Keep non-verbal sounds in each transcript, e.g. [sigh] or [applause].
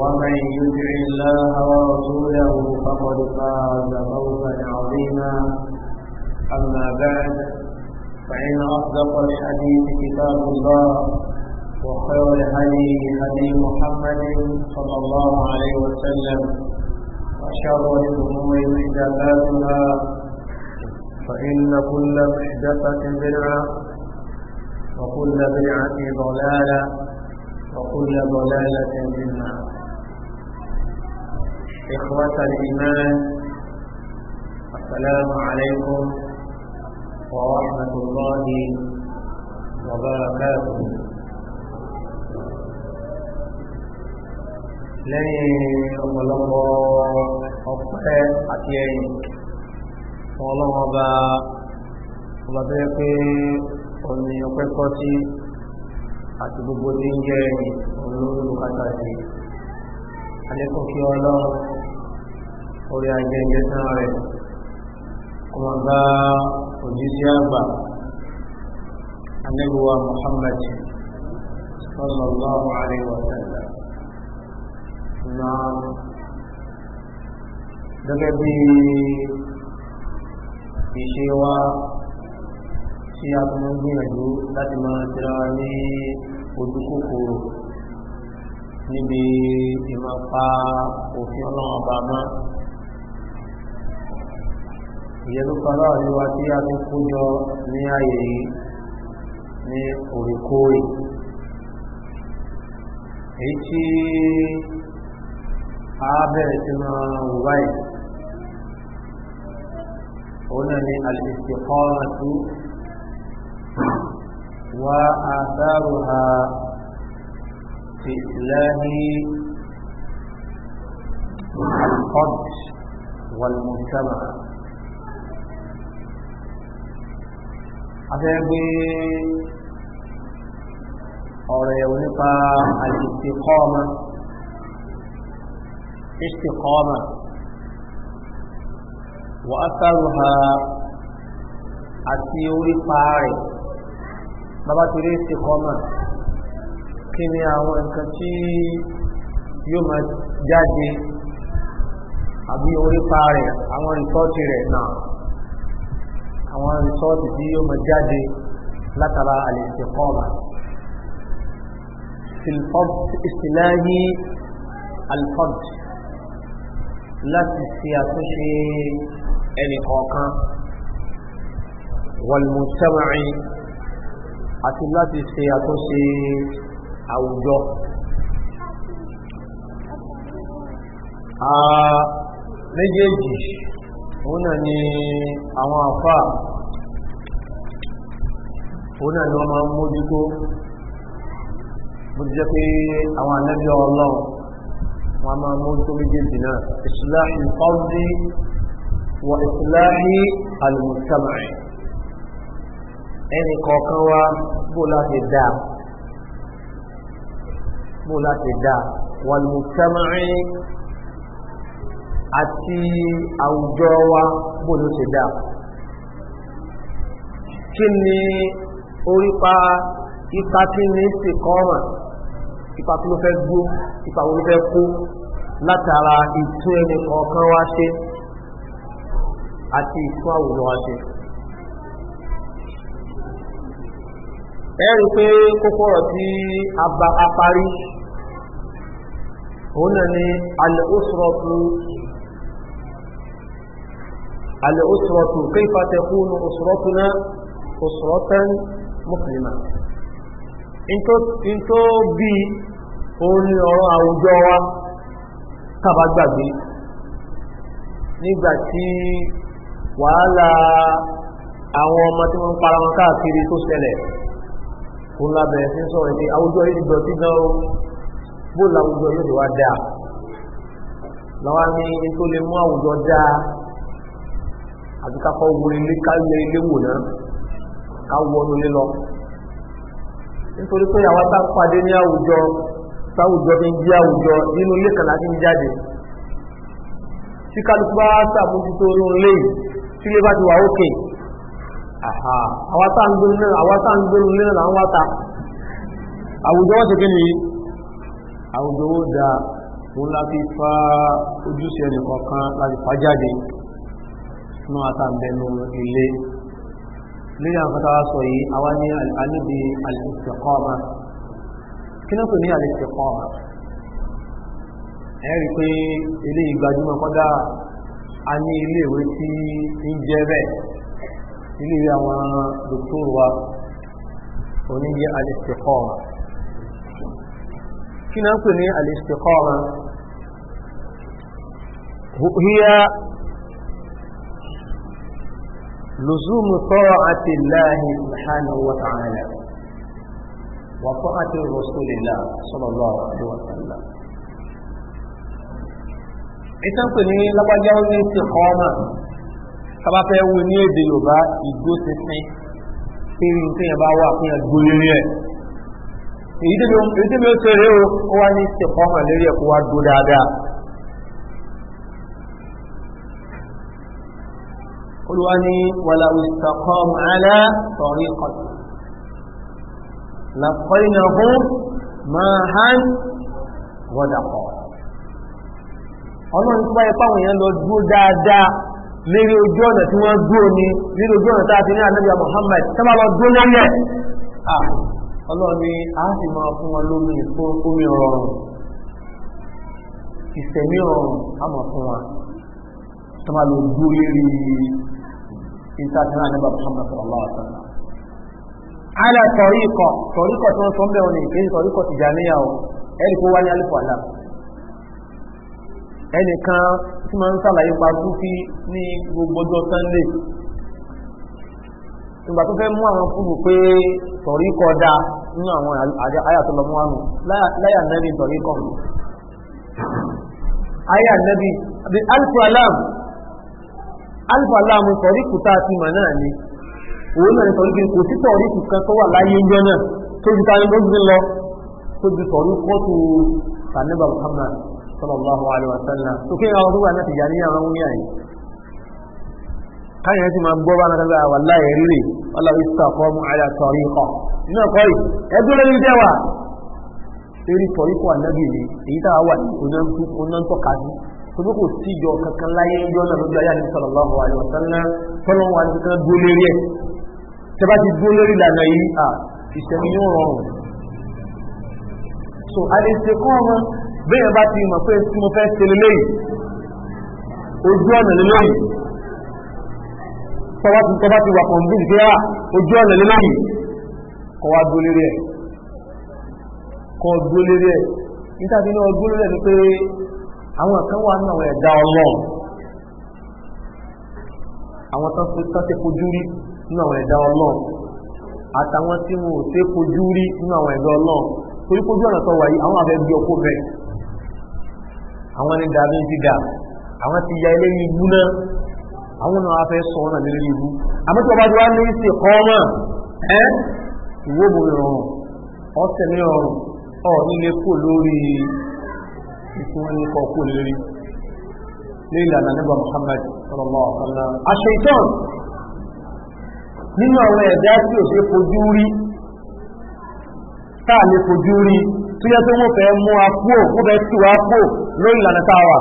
ومن يدع الله ورسوله فقد فاز فوزا عظيما اما بعد فان اصدق الحديث كتاب الله وخير الهدي هدي محمد صلى الله عليه وسلم وشر الامور محدثاتها فان كل محدثه بدعه وكل بدعه ضلاله وكل ضلاله في النار إخوة الإيمان السلام عليكم ورحمة الله وبركاته لن الله ọpẹ́ àti ẹ̀yìn fún ọlọ́wọ́ ọba ọba tó yẹ pé òní ọpẹ́ kọ́ sí àti gbogbo tí ń jẹ́ ẹ̀yìn òun ló ń bùkátà sí i alẹ́kọ̀ọ́ kí ọlọ́run orí ajẹ́jẹ́ tán rẹ̀ kọmọ bá òjíṣẹ́ àgbà anẹ́bùwa Muhammad sallallahu alaihi wa sallam na gẹ́gẹ́ bí ìṣe wa tí a tún gbìyànjú láti máa tẹ́ra ní ojú kòkòrò níbi ìmọ̀pá òfin ọlọ́run ọba mọ́ ìyẹ́lúpa náà ni wá tí a ti kójọ ní ààyè yìí ní òrèkóòrè èyí tí a bẹ̀rẹ̀ sí máa wù òun náà ni al-istiqamatu wa atharuha في الله القدس والمجتمع أبي أولى يونيقا الاستقامة استقامة وأثرها أتيوري فاري بابا تري استقامة kí ni àwọn nǹkan tí yóò máa jáde àbí orípa rẹ̀ àwọn rìsọ́ọ̀tì rẹ̀ náà àwọn rìsọ́ọ̀tì tí yóò máa jáde látara al-istiqama ìsìláyí al-fard láti ṣe àtúnṣe ẹnì kọ̀ọ̀kan wal àti láti ṣe àtúnṣe àwùjọ méjèèjì òun náà ni àwọn àfà òun náà ni wọ́n máa ń mójútó bó ti jẹ́ pé àwọn ànábì ọlọ́run wọ́n máa ń mójútó méjèèjì náà ìsìláhì fọ́ọ̀dí wọ ìsìláhì alùmùsàmà ẹnì kọ̀ọ̀kan wa bó láti dáa bó láti dá wàlùmùtẹ́mọ́rí àti àwùjọ wa bó ló ṣe dá kí ni orípa ipa tí ní sì kọ́mà ipa tí ló fẹ́ gbó ipa wo ló fẹ́ kó látara ìtú ẹni kọ̀ọ̀kan wá ṣe àti ìtú àwùjọ wá ṣe ẹ̀rí pé kókó ọ̀rọ̀ tí a parí òun náà ni alẹ́ọ́sọ̀rọ̀tù alẹ́ọ́sọ̀rọ̀tù kéfà tẹkùnù ọ̀sọ̀rọ̀tù náà ọ̀sọ̀rọ̀tàn mùsùlùmá in tó bí òun ni ọ̀rọ̀ àwùjọ wa tàbágbàgbé àwọn ọmọ tí wọ́n ń para wọn káàkiri tó àwùjọ yìí bó làwùjọ yóò wá dáa làwọn ní tó lè mú àwùjọ dáa àti káfọ́ wo ilé ká yẹ ilé wò náà ká wọnú lílọ nítorí pé àwọn tá a pàdé ní àwùjọ táwùjọ fi ń jí àwùjọ nínú ilé kan láti ń jáde tí kálukú bá sàmójútó inú ilé yìí tí ilé bá ti wà òkè àwa tá ń gbé nílẹ̀ àwọn tá ń gbé nílẹ̀ là ń wá ta àwùjọ wọ́n ti kí nìyí àwùjọ ó da òun láti fa ojúṣe ẹnìkọ̀ọ̀kan láti fa jáde fún àtàbẹnu ilé lórí àwọn kọta sọ yìí àwa ní àníbi al-istiqama kí náà kò ní al-istiqama ẹ̀rí pé ilé ìgbàjúmọ̀ kọ́dá a ní ilé ìwé tí ń jẹ́ bẹ́ẹ̀ ilé àwọn dòkítọ́rù wa oníjẹ́ al kí náà pè ní al-istiqama hiya luzumu ta'ati llahi subhanahu wa ta'ala wa ta'ati rasulillah sallallahu alaihi wa sallam ìtàn pè ní lágbájá ó ní istiqama sábà fẹ́ wo ní èdè yorùbá ìgbó títí pé ní nǹkan yẹn bá wà fún ẹgbó lórí ẹ̀ èyí tí mi ó ṣe rèé o ó wá ní ṣèkọ́mà lórí ẹ̀kọ́ wá dó dáadáa olúwa ní wàlà ìṣàkọ́mà alẹ́ sọ̀rí kọ̀tù làkọ́yìn ọ̀hún máa hàn wọ́dàpọ̀ ọlọ́run tó bá ipá àwọn èèyàn lọ dúró dáadáa lérí ojú ọ̀nà tí wọ́n dúró ní lérí ojú ọ̀nà tá a ti ní ọlọ́run ni a sì máa fún wọn lómi fún omi rọrùn ìsẹ̀mí rọrùn a mọ̀ fún wa tó máa lò dúró lérí ìtàkìrán nígbà tó sọ́mọ́ sọ̀rọ̀ lọ́wọ́ sọ́nà ala tọ̀ríkọ̀ tọ̀ríkọ̀ tó ń sọ bẹ́ẹ̀ ni kí tọ̀ríkọ̀ ti jà níyàwó ẹni kó wá ẹnìkan tí máa ń sàlàyé pa súfí ní gbogbo sunday ìgbà tó fẹ́ mú àwọn fúnbù pé tọ̀ríkọ̀ dáa nínú àwọn ayatollamọ́nù láyà nẹ́bí ìtọ̀rí kan ayà nẹ́bí alfalam alfalam ìtọ̀rí kùtà àti ìmọ̀ náà ni òun náà ìtọ̀rí kí kò sí tọ̀rí kùkan tó wà láyé ń jọ́nà tó ju tani tó gbé lọ tó ju tọ̀rí kọ́tù tànẹ́bà muhammad sallallahu alaihi wa sallam tó kéèyàn ọdún wà náà ti yà ní àwọn oníyàn yìí káyọ̀ sí máa gbọ́ bá náà gbà wà láyé rírì ọlọ́wọ́ ìsàkọ́ mú àyà sọ̀rí kọ̀ nínú ọkọ̀ yìí ẹgbẹ́ lórí jẹ́ wà eré sọ̀rí kọ̀ ànábì ni èyí tá a wà ní onantọ́ka sí tóbi kò síjọ kankan láyé ẹjọ́ náà lójú ayé àti sọ̀rọ̀ lọ́wọ́ àyè ọ̀sánná tọ́lọ́ wa ti kan dúró lérí ẹ̀ tẹ́ bá ti dúró lérí lànà yìí à ìṣẹ̀mí yóò rọrùn so àdèsè kọ́ ọmọ tọba ti tọba wà kọ̀m̀bí ti yá ojú ọ̀nà kọ wá ẹ̀ kọ dúó ẹ̀ nítàbí náà dúó ẹ̀ ni pé àwọn kan wà ní àwọn ẹ̀dá ọlọ́run àwọn tán rí àwọn ẹ̀dá ọlọ́run àtàwọn tí wọn ò ṣe rí àwọn ẹ̀dá ọlọ́run torí ọ̀nà tó ya ilé àwọn náà fẹ́ sọ ọ́nà lórí ibu àmọ́tọ́bá tí wá ní ìsì kọ́ọ́mà ẹ́ ìwó mú ìrọ̀rùn ọ̀sẹ̀ ní ọ̀rùn ọ̀ nílé kò lórí ìfúnnikọ̀ kò lórí ní ìlànà nígbà Muhammad sallallahu alaihi wasallam àṣetán nínú àwọn ẹ̀dá tí ò ṣe fojú rí táà lè fojú rí tó yẹ tó wọ́n fẹ́ mú apó wọ́n fẹ́ tù apó lórí ìlànà táwà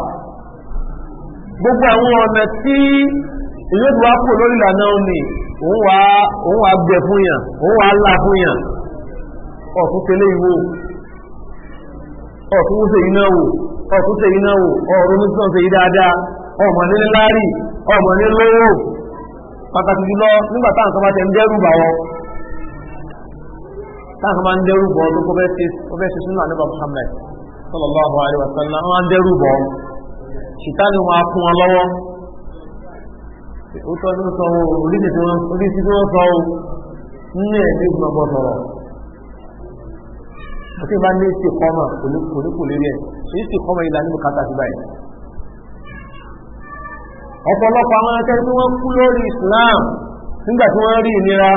gbogbo àwọn ọ̀nà tí ìlébùwá kò lórí ìlànà omi òun wà gbẹ fún yàn òun wà lá fún yàn ọ̀tún tẹ́lẹ̀ ìwò ọ̀tún ṣe iná wò ọ̀tún ṣe iná wò ọ̀rún ní sàn ṣe yí dáadáa ọmọ ní láàrí ọmọ ní lówó pàtàkì jùlọ nígbà táwọn kan bá tẹ ń dẹ́rù bà wọ́n táwọn kan bá ń dẹ́rù bọ́ tó kọ́ fẹ́ ṣe súnà nípa Muhammad sallallahu alaihi wasallam wọ́n á dẹ́rù bọ́ ṣìtánù máa fún wọn lọ́wọ́ ó tọ́jú sọ oríṣi tí wọ́n sọ ó nínú ẹ̀ ní ìgbọ̀ngbọ̀ sọ̀rọ̀ mo ti bá ní ìsì kọ́mà oníkò lérí ẹ̀ ìsì kọ́mà ìlà ní bùkátà sí báyìí ọ̀pọ̀lọpọ̀ àwọn akẹ́ tí wọ́n kú lórí Islam nígbà tí wọ́n rí ìnira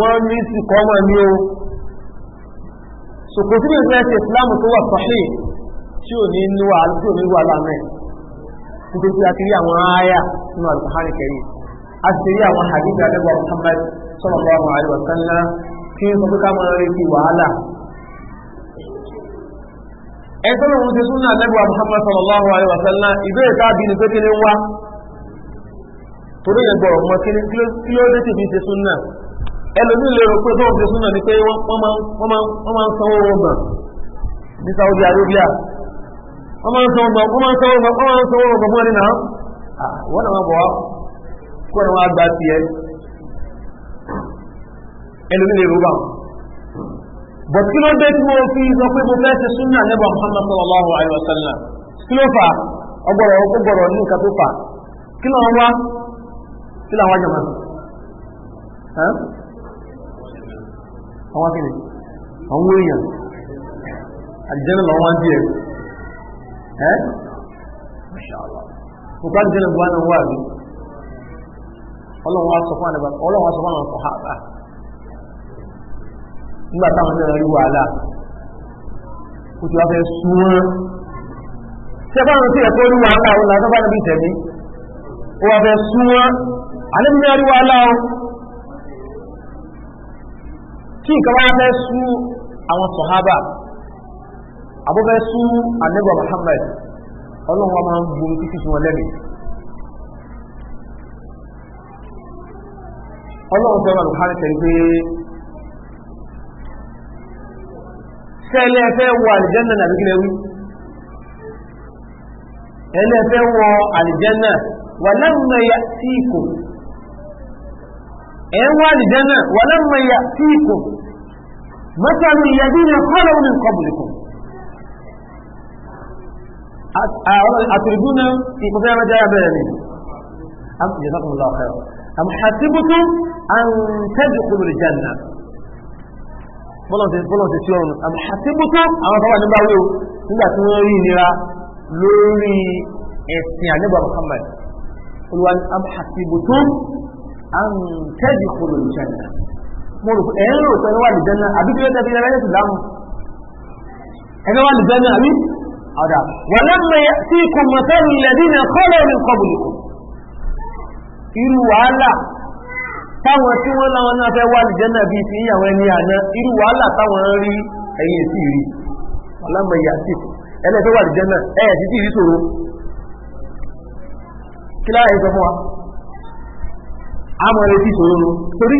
wọ́n ní ìsì kọ́mà ní o ṣòkòtí ìfẹ́ Islam tó wà sọ́hìn tí ò ní inú wà lámẹ́ nítorí pé a ti rí àwọn aáyà nínú alùpàhánì kẹrì a ti rí àwọn àdìgbà lẹ́gbàá Muhammad sallallahu alaihi wasallam tí ń sọ pé ká máa retí wàhálà ẹ sọ́nà òun ti súnà lẹ́gbàá Muhammad sallallahu alaihi wasallam ìbéèrè káàbí ni pé kí ni wá torí yẹn gbọ́rọ̀ mọ́ kí ló dé ti fi ṣe súnà ẹlòmí lérò pé tó ń súnà ni pé wọ́n máa ń sanwó wọn ní Saudi Arabia wọ́n máa ń sọ ọgbà wọ́n máa ń sọ ọgbà wọ́n máa ń sọ ọgbà mọ́ ní náà wọ́n náà bọ̀ wá kó ẹ̀rọ wá gba tiẹ̀ ẹnu nílé rúbà bọ̀ kí ló dé tí mo fi sọ pé mo fẹ́ ṣe súnà nígbà Muhammad sallallahu alayhi wa sallam kí ló fà ọgbọ̀rọ̀ ọgbọ̀rọ̀ ní nǹkan tó fà kí ló wá kí ló wá jàmá àwọn akéde àwọn èèyàn àjẹ́nà lọ́wọ́ wá ń eh masha Allah ko kan jira wannan wa'azi Ọlọ́run wa sọ fún àwọn Ọlọ́run wa sọ fún àwọn sọhábà nígbà táwọn náà rí wàhálà kò tí wá fẹ́ súnmọ́ ṣe fáwọn tí ẹ̀kọ́ rí wàhálà òun làtọ́ bá níbi ìtẹ̀mí ó wá fẹ́ súnmọ́ alẹ́mìnà rí wàhálà o kí nǹkan wá fẹ́ sú àwọn sọ̀hábà abúfẹ́ sú anẹ́gbà Muhammad ọlọ́run wa máa ń bu títí sí wọn lẹ́nu ọlọ́run fẹ́ wà ní hàn tẹ̀lé pé sẹ́lẹ̀ fẹ́ wọ àlìjẹ́nà nàbí kílẹ̀ wí ẹlẹ́ fẹ́ wọ àlìjẹ́nà wà lámà yà sí ikò ẹ̀ wọ àlìjẹ́nà wà lámà yà sí ikò mọ́tàlù ìyàdí ni kọ́lọ̀ ní kọ́bùlùkùn àtìrìbúnà ìpínlẹ̀ ẹ̀mẹ́jẹ́ abẹ́rẹ̀ ni jazakumullahu khairan am hasibtum an tadkhulu aljanna bọ́lọ̀ ti tí ọrùn am hasibtum àwọn tọ́wà nígbà wíwú nígbà tí wọ́n rí ìnira lórí ẹ̀sìn àníbà Muhammad olùwà ni am hasibtum an tadkhulu aljanna mo rò ẹ̀yìn rò pẹ̀lú wà lìjẹ́nà àbí kí ló ọ̀dà walamma ya'tikum mathalu alladhina khalu min qablikum Iru wàhálà táwọn tí wọ́n láwọn náà fẹ́ wà lìjẹ́nà bí ti ya ẹni àná wàhálà táwọn rí ẹ̀yìn sí rí walamma ya'tikum ẹlẹ́fẹ́ wà lìjẹ́nà ẹ̀yẹ̀ títí rí ṣòro kí láàrín wa a torí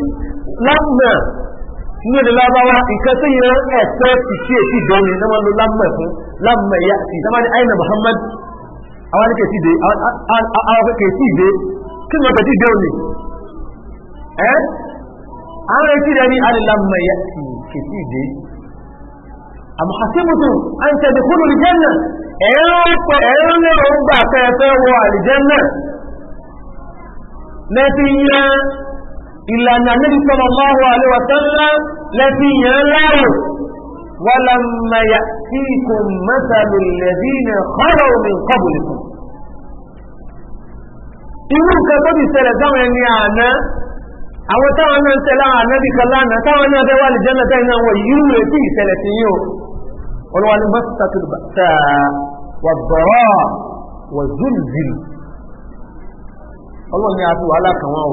ní èdè lábáwá nǹkan tó yìí rán ẹ̀sẹ̀ ìṣí èsì ìdánwò náà wọ́n lo lámọ̀ fún lámọ̀ ẹ̀yà sí ìdámàdé àìnà Muhammad àwọn ní kèsì dé àwọn kèsì dé kí ni wọ́n kèsì dé òní ẹ́ àwọn èsì rẹ̀ ní alìlámọ̀ ẹ̀yà sí kèsì dé àmọ́ àṣẹ́mùtù à ń tẹ̀lé ẹ̀rọ ìlànà níbi sallallahu alaihi wa sallam lẹ́sí yẹn láàrù walamma ya'tikum mathalul ladhina khalaw min qablikum irú nǹkan tó ti ṣẹlẹ̀ táwọn ẹni àná àwọn táwọn náà ń tẹ̀lé àwọn ànábì kan lánàá táwọn náà fẹ́ wà ní jẹ́nà tẹ́yìn náà wọ̀ yìí rẹ̀ sí ìṣẹ̀lẹ̀ sí yìí o olúwa ni mọ́sítàtù bàtà wà bọ̀rọ̀ wà zúlùzìlù ọlọ́run ni a fi wàhálà kàn wọ́n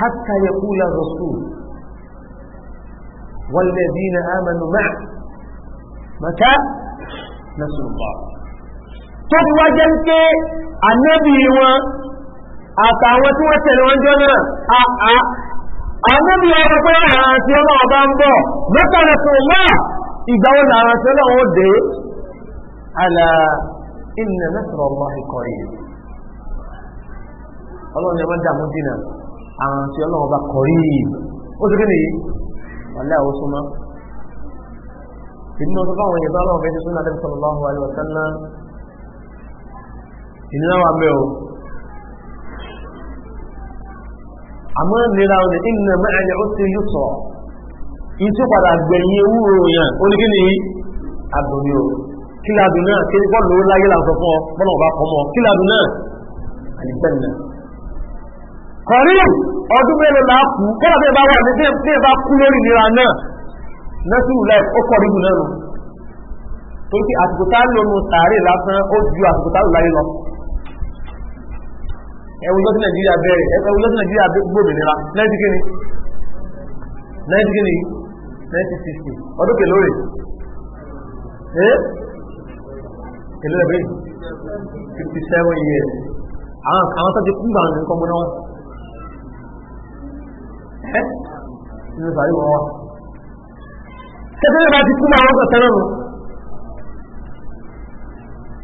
حتى يقول الرسول والذين آمنوا معه متى نسوا الله تقوى جنك النبي و àtàwọn tí wọ́n tẹ̀lé wọn jọ náà àà àmúbi ọmọ pé àwọn tí ọmọ ọba ń bọ̀ mẹ́tàlẹ̀ tó wọ́n ìgbàwọ́ làwọn tí ọlọ́wọ́ dé àlà ìnà mẹ́tàlẹ̀ ọmọ ìkọ̀rí ọlọ́run ẹ̀mọ́ dàmú dínà àwọn tí ọlọ́run bá kọrí ó sì kéde wàlẹ́ àwọn súnmọ́ ìdí náà tó fáwọn èèyàn bá lọ́wọ́ bẹ́ẹ̀ sọ́nà àdébí sọ̀rọ̀ bá wà lọ́wọ́ sánà ìdí náà wà bẹ́ẹ̀ o àmọ́ nira wọn ni ìnà mẹ́rin ó ti yú sọ ìtú padà gbẹ̀yìn ewúro yẹn ó ní kí kọ̀rí ọdún mẹ́lẹ̀ máa kú kọ́lá bẹ́ẹ̀ bá wà ní bẹ́ẹ̀ bá kú lórí ìlera náà nẹ́sùrù láì ó kọ̀ rí jù náà nù tó ti àsìkò tá lónú sàárè lásán ó ju àsìkò tá lò láyé lọ ẹwùn lọ́sí nàìjíríà bẹ̀rẹ̀ ẹwùn lọ́sí nàìjíríà gbòmìnira 90 kìíní 90 kìíní 1960 ọdún kèlórí ẹ́ kèlórí 57 years àwọn tó ti kúgbà nǹkan mọ́ná wọn ẹ́ nínú sàárì wọn wá tẹ́tẹ́lẹ̀ bá ti kú máa wọ́n sọ tẹ́lẹ̀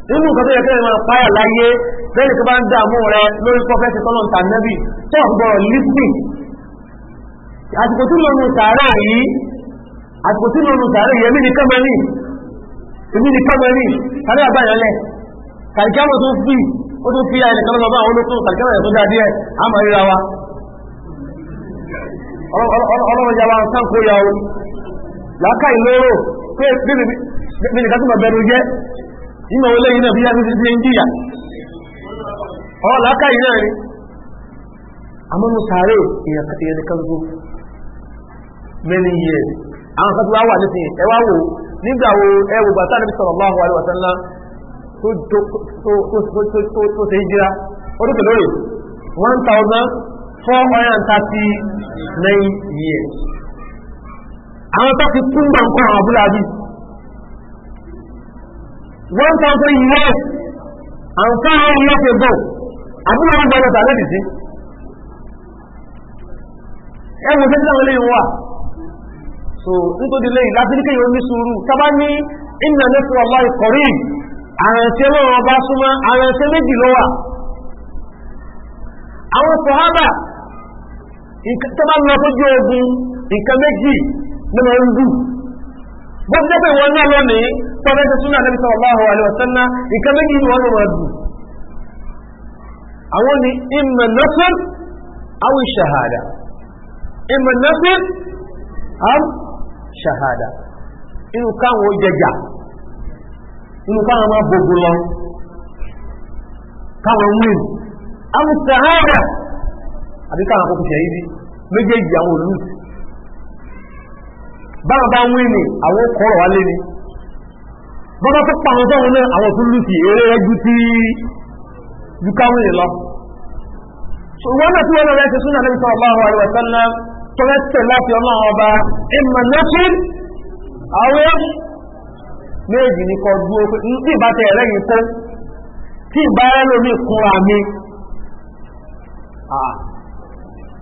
nù nǹkan tó yẹ kẹ́lẹ̀ máa páyà láyé lẹ́yìn tó bá ń dààmú rẹ lórí prọfẹ́sì tọ́lọ̀ ń ta nẹ́bì tó ọ̀gbọ̀rọ̀ lísìn àsìkò tí lónú sàárà yìí àsìkò tí lónú sàárà yìí èmi ni kámẹ́rì èmi ni kámẹ́rì sàárà àbáyọlẹ̀ kàríkàmọ̀ tó fi ó tó fi àìlẹ̀kọ́lọ́gbà àwọn ọlọ́mọjàlá sánkó yàwó láká ìlóró pé bílì kásùmọ̀ bẹ̀rù jẹ́ ìmọ̀ olè yìí náà bí yàtí sí ń jìyà ọ̀rọ̀ láká ìlú rí amúnú sàárè ìyẹn kan tó many years àwọn kan wà nísìnyí ẹ wá wò nígbà wo bàtà níbi tó 439 years àwọn tó fi kún bá ń kọ́ àwọn 1000 years and 500 years ago abúláàbí gbọ́dọ̀ tà lẹ́bìí sí ẹwọ̀n tẹ́tí àwọn wà so nítorí lẹ́yìn láti níkẹ́ yóò ní sùúrù sábà ní inna nasrallahi qareeb àrùn tí wọ́n bá súnmọ́ àrùn tí méjì lọ́wà àwọn tó bá na sójú ogun nǹkan méjì ló máa na dù bó ti onye pé na náà lónìí tọ́lẹ́ ti súnà lẹ́bi sallallahu alaihi wasallam nǹkan méjì ni wọ́n ló máa dù ni imma nasr awụ shahada imma awụ shahada inú káwọn ó jẹjà inú káwọn máa gbogbo lọ káwọn wí shahada àbí káwọn akókò ṣe yìí méjèèjì àwọn olùsì báwọn bá wí ni àwọn kọrọ wálé ni bọ́bá tó pa àwọn tọ́wọ́n náà àwọn tún lùsì eré rẹ ju ti ju káwọn yìí lọ ṣùgbọ́n náà tí wọ́n lọ rẹ ti súnà níbi sọ̀rọ̀ báwọn àríwá sẹ́nà tó rẹ tẹ̀ láti ọlọ́run ọba ìmọ̀ nọ́sìn àwọn méjì ní kọ dúró pé tí ìbá tẹ ẹlẹ́yìn kó tí ìbá ẹlòmíì kúnra mi ah.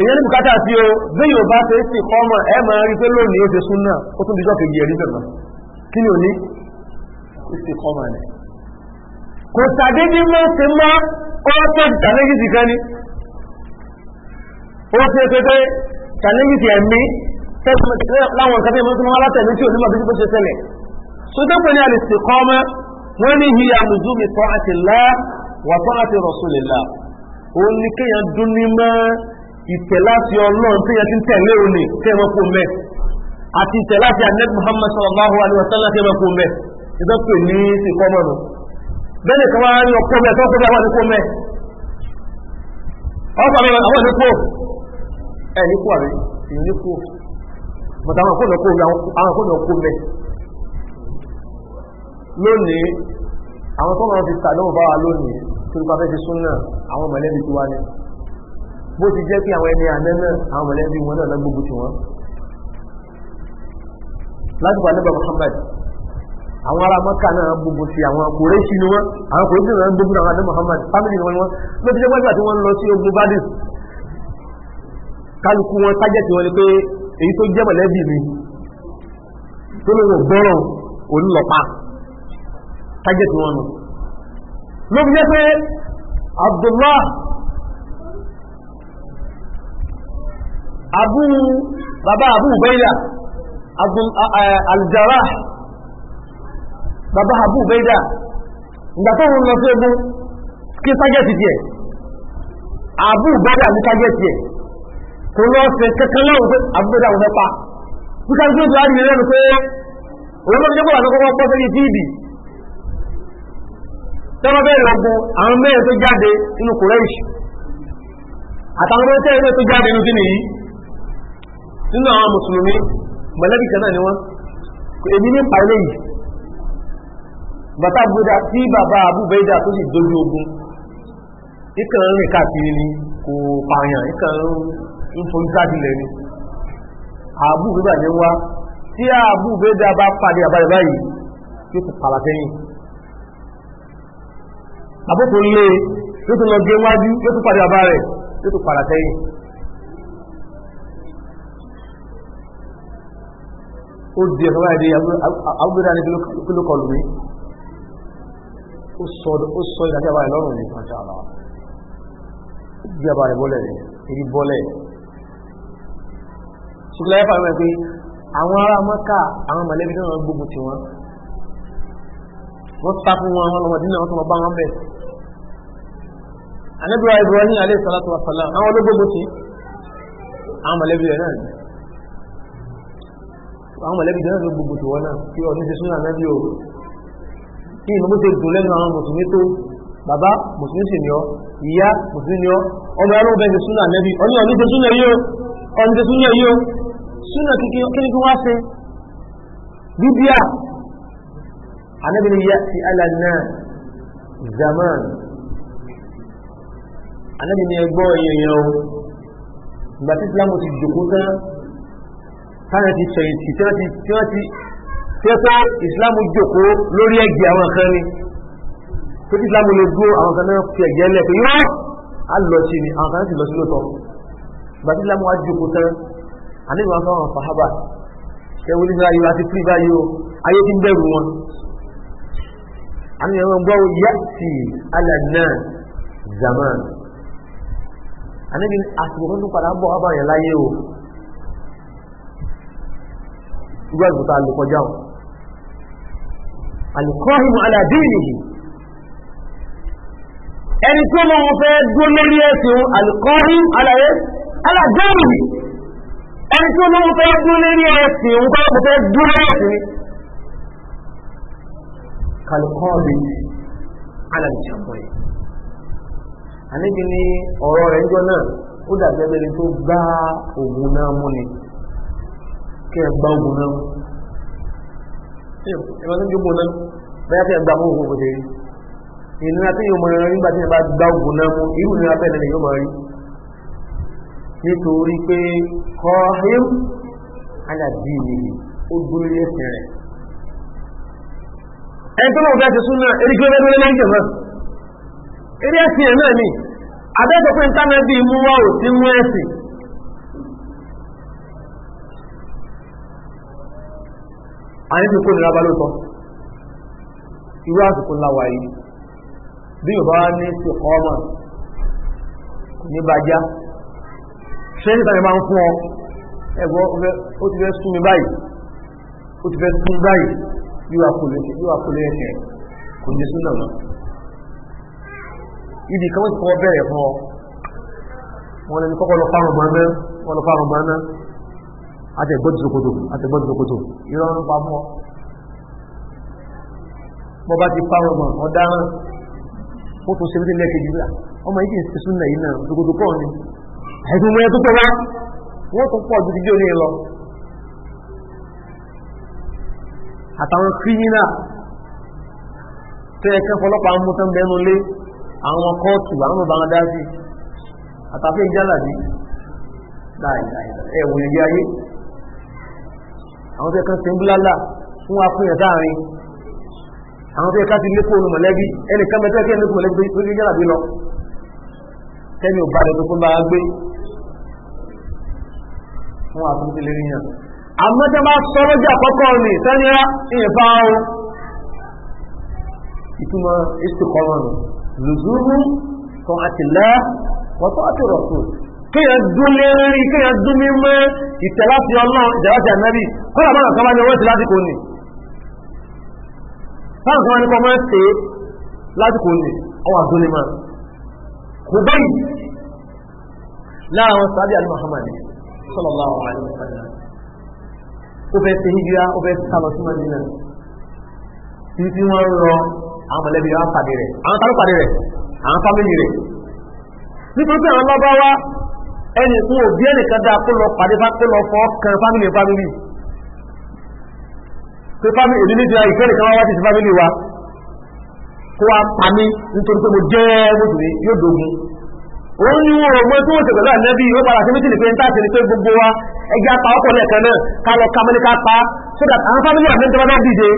èyàn ní bùkátà sí o bí yóò bá ṣe sí kọ́mọ̀ ẹ ma rí pé lónìí ó ṣe súnà ó tún díjọ́ kejì ẹ̀rí bẹ̀rẹ̀ kí ni ò ní sí kọ́mọ̀ rẹ̀ kò sàdédé mọ́ ṣe mọ́ ọwọ́ tó tàlẹ́gìsì kan ní ó ṣe pépé tàlẹ́gìsì ẹ̀mí láwọn nǹkan bíi mọ́tún alátẹ̀mí tí onímọ̀ bíi ṣe ṣẹlẹ̀ tó tó pẹ̀lú àlè sí kọ́mọ̀ wọ́n ní hiya lùzúmi tọ́ àti lá wà tọ́ àti rọ̀ṣùlélà ó ní kéèyàn dún ní mọ́ ìtẹ̀láti ọlọ́run tí yẹ ti ń tẹ̀lé òní tẹ́ẹ̀mọ́kú mẹ́ àti ìtẹ̀láti ànábì Muhammad sallallahu alaihi wasallam tẹ́ẹ̀mọ́kú mẹ́ ìdọ́pẹ̀ ní ìkọmọ̀nù bẹ́ẹ̀ kan wá ní ọkọ̀ mẹ́ tọ́kọ̀ bẹ́ẹ̀ wọ́n ní kó mẹ́ ọkọ̀ mẹ́ àwọn ìníkò ẹ̀ níkò àrí ìníkò bọ̀tà àwọn akónà kó mẹ́ lónìí àwọn tó máa fi tà lọ́wọ́ bá wa lónìí tó bá fẹ́ fi súnà àwọn mọ̀lẹ́bí tí wá ní bó ti jẹ́ pé àwọn ẹni àná náà àwọn mọ̀lẹ́bí wọn náà lọ́gbogbo tí wọ́n láti wà nígbà Muhammad àwọn ará mọ́kà náà gbogbo sí àwọn kòrèṣì ni wọ́n àwọn kòrèṣì náà gbogbo àwọn adé Muhammad family ni wọ́n wọ́n ló ti jẹ́ pẹ́gbà tí wọ́n lọ sí ogun bádì kálukú wọn tájẹ́ tí ni pé èyí tó jẹ́ mọ̀lẹ́bí mi tó lóun gbọ́ràn òun lọ́pa tájẹ́ tí nù ló jẹ́ pé Abdullah abu baba abu ubaida eh, aljarah baba abu ubaida ìgbà tó wọn lọ sí ogun kí sájẹ́tì tiẹ̀ abu ubaida ní sájẹ́tì ẹ̀ kò lọ sí kankan lọ́wọ́ pé abu ubaida wọn fẹ́ pa nígbà tí ó ti rárí rẹ̀ pé òun ló wà ní kọ́kọ́ pọ́ sí bẹ́ẹ̀ àwọn mẹ́rin tó jáde nínú àwọn mùsùlùmí mọ̀lẹ́bí kan náà ni wọ́n èmi ní pàílẹ̀ yìí bàtà gbọ́dá tí bàbá abúbẹ́dà tó sì dojú ogun ìkàn rìn káàkiri ni kò pààyàn ìkàn ń forí káàkiri ni àbúbẹ́dà ní wá tí àbúbẹ́dà bá pàdé àbáyé báyìí tí kò pàlà sẹ́yìn àbúkò lé yóò tún lọ gé wájú yóò tún pàdé àbá rẹ̀ yóò tún pàlà sẹ́yìn ó di ẹ̀fọ́ báyìí abúlé ní kí ló kọlù mí ó sọ ìdájọ́ àbáyé lọ́rùn ní pàṣẹ àlá ó di àbáyé bọ́lẹ̀ rẹ̀ èyí bọ́lẹ̀ ṣùgbọ́n ẹ̀fà rẹ̀ pé àwọn ará mọ́kà àwọn mọ̀lẹ́bí náà gbógun ti wọn wọ́n sá fún wọn wọn lọ́wọ́ dínà wọn tó lọ bá wọn bẹ̀ anábíwá Ibrahim alayhi salatu wa salam àwọn ológbógun ti àwọn mọ̀lẹ́bí rẹ̀ náà àwọn mọ̀lẹ́bí jẹ́ náà ló gbogbo tó wọ́n náà tí ọdún ti súnà náà bí o kí ìmọ̀ tó dùn lẹ́nu àwọn mùsùlùmí tó bàbá mùsùlùmí sì ni ọ ìyá mùsùlùmí ni ọ ọmọ ẹrú bẹ́ẹ̀ ti súnà náà bí ọní ọdún ti ọdún zaman anábìnrin ẹgbọ́ èèyàn o ìgbà tí Islam táwọn ti fẹ̀yìntì tí wọ́n ti tí wọ́n ti tí wọ́n tó ìsìlámù jòkó lórí ẹ̀gì àwọn kan ni tó ti ìsìlámù lè dúró àwọn kan náà fi ẹ̀gì ẹlẹ́ pé yọ́ á lọ sí ni àwọn kan sì lọ sí lóòótọ́ ìgbà tí ìsìlámù wá jòkó tán àníbi wọn fáwọn fàhábà ṣe wọlé báyìí wọn àti pírí báyìí o ayé ti ń bẹ̀rù wọn àníbi wọn gbọ́ yàtì alànà zaman àníbi àsìkò kan tó padà bọ̀ irú ẹ̀sùn tá a lè kọjá o alìkọ́hìmù aládìní ẹni tó mọ́ wọn fẹ́ dó lórí ẹ̀sùn alìkọ́hìmù aláyé aládìní ẹni tó mọ́ wọn fẹ́ dó lórí ẹ̀sùn wọn fẹ́ dó lórí ẹ̀sùn kalkọ́ọ̀lì alàjàmbọ̀yì àníbi ni ọ̀rọ̀ rẹ̀ ń jọ náà ó dàbí ẹgbẹ́ni tó gbá òun náà mú ni kẹ́ ẹ gbá ogun náà ẹ̀rọ tó ń jókòó náà bẹ́ẹ̀ kẹ́ ẹ gbá ogun kò tẹ̀lé ìnira tí yóò máa rí nígbà tí yóò bá gbá ogun náà mú irú ìnira bẹ́ẹ̀ lẹ́yìn yóò máa rí nítorí pé kọ́hìm aládìí nìyí ó dúró lẹ́sìn rẹ̀ ẹni tó lọ́wọ́ fẹ́ ti súnà àyè ti kó nira bá lóòótọ́ irú àsìkò ńlá wáyé bí yorùbá wá ní sí ọmọ kò ní bàjá ṣé níta ni máa ń fún ọ ẹ̀gbọ́n ó ti fẹ́ sún mi báyìí ó ti fẹ́ sún báyìí yíwa kò ẹ̀kẹ́ kò ní sún náà ibi kan ó ti kọ́ bẹ̀rẹ̀ fún ọ wọn lè kọ́kọ́ lọ fárùn-ún mọ́ àtẹ̀gbọ́dì sokoto àtẹ̀gbọ́dì sokoto ìrọ̀rùn pa mọ́ bọ́ bá ti pàrọ̀ mọ̀ ọ̀daràn ó tún ṣe bí lẹ́kẹ̀ẹ́ jùlọ ọmọ yìí kì í sísun náà yìí náà sokoto pọ̀ ni ẹ̀sùn mọ́ ẹ̀tún pẹ̀lá wọ́n tún pọ̀ ju dídí orí lọ àtàwọn kírímínà tó yẹ kẹ́ fọlọ́pàá mú tán bẹ́ẹ̀ nulẹ̀ àwọn kóòtù àwọn ọba wọn dá sí àtàfẹ́ ìjálàbí láìláìlá ẹ̀wọ̀n ìyá ayé àwọn fẹ́ kan ṣe ń búlálà fún afúnyàn sáàrin àwọn fẹ́ ká ti lékò olú mọ̀lẹ́bí ẹni kan mẹ́tẹ́ kí ẹni kò mọ̀lẹ́bí tó ní yàrá bí lọ tẹ́ni ò bá rẹ̀ tó fún bá gbé fún àtúntò kéèyàn dún lérí kéèyàn dún mímọ́ ìtẹ̀láti ọlọ́run ìjẹ̀láti ànábì kọ́lá bá nǹkan bá ní owó ti lásìkò nì báwọn kan ní kọ́ máa ń ṣe lásìkò nì ọwọ́ àdúlé máa kò báyìí láàrín sábẹ́ àlè Muhammad sallallahu alaihi wasallam ó fẹ́ ṣe hijira ó fẹ́ sí Madina tí tí wọ́n rọ àwọn mọ̀lẹ́bí wọn pàdé rẹ̀ àwọn ẹni fún òbí ẹnìkan dáa kó lọ pàdé kó lọ fọ́ kan fámìlì fámìlì pé fámìlì èdè nídìí ayé ìfẹ́ nìkan wá sí ti fámìlì wa kó wá pa mí nítorí pé mo jẹ́ mùsùlùmí yóò dogun òun ni wọn ò mọ tí wọn ṣègbè náà lẹ́bí ó padà sí méjìlì pé ń tàṣe ni pé gbogbo wa ẹgbẹ́ apá ọkọ̀ lẹ́ẹ̀kan náà ká lọ kamẹ́lí ká pa so that àwọn fámìlì wà ní ìjọba náà dìde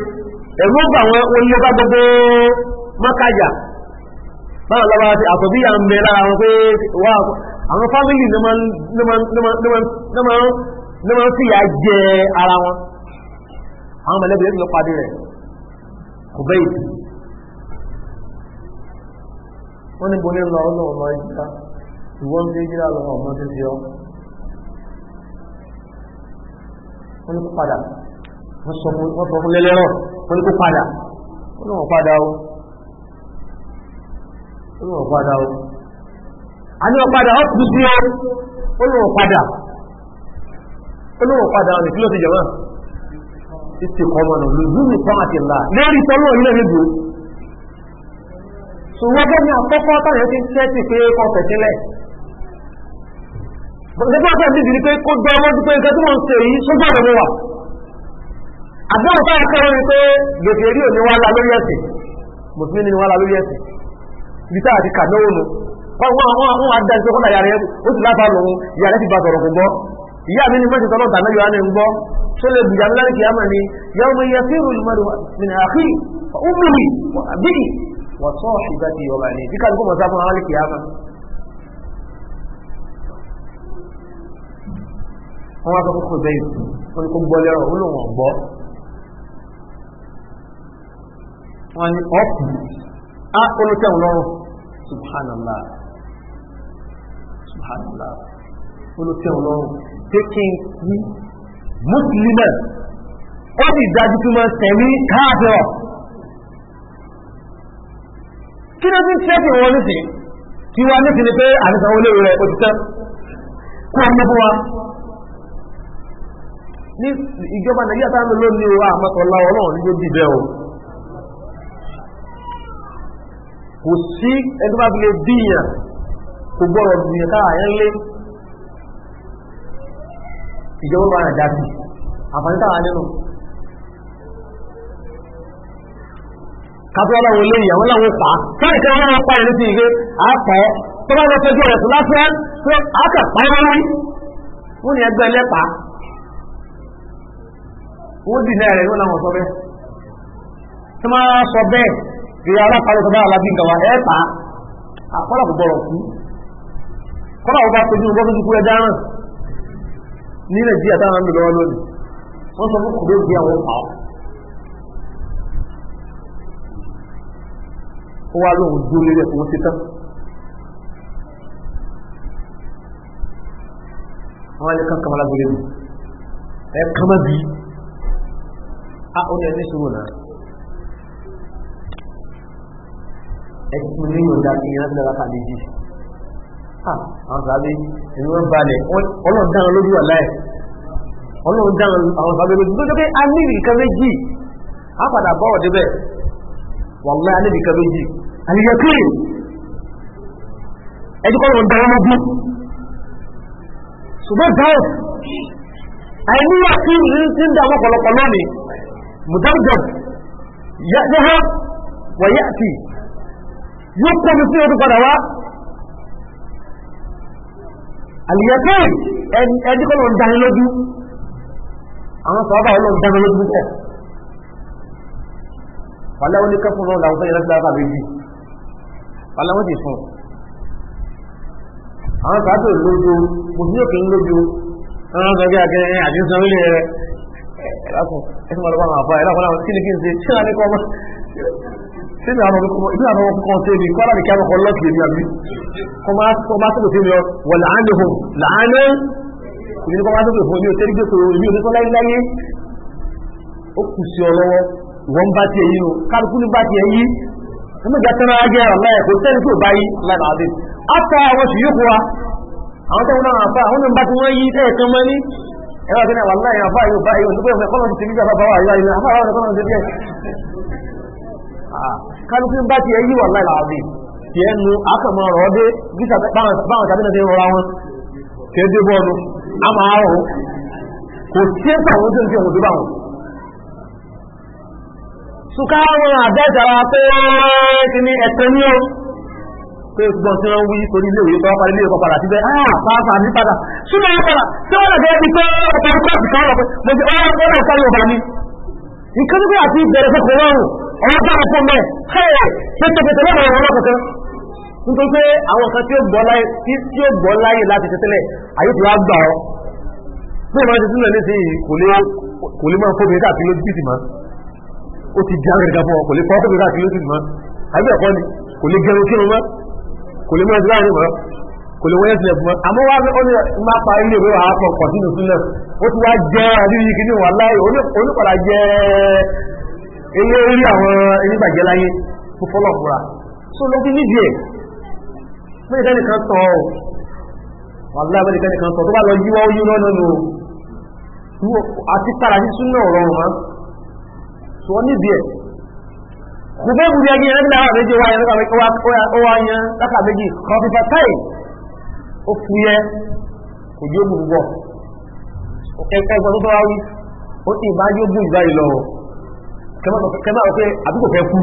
ẹ̀rú ó gbà wọn oyin ọba gbogbo mọ́kàjà báwọn lọ́wọ́ àti àtọ̀bí à ń bẹ lára wọn pé wọ́n àwọn fámílì ní máa ń fi ìyà jẹ ara wọn àwọn mẹ̀lẹ́bí lẹ́bí lọ pàdé rẹ̀ kò bẹ́ ìdí wọ́n ní bolé lọ ọlọ́ ọmọ ìjìká ìwọ́n tí ìjìká lọ ọmọ tí ti ọ wọ́n ní kó padà wọ́n sọ fún lẹ́lẹ́rọ̀ wọ́n ní kó padà wọ́n náà padà ó àní ọ̀padà ọ́pù sí ọ́ olóòpadà olóòpadà ọ̀nà ìpínlẹ̀ ti jẹ̀mọ́ títí kọmọ nà lùzúmù kan àti ńlá lérí tọ́lọ́ ilẹ̀ nígbò ṣùgbọ́n ní àkọ́kọ́ táyẹ̀ ti tẹ́ ti pé ọkọ̀ sílẹ̀ nígbà tó ti dìrí pé kó dọ́ ọmọ dúpẹ́ nǹkan tí wọ́n ń ṣe yìí sójú ọ̀nà wà àbúrò táyẹ̀ kọ́ lórí pé gbèsè rí òní wà lá lórí ẹ̀sìn mùsùlùmí ni wà lá lórí ẹ̀sìn ibi táyà ti kà náwó nu wọ́n wọ́n wọ́n wọ́n adá ìṣẹ́kọ́ náà yàrá ẹ̀kù ó sì láfà lòun yàrá ti bá sọ̀rọ̀ kò gbọ́ ìyá mi ni mọ́sí tọ́lọ́ tàbí yóò ní gbọ́ tó lè bùjà ńlá kìí àmà ni yàwó mi yẹ fẹ́rù lùmọ́rù min akhi wa ummihi wa abihi wa sahibati wa bani bí kálukú mọ̀sá fún àwọn kìí àmà. wọ́n wá sọ fún kò bẹ́ẹ̀ wọ́n kò gbọ́ lẹ́rọ̀ ó lòun gbọ́ wọ́n ni ọ̀pù á olùtẹ̀wọ̀n lọ́rùn subhanallah subhanallah olùfẹ́ ọlọ́run pé kí n kú mùsùlùmẹ̀ ó sì dájú tó máa tẹ̀lé káàkiri kí ló ti ń tẹ́tì wọn lóṣì kí wá ní kìíní pé àdìsàn olè rẹ̀ kò ti tán kó ọmọ fún wa ní ìjọba nàìjíríà tá ń lò lónìí o àmọ́tọ̀lá ọlọ́run ní yóò dìbẹ́ o kò sí ẹni bá fi lè bíyàn kò gbọ́rọ̀ gbìyàn káà yẹn lé ìjọba máa dá sí àfàní táwà nínú kápẹ́ ọlọ́wọ́ lé ìyàwó láwọn pa sáì kí wọ́n pa ìlú sí ìgbé àpọ̀ tó bá lọ fẹ́jọ́ rẹ̀ tó láfẹ́ tó àkà pa ẹ̀rọ wọ́n ni ẹgbẹ́ lẹ́pa wọ́n dì náà rẹ̀ yóò láwọn sọ bẹ́ẹ̀ tí máa sọ bẹ́ẹ̀ ìyá alápàá ló sọ bá alábí nǹkan wa ẹ̀ pa àpọ́lọ̀ kò gbọ́rọ̀ kú kọ́nà ọba pẹ̀lú ọgbọ́n tuntun kúrẹ́ dáná ní nàìjíríà táwọn ń lọ́wọ́ lónìí wọ́n sọ fún kòdó ìgbé àwọn pa ó wá lóhun dúró lórí ẹ̀kọ́ ti tán wọ́n á lè kán kamara gbélé mi ẹ̀ kama bí a ó ní ẹni sọ̀rọ̀ náà ẹ̀ tún ní yọ̀ǹda kí ni wọ́n ti dára ká lè jí àwọn sàbí ẹni wọ́n balẹ̀ ọlọ́run dáhùn lójú ọ̀láì ọlọ́run dáhùn àwọn sàbí lójú tó jẹ́ anìrì nǹkan méjì á padà bọ́ ọ̀dẹ́ bẹ́ẹ̀ wàlá anìrì nǹkan méjì àyẹ̀kiri ẹjú kọ́ lọ́run dáhùn lójú ṣùgbọ́n dáhùn àìníyà kí ní ti ń dá àwọn ọ̀pọ̀lọpọ̀ lónìí mùdájọ́ yẹ́ wọ̀yẹ́ àti yóò kọ́ mi fún ọdún wá àlìyẹ́fẹ́ ẹni kọ́ lọ ń dání lójú àwọn sọ́ọ́bà lọ ń dání lójú púpọ̀ wàlẹ́ wọn ní kẹ́fún náà làwọn fẹ́yẹ̀ lọ́sílẹ̀ àbí bí wàlẹ́ wọn ti fún àwọn sọ́ọ́bà lójú mo ní òkè ń lójú ẹran sọ bí akẹ́ àti sọ orílẹ̀ rẹ̀ ẹ̀rọ ẹ̀sìn mọ̀lọ́wọ́ àwọn àfọ ẹ̀rọ kí ni kí n ṣe ṣé ṣé ní àwọn ọmọ ìdí àwọn ọmọ kan ṣe ni kọ́lá ní kẹ́rọ kan lọ́kì èmi àbí kọ́ bá sọ̀rọ̀ sí mi ọ wọ̀ láàánú hùn láàánú ìdí kọ́ bá sọ̀rọ̀ fún mi ò tẹ́rí gbé kòrò mi ò ní sọ́lá iláyé ó kù sí ọ lọ́wọ́ ìwọ́n bá tiẹ̀ yí o kálukú ní bá tiẹ̀ yí ẹnu ìjà tẹ́lá ajé ara láyà kò tẹ́ni tó bá yí lára àdé afọ àwọn sì yókù wa àwọn tẹ́wọ́n náà àfa àwọn nígbà tí wọ́n yí ẹ̀ẹ̀kan mọ́ ní ẹwà tí wọ́n wà láyà àfa yóò bá yóò nígbà tí wọ́n fẹ́ kọ́lọ́ kálukú bá ti ẹyí wà láìlà àbí tí ẹnu akọ̀mọ̀ ọ̀rọ̀ dé báwọn tàbí nàbí rọra wọn kéde bọ́ọ̀lù a máa rọ̀ kò sí ẹ̀sà àwọn tó ń fi òun dúbà wọn pé kí ẹ̀tọ́ ní o. pé gbọ́n tí wọ́n wí torí ilé ìwé parí ilé padà síbẹ̀ padà súnmọ́ padà tí wọ́n ọ̀pọ̀ ọ̀pọ̀ ọ̀pọ̀ ọ̀rọ̀ sára fún mẹ́ pẹ́tẹ̀pẹ̀tẹ̀ lọ́wọ́ ọ̀rọ̀ kankan nítorí pé àwọn kan tí ó gbọ́ láyé láti tẹ́tẹ́lẹ̀ àyíkùlá gbà ọ́ pé ìmọ̀ ti sílẹ̀ nísìn kò lè máa fóbi káàkiri lójú títì máa ó ti di arìnrìn gàbọ̀ kò lè fọ́ fóbi káàkiri lójú títì máa àbí ẹ̀kọ́ ni kò lè gẹrun kírun mọ́ kò lè máa ti láàrin mọ́ kò lè wọ́yẹ́ sílẹ̀ fún mọ́ àmọ́ wá ó ní máa pa ilé ìwé wàá pọ̀ pọ̀ sínú sílẹ̀ ó ti wá jẹ́ àdírí kí ní wà láì onípàdà jẹ́ ilé orí àwọn oníbàjẹ́ láyé tó fọ́lọ̀ fúra so ló fi nídìí ẹ̀ mẹ́rìndẹ́nì kan tọ́ ọ wàlá mẹ́rìndẹ́nì kan tọ́ tó bá lọ yíwá ó yíwá náà lò àti tara ní súnà ọ̀rọ̀ wọn so wọ́n nídìí ẹ̀ gbogbo ìbùdí ẹgbẹ́ yẹn nígbà méjì wáyé ó wá yan láka méjì kan fífa táì ó fi yẹ kò yóò gbogbo ẹgbẹ́ tó tọ́ wá wí ó sì bá yóò gbogbo ìgbà ìlọ́wọ́ kẹmà wọ pé àbúkò fẹ́ kú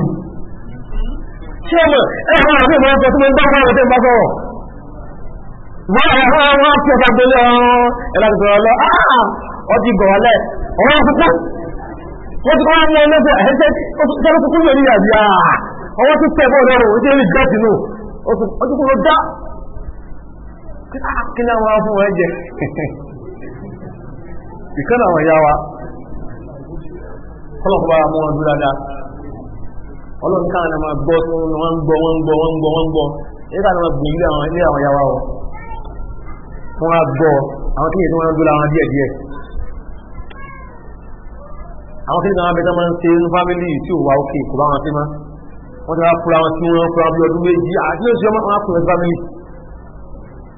ṣé ọmọ ẹ̀rọ àwọn ọmọ ọmọ tó ń bá wọn tó ń bá sọ̀rọ̀ wọ́n ẹ̀rọ àwọn ọmọ tó ń bá gbélé ọ̀rọ̀ ẹ̀rọ àti sọ̀rọ̀ lọ ọtí bọ̀ wọlé ọ̀rọ̀ àkókò wọ́n ti kọ́ wọn mú ọ lọ́sẹ̀ ẹ̀ṣẹ́ tó kúkú lè rí àbí ọwọ́ tó tẹ̀ bọ́ọ̀ lọ́rùn ó ti rí gẹ́ẹ̀tì nù ó ti kúrò dá kí [laughs] náà wọ́n á fún wọn jẹ ìkànnà àwọn ìyá wa kọ́lọ̀kọ́bá mú wọn dúró dáadáa ọlọ́run káà ní máa gbọ́ tó wọ́n ń gbọ́ wọ́n ń gbọ́ wọ́n ń gbọ́ wọ́n ń gbọ́ nígbà tí wọ́n gbìyànjú àwọn ilé àwọn yàwá wọn wọ́n á gbọ́ àwọn kíyè tí wọ́n ń dúró àwọn díẹ̀ díẹ̀ àwọn kíyè tí wọ́n bẹ̀rẹ̀ máa ń ṣe inú fámìlì tí ò wá òkè kò bá wọn sí má wọ́n ti wá fura wọn sí wọn fura bí ọdún méjì àti oṣù ọmọ wọn kùn fámìlì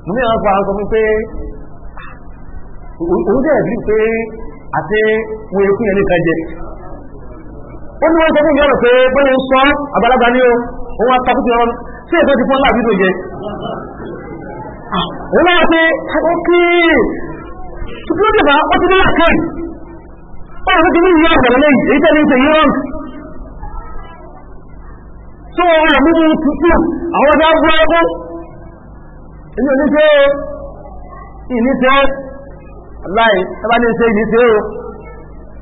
mo ní àwọn fara sọ fún pé ah, òun dẹ̀ bí pé àti wọn èkú yẹn nìkan ó ní wọ́n sọ fún ìyọ́rọ̀ pé bọ́lá ń sọ àgbàlagbà ní ohun àtàkùtù ọ̀rọ̀ sí ètò ti fún láàbí tó jẹ òun náà pé ókè tuntun ló dẹ̀bà ó ti ní àkàì ó rẹ̀ tó ní ìyá àgbàlá lẹ́yìn èyí tẹ́lẹ̀ ń tẹ̀yìn rọ́n tó wọn rẹ̀ mímú tuntun àwọn ọjà bú ẹgbẹ́ èmi ò ní ṣe ìní ṣe láì ẹbá ní ṣe ìní ṣe o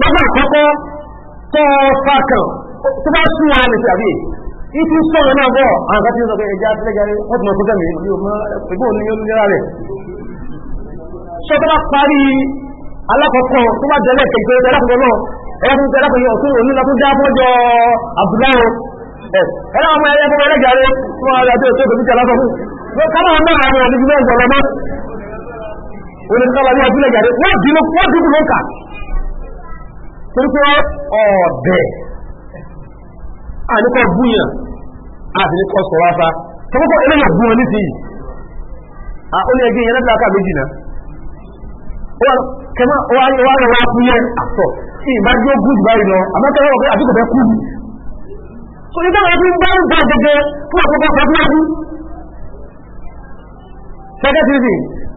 lọ́gbà àkọ́kọ́ tọ́ fàkàn tó bá sún wa lè tàbí ìtú sọ̀rọ̀ náà bọ̀ àwọn kan tí ó sọ pé ẹja tẹ́lẹ̀járe wọ́n ti mọ̀ kúta mi yóò mọ́ ẹgbẹ́ òní yóò lera rẹ̀ sọ tó bá parí alákọ̀ọ́kọ́ tó bá jẹ́lẹ̀ kẹgbẹ́ ẹlákọ̀ọ́kọ́ náà ẹlẹ́kùn tẹ́ ẹlákùn yóò tún òní lọ tó dá fọ́jọ́ àbúláwọ̀ ẹ̀rọ ọmọ ẹyẹ fọ́jọ́ ẹlẹ́járe fún àwọn àti ètò ìdòmí tẹ́lá fọ́kùn káwọn ọmọ àwọn ọmọ ìdíjú mẹ́rin ọ̀rọ̀ mọ́ torí pé ọ̀bẹ̀ àníkọ́ búyàn àti níkọ́ sọ̀rọ̀ afá tọ́kọ́kọ́ eléyàn bú wọn nísìnyí a ó ní ẹgbẹ́ ìyẹn láti láka méjì náà kẹmọ́ wá ní wá lọ́wọ́ fún yẹn àtọ̀ tí ìbá jó gúdù báyìí lọ àmọ́kẹ́wọ́ ọ̀gbẹ́ àti kọ̀fẹ́ kú ni so ní táwọn ẹbí bá ń bá gẹ́gẹ́ fún àkọ́kọ́ fẹ́ fún ẹbí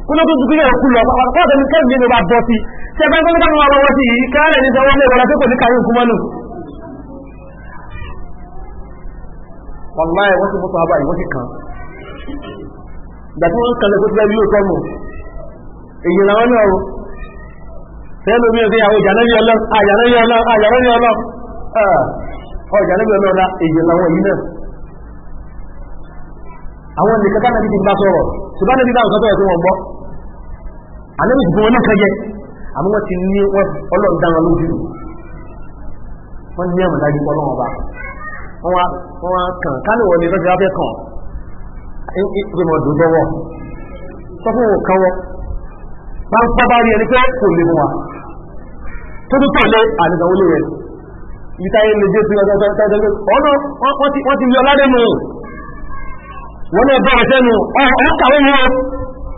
kúló tó dùkú yóò kú lọ pàpàpàpàpà ní kẹ́ẹ̀mí ló bá bọ́ sí tí ẹgbẹ́ tó dámọ́ ọlọ́wọ́ sí yìí káàlẹ̀ ní sọwọ́ mẹ́wàá tó kò ní kàrí òkú mọ́nù wàláyé wọ́n ti mọ́tò àbáyé wọ́n ti kàn ìgbà tí wọ́n kan lè kó tẹ́lẹ̀ yóò tọ́mù èyí làwọn náà o tẹ́lẹ̀ lómi ọ̀sẹ̀ ìyàwó ìjànẹ́bí ọlọ́run àjànẹ́bí ọlọ́run àjànẹ́bí ọlọ́run ọ̀jànẹ́bí ọlọ́run èyí làwọn yìí náà àwọn nìkan tánàbí ti gbà sọ̀rọ̀ ṣùgbọ́n níbi bá nǹkan sọ̀rọ̀ tí wọ́n gbọ́ àlẹ́bí ti fún wọn ní kẹjẹ àmọ́ wọ́n ti ní ọlọ́ọ̀dá wọn lójú wọ́n ní ẹ̀mọ̀ dájú pọ́ lọ́wọ́ bá wọ́n wá kàn kánú wọn ni lọ́jọ́ abẹ́ kàn ìgbìmọ̀ dùn lọ́wọ́ sọ fún òun kan wọ́n bá ń pábá rí ẹni pé kò lè mú wa tó tó tẹ̀lé àdìgbàwó lè rẹ̀ ìtayé lè jẹ́ sí ọjọ́ tẹ́tẹ́tẹ́ ọ̀nà wọ́n ti yọ ládẹ́nu wọ́n náà bẹ̀rẹ̀ sẹ́nu ọ̀ọ́kàwé wọn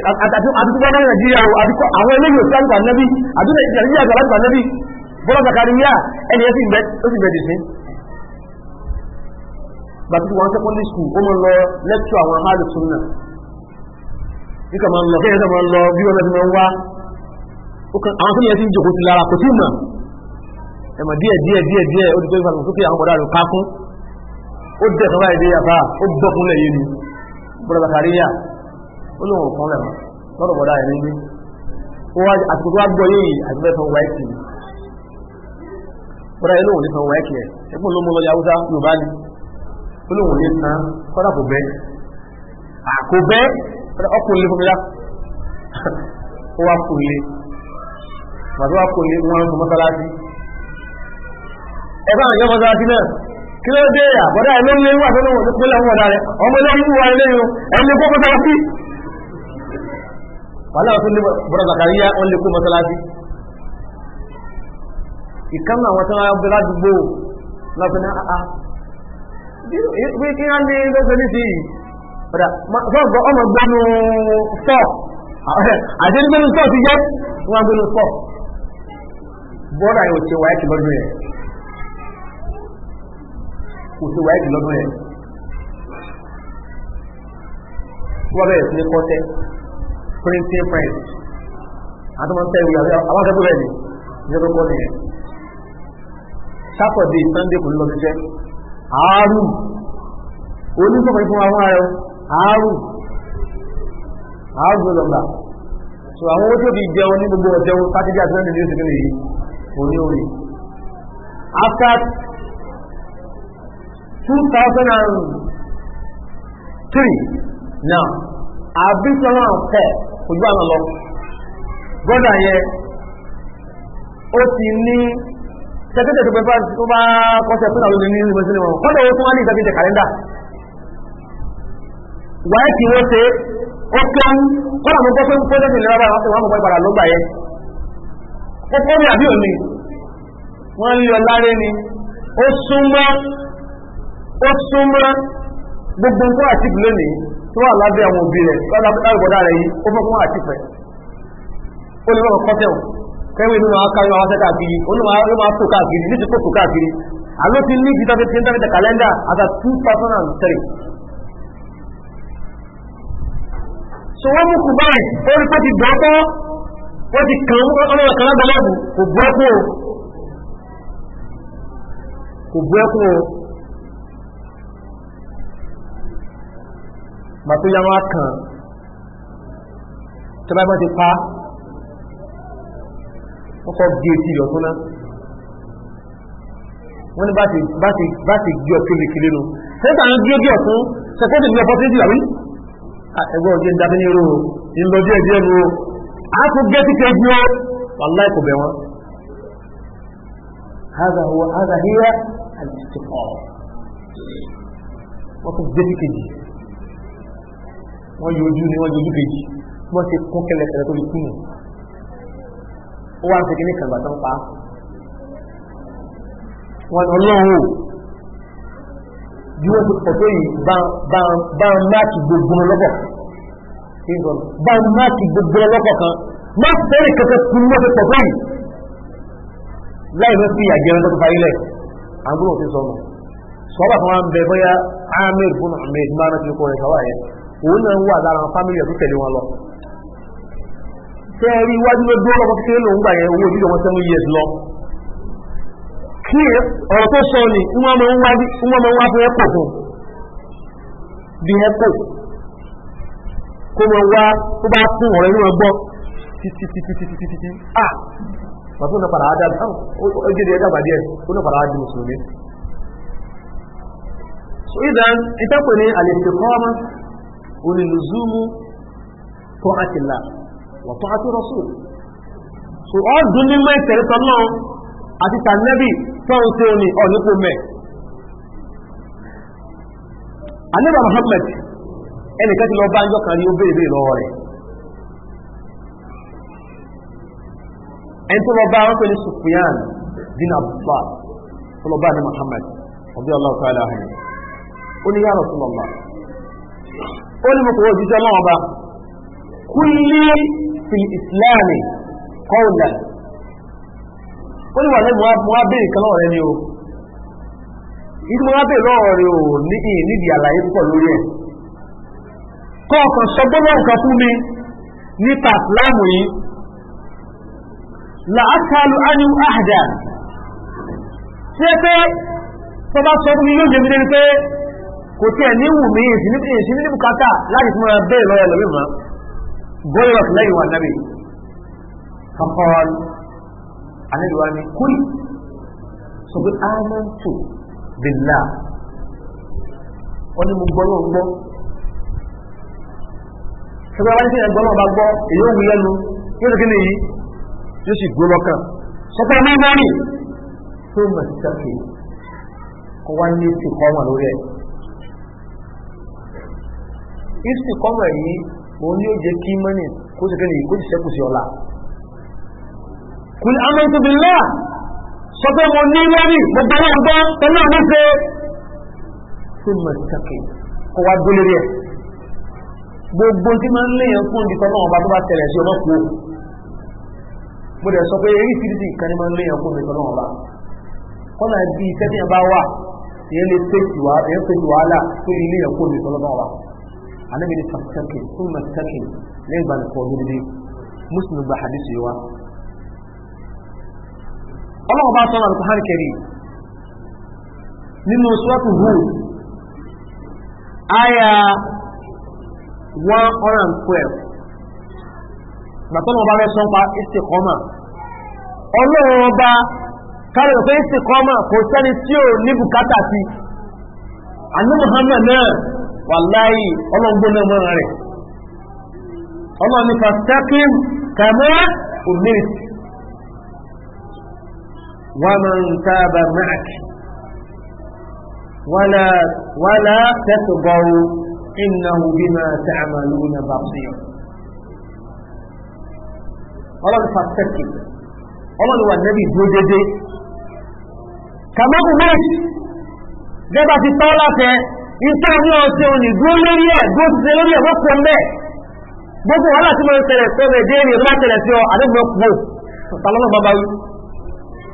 àdúgbò náà nàìjíríà àdúgbò àwọn eléyìí òsì àdúgbò ànábì àdúgbò nàìjíríà àdúgbò àdúgbò ànábì bọ́lá zakariya ẹni ẹsì ìgbẹ́ ó sì bẹ̀rẹ̀ sí bàtí wọn secondary school ó mọ lọ lecture àwọn amáàlù tún náà nígbà máa ń lọ kéèyàn máa ń lọ bí wọn máa ń wá àwọn fúnyẹn ti ń jòkó sí lára kò tí mà ẹ̀mọ̀ díẹ̀ díẹ̀ díẹ̀ díẹ̀ ó ti tó ìfàlùkù sókè àwọn bọ̀dá rẹ̀ kákún ó dẹ̀ sọ́wọ́ ìdí yàtọ̀ ó gbọ́kúnlẹ̀ yé ni bọ́lá zakariya ó lóun kan lẹ́mọ̀ lọ́dọ̀ bọ̀dá rẹ̀ nílé àsìkò tó wá gbọ́ yìí àsìkò tó wá ẹ̀kì bọ́dá yìí lóun ní sanwó ẹ̀kì ẹ̀ ẹ̀kún ló mú lọ yàwúsá yorùbá ni ó lóun ní san kọ́dà kò bẹ́ àkó bẹ́ ọkùnrin lè fún mi [laughs] ó wá kò lè màtí wá kò lè wọn fún mọ́sálásí ẹ̀fọ́ àwọn ìjọ mọ́sálásí náà kí ló dé yà bọ́dá yìí ló ń lé wà tó lóun ní pẹ́lẹ́ ọmọ ọ̀dà rẹ̀ ọmọ ilé ọmọ ìwà ilé yìí ẹni kókó sáwọ́ wàhálà wọn tún lé bọ̀dọ̀ Zakariya wọn lè kó mọ́sálásí ìkànnì àwọn tó máa bẹ́lá a lọ́pẹ́ náà àá bí kí wọ́n ní lọ́pẹ́ ní sí ọ̀dà sọ́ọ̀gbọ́ ọmọ gbẹ́nu sọ́ a ní gbẹ́nu sọ́ ti jẹ́ wọ́n gbẹ́nu sọ́ bọ́ọ̀dà yóò ṣe wáyé lọ́dún yẹn kò ṣe wáyé lọ́dún yẹn wọ́n bẹ̀rẹ̀ sí ní kọ́tẹ́ printing press àtúmọ̀tẹ́ ìwé àwọn akẹ́kọ̀ọ́ rẹ̀ ni ìjọba kọ́ nìyẹn Saturday Sunday kò ní lọ ṣiṣẹ́ àárù onísọ̀kọ̀ fún àwọn ààrẹ àárù àárù lọ́gbà so àwọn owó tó fi jẹun ní gbogbo ọ̀jẹun sátidé àti sunday ní oṣù tó nìyí òní òní after two thousand and three now àbísọ̀rọ̀ àfẹ́ ojú àná lọ brọ́dà yẹn ó ti ní sẹ́kẹ́tẹ̀ tó pẹ́pẹ́ tó bá kọ́sẹ̀ tó tàbí ní ìwé sílẹ̀ wọn kọ́dọ̀ owó tó wá ní ìsẹ́kẹ́tẹ̀ kàlẹ́ndà wáyé kí wọ́n ṣe ó pẹ́ń kọ́dà mú kọ́ pé ń pẹ́ẹ́sẹ̀ ìlera bá wọn mọ̀ ìpadà ló gbà yẹn ó kọ́ ní àbí òní wọ́n lé ọláré ni ó súnmọ́ ó súnmọ́ gbogbo nǹkan àti ìlú lónìí tó wà lábẹ́ àwọn òbí rẹ̀ lárúbọ̀dá rẹ̀ yìí ó fẹ́ fún àtìfẹ́ ó lè mọ́ kọ́tẹ̀ wọn kẹ́wé inú máa kárí máa tẹ́ka kiri máa tó káàkiri ní ti tó káàkiri àló ti ní ìjìdá ti ń kàlẹ́ndà 2003 so wọ́n mú kù báyìí ó rí pé wọ́n ti kàn kan o màtó yá wọn kàn tẹ́lá bá ti pa wọ́n kọ́ gé etí ìyọ̀ tó ná wọ́n ní bá ti gbé ọ̀tún lè kílé nu sẹ́ńtà ń gbé ọ̀tún sẹ́kẹ́tì ní ọ̀pọ̀ títí àwí ẹgbẹ́ ọ̀gẹ́ ìdábí ní irú ìlọ díẹ̀ díẹ̀ nu a tún gé títí ẹjú ọ wàláì kò bẹ̀ wọ́n هذا هو هذا هي الاستقامة وقت ذلك جيد wọ́n yọjú ní wọ́n yọjú kejì wọ́n ti kún kẹlẹ̀kẹlẹ̀ tó fi kú nù ó wá ń fi kíní kàgbà tó ń pa wọn ọlọ́run bí wọ́n ti pọ̀ tó yìí bá ń máàkì gbogbo lọ́kọ̀ bá ń máàkì gbogbo lọ́kọ̀ kan má fẹ́rẹ̀ kẹta tí wọ́n ti pọ̀ tó yìí láì lọ sí àjẹrẹ tó parí lẹ̀ àbúrò ti sọnù sọ́ọ́bà kan wá ń bẹ bóyá amir bùnà amir máa ń fi kọ́ rẹ̀ káwá yẹn òun náà wà lára àwọn fámìlì ẹ̀ tó tẹ̀lé wọn lọ tẹ́ ẹ rí iwájú ló dúró lọ́kọ́ kékeré lòun gbà yẹn owó wọn years lọ kí ọ̀rọ̀ tó sọ ni wọ́n máa ń wá fún ẹ̀pọ̀ fún bí ẹ̀pọ̀ kó wá tó bá fún ah! à padà ẹ̀dá ah! ẹ̀ padà mùsùlùmí. so ìtẹ́pẹ̀ ní àlè ọmọ òní lùzúmù tọ́àtìlá wa tọ́àtì rasul so ọ́ dùn ní mẹ́ ìtẹ̀lẹ́tọ̀ náà àti tànẹ́bì tọ́rọ tí ó ní ọ̀nípò mẹ́ anẹ́bà Muhammad ẹnìkan ti lọ bá kan rí ó béèrè lọ́wọ́ rẹ̀ ẹni tó lọ bá wọn pẹ̀lú Sufyan bin Abbas tó lọ bá ní Muhammad ọbí ní ó ní mọ̀kọ̀ òjíṣẹ́ náà ọba kúlí fi ni o ìdí o ní ìnídìí àlàyé púpọ̀ lórí ẹ̀ kọ́ọ̀kan sọ nǹkan fún mi nípa ìsìláàmù yìí làákàlù ánú àhàdà tí ẹ pé yóò mi pé kò tí ẹ̀ ní wù mí ìsìn ní bùkátà láti fún ẹ bẹ́ẹ̀ lọ́yà lórí mọ́ gọ́yọ̀ lẹ́yìn wà nábì fọ́kọ́ọ́l anábìwá ni kúrì sọ pé ámántù bìlá wọ́n ní mo gbọ́ lọ́wọ́ gbọ́ sọ́kọ́ wáyé tí ẹ̀ gbọ́ lọ́wọ́ bá gbọ́ èyí ò wù lẹ́nu yóò lè kéde yìí yóò sì gbó lọ́kàn sọ́kọ́ ẹ̀ máa ń bọ́ ni tó mọ̀ sí sẹ́kì kọ́ ní ètò kọ́ wà lórí ẹ̀ ìsì kọ́mọ̀ yìí òun ni ó jẹ́ kí mọ́nì kó sì kẹ́lẹ̀ kó sì sẹ́kù sí ọlá kùn àmọ́tò bí lọ́à sọ pé mo ní lórí gbogbo wọn gbọ́ pẹ̀lú àwọn ṣe tó mọ̀ sàkè kó wá dúró rí ẹ̀ gbogbo tí máa ń léyàn fún ìdíkọ́ náà ọba tó bá tẹ̀lẹ̀ sí ọmọ kú mo dẹ̀ sọ pé eré fìdí kan ní máa ń léyàn fún ìdíkọ́ náà ọba kọ́nà bí iṣẹ́ tí a bá wà èyí lè fèsì wàhálà tó lè léyàn fún ìdíkọ́ náà anabi ni fastaki thumma taki lẹ́yìn muslim gba hadith yìí wá ọlọ́run bá sọ́nà alùpùpù hànkẹ́rì nínú sọ́ọ̀tù hù àyà 112 gbàtọ́nà ọba rẹ̀ sọ́npa ọba kárẹ̀ òfin istiqama kò sẹ́ni tí ò ní bùkátà sí àní muhammad náà wàláyì ọlọ́gbọ́n náà mọ́ra rẹ̀ ọlọ́run ní fàstákìm kàmọ́ òmìnirit wà máa ń tábà máàkì wàlá tẹ́tùbọ̀rù ìnáwó bí máa tẹ́ àmàlú na bàbíyàn ọlọ́run fàstákìm ọlọ́run wà nẹ́bí dúró dédé kàmọ́ òmìnirit gẹ́gbà ti tọ́ látẹ́ iṣẹ́ ní ọ̀sẹ̀ òní dúró lórí ẹ̀ dúró ti ṣe lórí ẹ̀ wọ́n kọ́ mẹ́ gbogbo wàhálà tí mo ń tẹ̀lẹ̀ tó bẹ̀ dé ní ọlọ́mà tẹ̀lẹ̀ sí ọ àdébùn ọkùnrin tàlọ́nà bàbá wí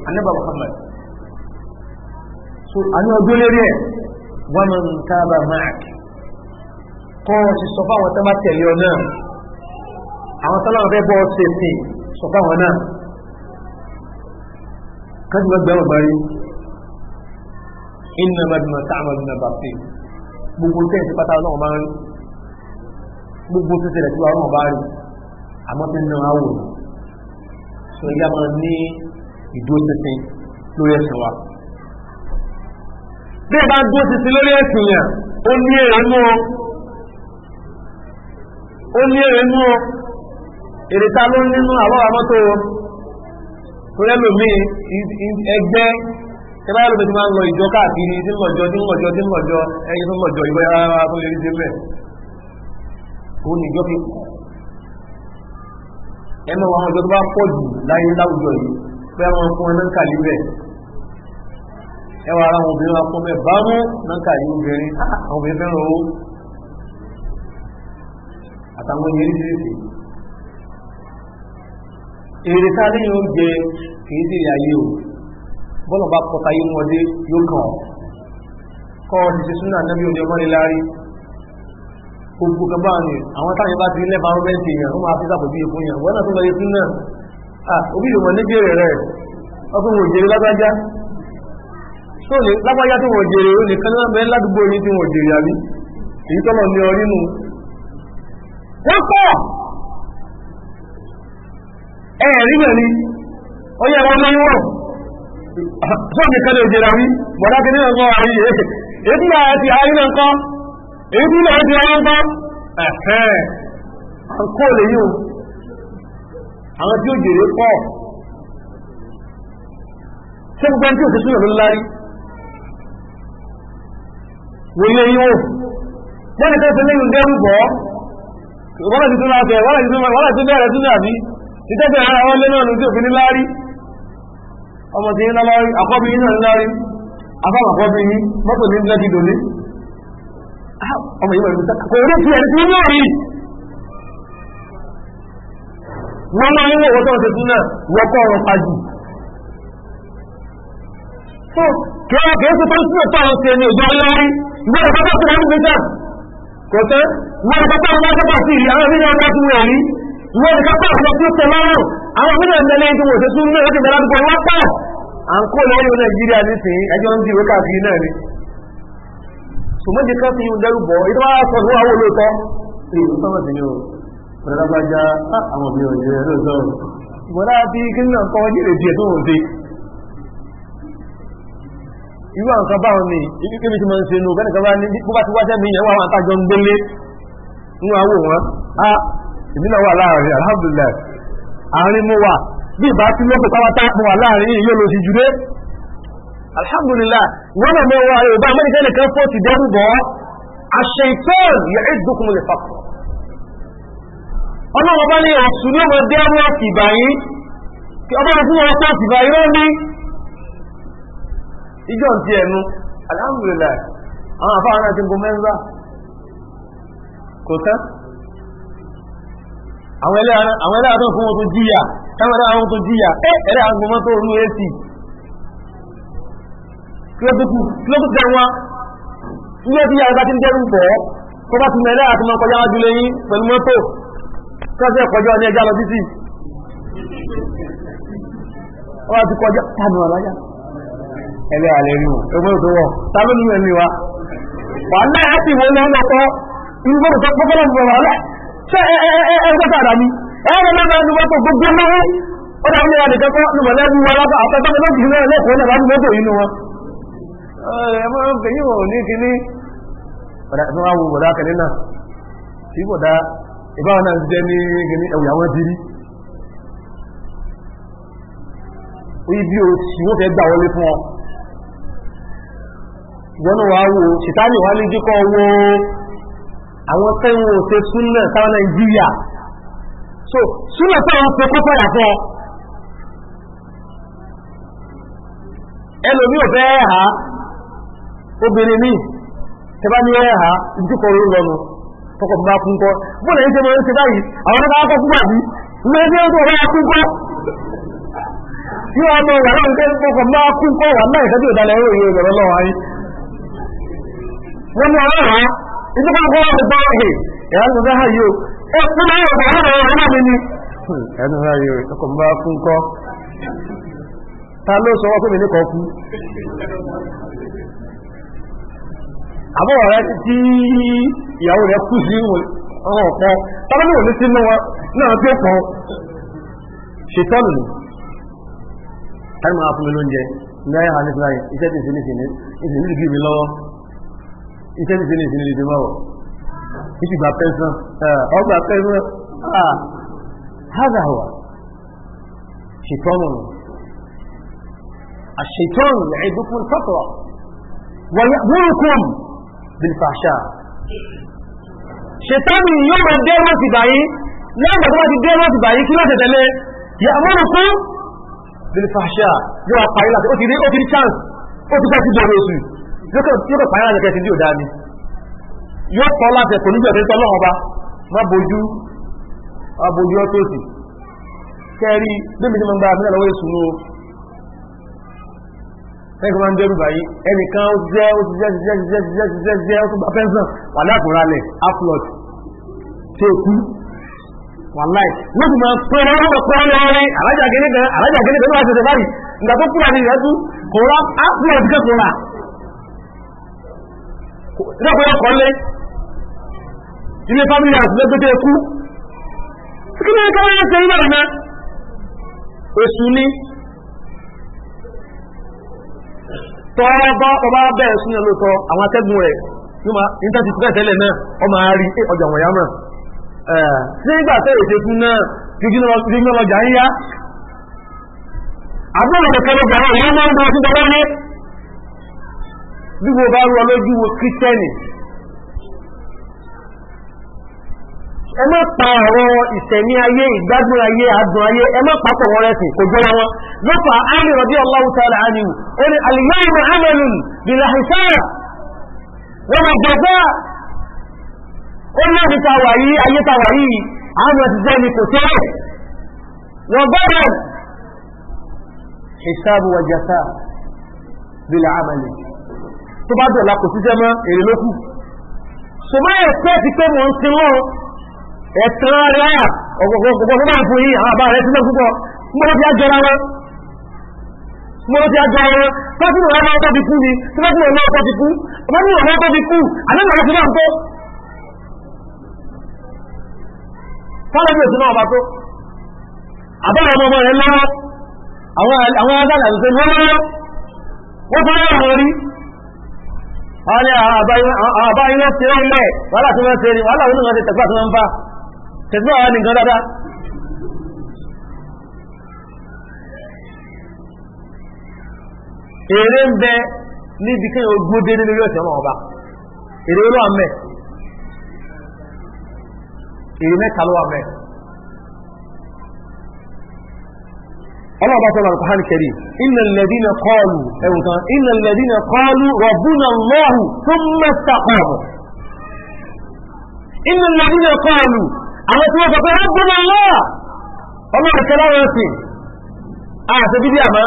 anẹ́bà Muhammad so àní ọdún lórí ẹ̀ wọ́n mọ̀ ń mark kọ́ ọ ti sọ fáwọn tó tẹ̀lé ọ náà àwọn tó lọ́wọ́ bọ́ ṣe sí sọ fáwọn náà kájú wọn gbẹ́wọ̀n bá rí inna madina ta'amaluna gbogbo tẹ́ ti pátá ọlọ́run bá ń rí gbogbo tó tẹ̀lẹ̀ tí ọlọ́run bá rí àmọ́ tí náà á wò sọ yá máa ní ìdúró tẹ̀sìn lórí ẹ̀sìn wa bí ẹ bá dúró tẹ̀sìn lórí ẹ̀sìn yẹn ó ní èrè nú ọ ó ní èrè nú ọ èrè ta ló nínú àwọn àmọ́tò rẹ lòmíì ẹgbẹ́ tẹ́lá ló bẹ̀rẹ̀ máa ń lọ ìjọ káàkiri tí mọ̀jọ tí mọ̀jọ tí mọ̀jọ ẹni tó mọ̀jọ ìwé ara tó lè rí dé bẹ́ẹ̀ ó ní ìjọ kíkù ẹnu àwọn ọjọ́ tó bá pọ̀ jù láyé láwùjọ yìí pé àwọn fún ẹ náà kàlí bẹ́ẹ̀ ẹwà ara ní ìrètí èrè tá a lè bọ́lọ̀ bá pọ̀ta yí mọ́dé yóò kàn kọ́ ọ̀dì sí súnà nẹ́bí òde ọmọ ìlàrí gbogbo kan bá ní àwọn táyẹ bá ti lẹ́bàá rọ́bẹ́ntì èèyàn ó máa fi sàpò bí ìfún yàn wọ́n náà tó lọ ikú náà ah òbí ìwọ̀n ní jèrè rẹ̀ ọkùn wò jèrè lágbájá tó lè lágbájá tí wọ́n jèrè ó nìkan náà bẹ́ẹ̀ ládùúgbò yìí tí wọ́n jèrè àbí èyí tọ́lọ̀ ní ọ nínú wọ́n pọ̀ ẹ̀ẹ̀rí bẹ̀ ni ó yẹ wọn lóyún wọn fún nìkan lè jẹ́ra wí bọ̀dá kí nínú ọgbọ́n àrí yìí èyí tí na ti ayé náà kọ́ èyí tí ààrẹ ẹ̀fẹ́ àǹkó lè yíò àwọn tí ó jèrè pọ̀ ṣé gbogbo ẹni tí ò sí wòye yíò wọ́n ni dẹ́rù wọ́n tún láti ẹ̀ wọ́n tún bẹ̀rẹ̀ ara wọn lé náà lójú òfin lárí ọmọ tí yínlá lárí àkọ́bí yínlá lárí afábàkọ́bí yí mọ́tò ní ilẹ̀ dídò ní ọmọ yínlá rí kò rí ti ẹ̀rí tí yóò rí wọ́n máa ń wò wọ́n tọ́wọ́ tuntun náà wọ́kọ́ ọ̀rọ̀ pàjù kẹ́wàá kẹ́wàá tó tán sí ọ̀pá àwọn ṣe ní ìjọ lórí ìgbọ́dọ̀ pápá tó wọ́n ń gbé tán kò tẹ́ wọ́n pápá wọn bá tọ́pà sí ìyá àwọn ènìyàn bá tún wẹ̀ rí wọ́n kápá àwọn tó tẹ̀ lọ́rùn àwọn àwọn ìrìnàjò lẹ́yìn tí wọ́n ṣe tún ní ọjọ́ ìjọba àdúgbò wọn pọ̀ à ń kó lọ́wọ́ nàìjíríà nísìnyí ẹjọ́ ń dìrò káàkiri náà ni sòmọ́jì nwa fi yún dẹ́rù bọ̀ ìdí àwọn olóòótọ́ ṣe ìlú sọ́mọ̀ o pẹ̀lẹ́gbàjá àwọn mi ò jẹ́ lóòótọ́ ìbọ̀dá bí gíńdà kọ́ àárín mo wà bí ìbá tí lókè pàwátá mo wà láàrin yìí yóò lọ sí jùlé alhamdulillah wọ́n náà mẹ́wọ́ ayò bá mẹ́rin nìkan fò ti dẹ́rù bọ́ àṣẹ ìtọ́n yẹ ìdókùn lè papọ̀ ọlọ́wọ́ bá ní ọ̀sùn ní ọmọ dẹ́rù ọ̀sì ìbáyín kò tán àwọn ẹlẹ́ àtọ́ fún wọn tó jíyà kámẹ́rà àwọn tó jíyà ẹ́ ẹ̀rẹ́ agbọmọ́ tó rú ac kílókù tẹ́wọ́ ilé tí yàrá ti ń dẹ́rù bọ̀ tó bá ti mẹ́rẹ́ àti mọ́kànlá wájú lẹ́yìn pẹ̀lú mọ́tò kọ́sẹ̀ kọjọ́ ní ẹjá lọ títì wọ́n ti kọjọ́ tàbí ọ̀lájá ẹlẹ́ àlẹ́ nù ẹgbẹ́ òtò wọ̀ tàbí nínú ẹ̀mí wa wà láyé àti ìwọ̀n náà lọ́kọ́ ìgbọ́n tó pọ́pọ́lọ́ ṣe ẹgbẹ́ padà ní na lọ́gbà ẹni wọ́n a gbogbo lówó ó dá nílẹ̀ nìkan tó nùmọ̀ lẹ́nu wọn lábá àtọ́tọ́ lójú náà lẹ́kọ̀ọ́ náà lábú mọ́tò inú wọn ń ní kíní ọ̀dà náà jẹ́ ní kíní sì wọ́n fẹ́ gbà wọlé fún ọ ìgbọ́nà wàá wo ṣìtánì wàá ní jíkọ́ àwọn tẹ́wọ̀n ò ṣe súnà sáwọn nàìjíríà so súnà táwọn ṣe kókó yàtọ̀ ẹlòmí ò fẹ́ ẹ̀hà obìnrin mi tẹ́bá ní ẹ̀hà ìdíkọ̀ orí lọ́nu tọkọ̀ bá kún kọ́ bóòlẹ̀ ń ṣe mọ́ ń ṣe báyìí àwọn ọmọ akọ́ fún bàbí mẹ́rin tó rẹ̀ kún kọ́ tí wọ́n mọ̀ wà láwọn ìgbẹ́ tọkọ̀ bá kún kọ́ wà náà ìṣẹ́jú ìdálẹ̀ ẹ̀rọ ìrọ̀lọ́wọ́ ayé wọ́n mọ̀ ọ̀rọ̀ ìdí bá gbọ́ ọ̀rọ̀ gbọ́ ọ̀hìn ẹ̀yà ń lọ́dá fún mi ọ̀rọ̀ ọ̀rọ̀ mi ni ẹnu ra yìí ọkọ̀ mọ́ fún kọ́ ta ló sọ wọ́n mi ní kọ́ fún àbọ̀ ọ̀rẹ́ tí ìyàwó rẹ̀ kú sí ọ̀rọ̀ ọ̀pọ̀ tábílì mi lóúnjẹ ní ayé iṣẹ́ ti ṣẹlẹ̀ ìṣẹlẹ̀ ìṣẹlẹ̀ mọ́wọ̀ títí gba pẹ́sán ọgbà pẹ́sán hádàwà ṣètọ́nù àṣetọ́nù ẹ̀dùkún tọ́tọ̀ wọ́rùkún bilfàṣà ṣètọ́nù yóò máa dé wọ́n ti báyìí lẹ́gbàá tó wọ́n ti dé wọ́n ti báyìí kí lọ́tẹ̀ tẹ̀lé yàmọ́rùkún bilfàṣà yóò apàyí láti ó ti rí chance yóò kọ̀ pàyàrà lẹ́kẹ̀ẹ́ sí bí ò dáa ni yóò tọ́ láti ẹ̀kọ́ nígbà tó ń tọ́lọ́ ọba má bojú abojú ọ́tọ́sì kẹ́rí bíbi tí mo ń gba àmì lọ́wọ́ ìṣúná ẹgbẹ́ máa ń dẹ́rù báyìí ẹnìkan ó jẹ́ ó ti jẹ́ jẹ́ jẹ́ jẹ́ jẹ́ jẹ́ ó tún bá fẹ́ǹsàn wà lákùnralẹ̀ aflot tí ó kú wà láì wọ́n ti máa pẹ́ wọ́n lọ́wọ́ pẹ́ wọ́n lọ́wọ́ rí alájàgẹ́lẹ́gẹ́ alájàgẹ́lẹ́gẹ́ wọ́n ti tẹ̀ báyìí ìgbà tó kúrò ní ìrẹ́jú kò rá aflot kẹ́kọ̀ọ́ ìdákùnrin ọkọ̀ lé ilé family house lẹ́gbẹ́dẹ́ kú kí ni ká wọ́n ṣe ìwọ̀n náà oṣù ní tọ́ọ̀bá ọba bẹ́ẹ̀ sún yẹn lóòtọ́ àwọn akẹ́gùn rẹ̀ nígbà tí fúkẹ́ tẹ́lẹ̀ náà ọmọ àárí ọjà wọ̀n yá náà nígbà tẹ́lẹ̀ ṣe fún náà jíjí lọ́jà ń yá àbúrò kẹkẹrẹ ọjà náà yóò máa ń bọ́ sí bí mo bá rọ lójú wo kírísítẹ́nì ẹ má pa ọ̀rọ̀ ìsẹ̀mí ayé ìgbádùn ayé àdùn ayé ẹ má pa pọ̀wọ́ rẹ̀ sìn kò jọra wọn lọ́pàá ámì rọ̀bí ọlọ́wọ́ tààrà ánìyù ó ní àlìyáì muhammadu bìlà hìsára wọn mọ̀ gbàgbá ó ní àti tàwà yìí ayé tàwà yìí àwọn àtijọ́ ni kò tẹ́lẹ̀ wọ́n gbọ́dọ̀ hisabu wa jasa bìlà tó bá dọ̀la kò sí jẹ́mọ́ èrè ló kù ṣùgbọ́n ẹ̀kọ́ ti pé mò ń sin wọn ẹ̀tàn rẹ̀ ọ̀gbọ̀gbọ̀gbọ̀ fún máa fún yí àwọn àbá rẹ̀ sílẹ̀ púpọ̀ mọ́rọ̀ ti wọn mọ́rọ̀ ti wọn ìwọ̀n tọ́ ti kú ni ìwọ̀n tọ́ ti kú ní ìwọ̀n tọ́ ti kú tó àwọn ni àbá iná tí ó ń mẹ́ wàhálà tí wọ́n ṣe ni wàhálà onínú ọdẹ tẹ̀gbà tí wọ́n ń bá tẹ̀gbà àwọn nìkan dáadáa èrè ń bẹ níbi kí ogún dé nínú yóò tẹ̀wọ̀n ọba èrè olóòmẹ́ èrè mẹ́ta ló wà mẹ́ta الله بقى طبعا القرآن الكريم إن الذين قالوا إيه إن الذين قالوا ربنا الله ثم استقاموا إن الذين قالوا أما توقف ربنا الله الله الكلام يسين آه سبيدي أما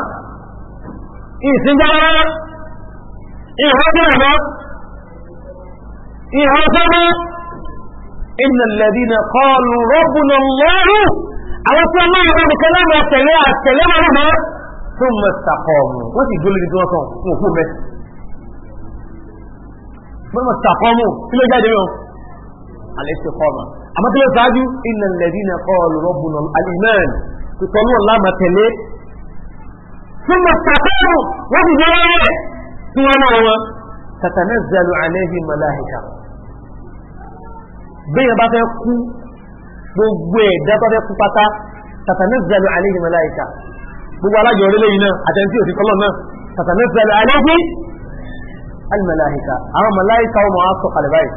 إيه سنجارة إيه هذا أما إيه هذا إن الذين قالوا ربنا الله àwọn tí ọmọ ìwọ̀n nìkan lẹ́nu ọ̀tẹ̀lẹ́ àtẹ̀lẹ́ wọn náà tó mọ̀ sàkọ̀ọ̀mù wọ́n sì dúró níbi tí wọ́n sọ fún òkú mẹ́sì wọ́n mọ̀ sàkọ̀ọ̀mù kí ló jáde yàn àlẹ́sẹ̀ kọ́ọ̀mà àmọ́ tí ló sáájú iná lẹ́bí na kọ́ọ̀lù rọ́bùnà alimẹ́n tó tọ́lú ọ̀làmà tẹ̀lé tó mọ̀ sàkọ̀ọ̀mù wọ́n sì dúró rẹ̀ tí wọ́n náà wọn tàtàmẹ́sẹ̀ lù àlẹ́hìn mọ̀láhìkà bí yẹn bá fẹ́ kú gbogbo ẹ̀dá tó fẹ́ kú pátá tatanazzalu alayhi malaika gbogbo alájọ orílẹ̀ yìí náà àtẹ̀ntí òsì kọ́lọ̀ náà tatanazzalu alayhi almalaika àwọn malaika ọmọ asọ kalibai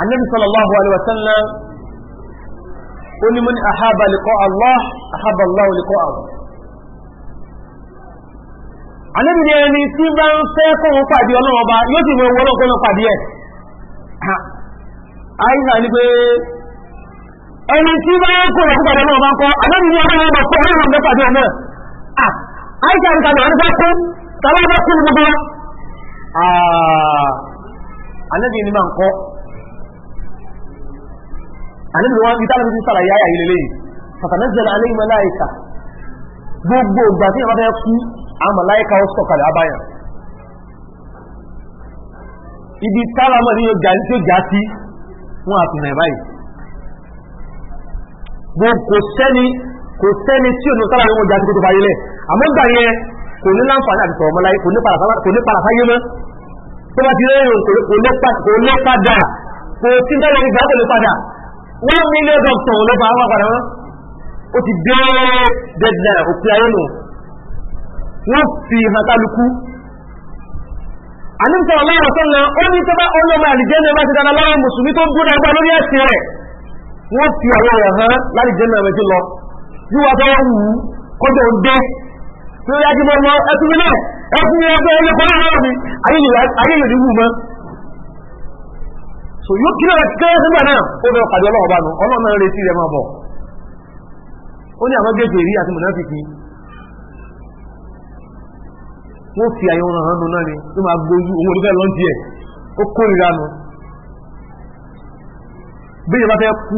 annabi sallallahu alaihi wasallam ó ní man ahaba liqa Allah ahaba Allah àníbi ẹni tí bá ń fẹ́ kóhun pàdé ọlọ́wọ́ bá yóò ti mọ owó ọlọ́kọ́nà pàdé ẹ̀ àìsà ní pé ẹni tí bá ń kó ìwọ̀n pàdé ọlọ́wọ́ bá ń kọ́ àníbi ní ọlọ́wọ́ bá kọ́ ọlọ́wọ́ bá pàdé ọmọ àìsà ní kàdé ọlọ́wọ́ kú tàbí ọlọ́wọ́ kú gbogbo àníbi ní máa ń kọ́ àníbi wọn bí tábìlì ti sàlàyé àyà ilé lẹ́yìn fàtàlẹ́sẹ̀ àmàláìka ó sọ̀kalẹ̀ abáyàn ibi tára mọ̀ ní ọjà tí ó já sí wọ́n àfihàn ìbáyìí kò sẹ́ni kò sẹ́ni tí òun tára wọn já sí tó fayé lẹ̀ àmọ́ gbà yẹn kò ní láǹfààní àti sọ̀rọ̀ mọ́láyé kò ní parafáyé mọ́ tó bá ti rẹ́rìn kò lé padà kò sí dáwọn ìgbà tó lè padà wọ́n mílíọ̀dọ̀ tọ̀wọ̀ lọ́pàá wọn padà wọn ó ti dé deadline òpin ayé no. wọ́n fi hàn kálukú àníbìsọ̀ ọlọ́rọ̀ tó lọ ó ní tó bá ọlọ́mọ àlìjẹ́nà bá ti dára lọ́wọ́ mùsùlùmí tó gúnra ẹgbà lórí ẹ̀sìn rẹ̀ wọ́n fi àwọn ọ̀rọ̀ hàn lálìjẹ́nà rẹ̀ ti lọ bí wọ́n wù ú kọjọ ń dé tí ó mọ́ náà náà wù so yóò kí náà nígbà náà ó pàdé ọlọ́run bá ọlọ́run náà retí rẹ̀ máa bọ̀ ó ní àwọn wọ́n fi àyè wọn hàn nù náà ni wọ́n máa gbójú owó olùfẹ́ lọ́n tiẹ̀ ó kórìíra nu bí ìjọba fẹ́ kú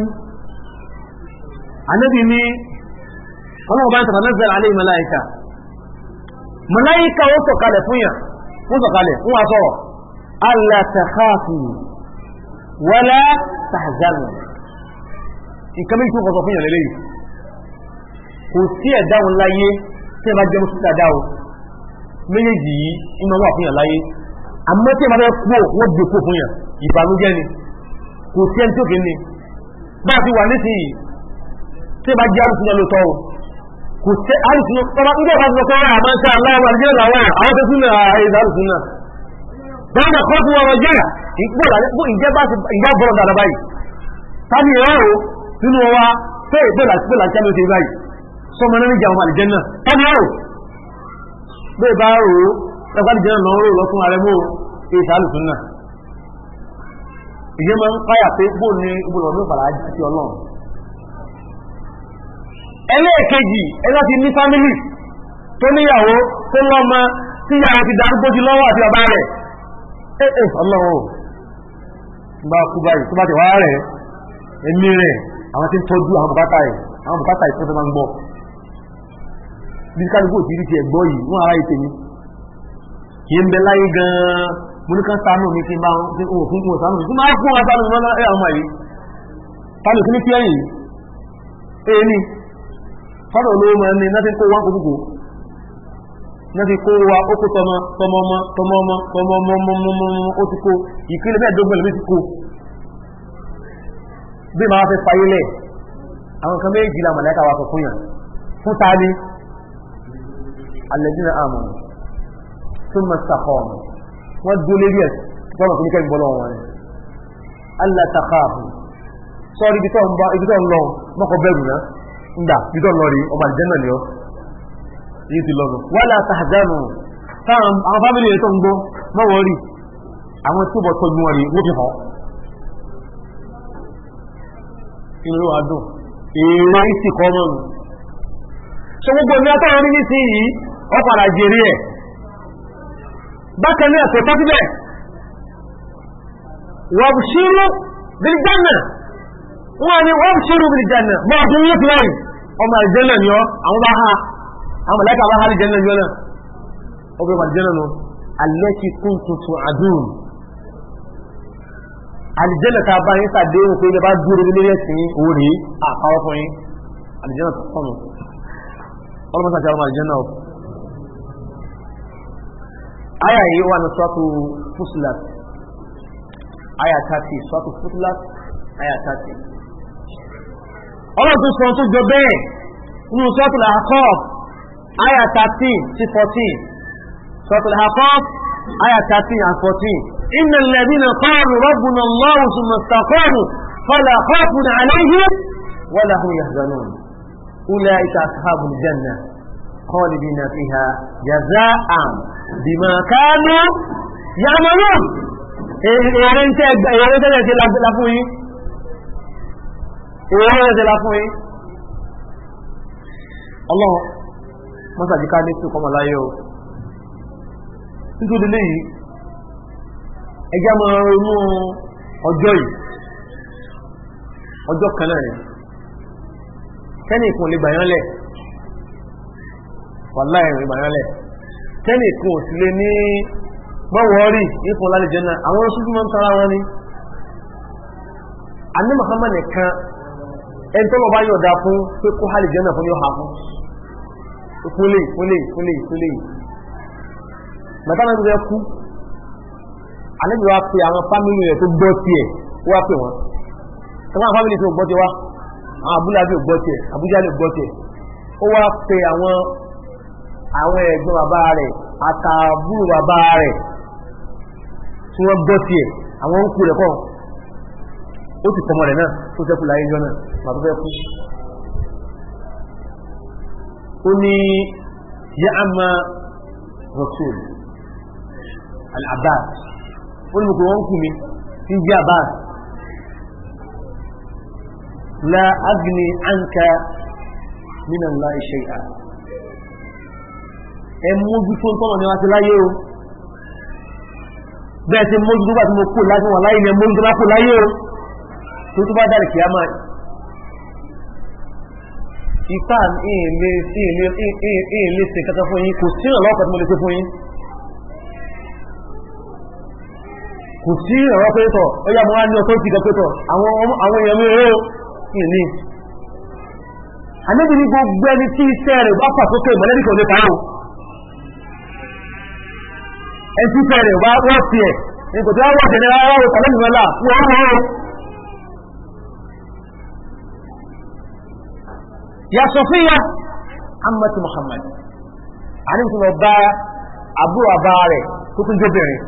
ànábì ní ọlọ́run bá ń sọ̀rọ̀ mẹ́sẹ̀lẹ̀ alẹ́ màláíkà màláíkà ó sọ̀kalẹ̀ fún yàn ó sọ̀kalẹ̀ fún wa sọ̀rọ̀ alla takhafu wala nǹkan méjì tó sọ fún yàn lélẹ́yìí kò sí ẹ̀dáhùn láyé tí ẹ bá jẹ́ mọ́ sí dáadáa méjèèjì yìí iná wà fún yàn láyé àmọ́ tí a máa fẹ́ kú wọ́n gbé kó fún yàn ìbànújẹ́ ni kò sí ẹni tó kì í ni bá a ti wà nísìnyí tí a bá jẹ́ àrùsùn lọ tọ́ o kò sí àrùsùn tọ́ba nígbà bá sọ pé àmọ́ ah, ṣe aláwọ̀ àdìjẹ́ làwọn àwọn tó sún àrùsùn náà báwọn kọ́ fún ọmọ jẹ́ ìgbà bọ̀rọ̀ dáadáa báyìí tani ẹ̀rọ nínú wa pé ìgbà láti pé láti bẹ́ẹ̀ bá rò ó tọ́gbàdì jẹ́ ọ̀nà rò lọ́kún ààrẹ mọ́ èsà àlùsùn náà ìyẹ́ máa ń páyà pé bó ní ìbùdó ní ìpàdà ajá sí ọlọ́run ẹlẹ́ẹ̀kejì ẹlá ti ní fámílì tó níyàwó tó ma tí yàrá ti darúgbó jù lọ́wọ́ àti bàbá rẹ̀ ee ọlọ́run bá kú báyìí tó bá ti wá rẹ̀ ẹ̀mí rẹ̀ àwọn tí ń tọ́jú àwọn bùkátà yìí àwọn bùkátà yìí bí kálukú ò ti rí ti ẹ̀gbọ́ yìí wọ́n ara ìtẹ̀mí yìí ń bẹ láyé gan-an mo ní kán sánú mi kí n bá wọn fún wọn sánú mi kí máa fún wọn sánú mi lọ́nà ẹ̀ ọmọ yìí tálù kí ní kí ẹ̀yìn èyí ni fọ́dọ̀ olówó máa ní náà ti kó wọn kókókó náà ti kó wa ó kó tọmọ tọmọ ọmọ tọmọ ọmọ tọmọ ọmọ ọmọ ọmọ ọmọ ó ti kó ìpínlẹ̀ bẹ́ẹ̀ dógbọ́n lè ti kó bí máa fẹ́ fayé lẹ̀ àwọn kan méjìlá mọ̀lẹ́ka wa sọ fún yàn fún ta ni alẹ́dínà àmọ̀ tún mọ̀ sàkọ̀ọ̀m wọ́n dó lérí ẹ̀ tọ́nà tó ní kẹ́ gbọ́lọ́ wọn rẹ̀ alátàkààbù sọ́ọ́rí ibi tó ń lọ mọ́kọ̀ bẹ̀rù náà ń dà ibi tó ń lọ rí ọmọ àlìjẹ́nà ni ọ́ yìí ti lọ́nà wà látàkàdánù táwọn àwọn fámìlì rẹ̀ tó ń gbọ́ mọ́wọ́ rí àwọn tó bọ̀ tọ́jú wọn rí wó fi hàn inú adùn èèrè ìsìnkọ́ mọ́nu ṣe gbogbo ní àtàwọn ọ̀pàdà jèrè ẹ̀ bákan náà kò tọ́ síbẹ̀ wọ̀bùsírù bìlìjánà wọ́n ni wọ́bùsírù bìlìjánà mọ́ ọdún yóò fúnra yìí ọmọ àjẹ́nà ni ọ́ àwọn bá ha àwọn mọ̀lẹ́kà bá ha lè jẹ́nà yọ́nà ọgbẹ̀ àjẹ́nà nù alẹ́kì kún tuntun àdúrù àjẹ́nà ta bá yín sàdé òun pé ilẹ̀ bá dúró ní lẹ́yìn sí orí àpá ọkùnrin àjẹ́nà tó aya yìí wà ní sọ́tù fúsùlát aya tàti sọ́tù fúsùlát aya tàti ọlọ́tún sọ tó jọ bẹ́ẹ̀ nínú sọ́tù làkọ́ aya tàti sí fourteen sọ́tù làkọ́ aya tàti and fourteen inna lẹ́bínà kọ́ọ̀rù rọ́bùnà lọ́wọ́ sùmọ̀sàkọ́ọ̀rù fọlá kọ́ọ̀kùnà àlẹ́yìn wọ́n làhùn yàgbọ́n náà ulẹ̀ ìta àkàbùn jẹ́ náà خالدين فيها جزاء بما كانوا يعملون èrè ń tẹ́ èrè tẹ́lẹ̀ tí la fún yín èrè tẹ́lẹ̀ tí la fún yín ọlọ́run mọ́sàdíká ní tí kọmọ láyé o nítorí lè yìí ẹjá mọ́ ronú ọjọ́ yìí ọjọ́ kan náà rẹ̀ kẹ́ni ìkùnlẹ̀ gbàyánlẹ̀ wàláì ìrìn ìgbàyànlẹ̀ tẹ́nì kan ò sí lé ní gbọ́wọ́rì ipò lálẹ́ jẹ́nà àwọn ṣúgbọ́n máa ń tara wọn ni àní Muhammad nìkan ẹni tó bá yọ̀ dá fún pé kó hálì jẹ́nà fún yóò ha fún kúlé kúlé kúlé kúlé mẹ́tàlá ìgbẹ́ kú àníbi wa pe àwọn fámìlì rẹ̀ tó gbọ́ tiẹ̀ wá pè wọ́n tọ́wọ́ àwọn fámìlì tó gbọ́ tiẹ̀ wá àwọn abúlé àbí ò gbọ́ tiẹ̀ Àbújá lè gbọ́ tiẹ̀ ó wá pe àwọn àwọn ẹ̀gbọ́n bàbá rẹ̀ àtàbúrò bàbá rẹ̀ tí wọ́n gbọ́ tiẹ̀ àwọn ń kú rẹ̀ kọ́ ó ti kọmọ rẹ̀ náà tó fẹ́ kú láyé jọ náà bàbá fẹ́ kú ó ní yá rọ̀tún al ó ní mọ̀kò wọ́n kú mi tí jẹ́ abbas la agni anka min Allah shay'a ẹ mójú tó ń tọ́nà ní wa ti láyé o bẹ́ẹ̀ ti mójú tó bá ti mo kó láti wọn láyé ni mójú tó bá kó láyé o tó tó bá dàrí kìí àmà ipá ìlé sí kankan fún yín kò sí ìrànlọ́pàá tí mo lè ṣe fún yín kò sí ìrànlọ́ pé tọ̀ ọya mọ́ wá ní ọ̀tọ́ ìtìkà pé tọ̀ àwọn èèyàn mi rẹ̀ ìní àníbi ní gbogbo ẹni tí iṣẹ́ rẹ̀ bá pàtókè mọ̀lẹ́bí kan lè pàrọ̀ ẹtí fẹ̀rẹ̀ wá wọ́n fi ẹ̀ nígbà tí wọ́n wọ́n tẹ̀lé ara wọ́n tẹ̀lé ìrọ̀lá wọ́n wọ́n ya Sofiya amati Muhammad àríkùn ọba àbúrò àbá rẹ̀ tó tún jóbìnrin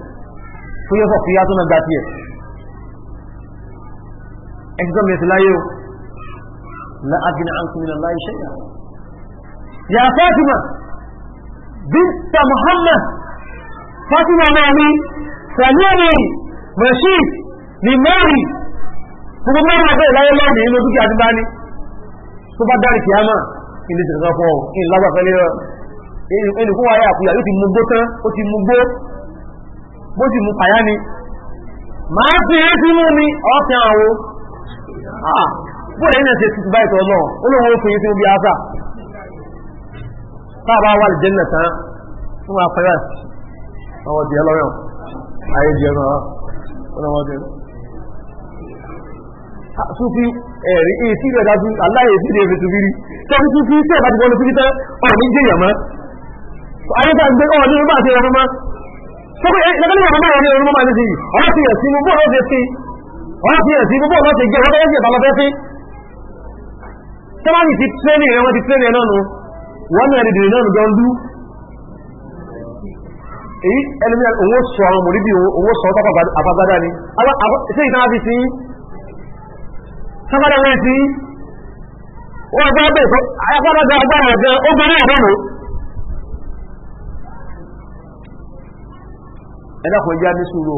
tó yẹ Sofiya tó nàgbà tiẹ̀ ẹtí tó mẹ́sì láyé o la agina an kumina láyé ṣẹ́yà ya Fatima binta Muhammad Fatima náà ní Sàmúlì Rashid ní Mary gbogbo mẹ́rin àti ìláyé lọ́nà inú dúkìá ti bá ní tó bá dárí kìámà ilé ìjọba fún ọ kí n lágbà fẹ́lẹ́ rọ ẹnìkún wáyé àkúyà yóò ti mú gbó tán ó ti mú gbó bó ti mú pàyá ni máa fi ẹ́ sí mú mi ọ̀fẹ́ àwọ bóòlẹ̀ ìrìnà ṣe ti bá ìtọ̀ náà olóòwò òfin tí ó bí ásà táàbá wà lè jẹ́ nìkan fún afẹ́rẹ́ àwọn ti ẹlọ́rẹ̀ ayé di ẹnu ọ̀rọ̀ wọn ti súnfí ẹ̀rí èsì rẹ̀ dájú aláyé sí ilé ìrètò rírí tẹ́bí súnfí tẹ́ bá ti bọ́ lọ sí tẹ́ ọ̀rọ̀ ní jẹ́yàn mọ́ ayé tá ń gbé ọ̀rọ̀ nínú bá ti ẹ̀rọ mọ́ sọ́kọ́ ẹ̀lẹ́gbẹ̀rẹ̀ ọmọ máa ẹ̀rọ mọ́ máa ní sí ọ̀rọ̀ ti ẹ̀sìn mú bọ́ọ̀lọ́ ti sí ọ̀rọ̀ ti ẹ̀sìn mú bọ́ọ̀lọ́ ti jẹ́ ọ̀rọ̀ ti ẹ̀bà lọ fẹ́ sí tẹ́bá ní ti tẹ́ni ẹ̀rọ ti tẹ́ni ẹ̀ náà nù wọ́n ní ẹ̀rìndìrì náà jọ ń dú èyí ẹlẹ́mí owó sọ àwọn mòrí bí owó sọ àbábádá ni ṣe ìtàn àfi sí sábádá wọ́n sí wọ́n bá bẹ̀rẹ̀ sọ àbábádá agbára ọ̀gẹ́ ó gbọ́nà ìrọ̀lù ẹ̀dàkùn ẹjá ní sùúrù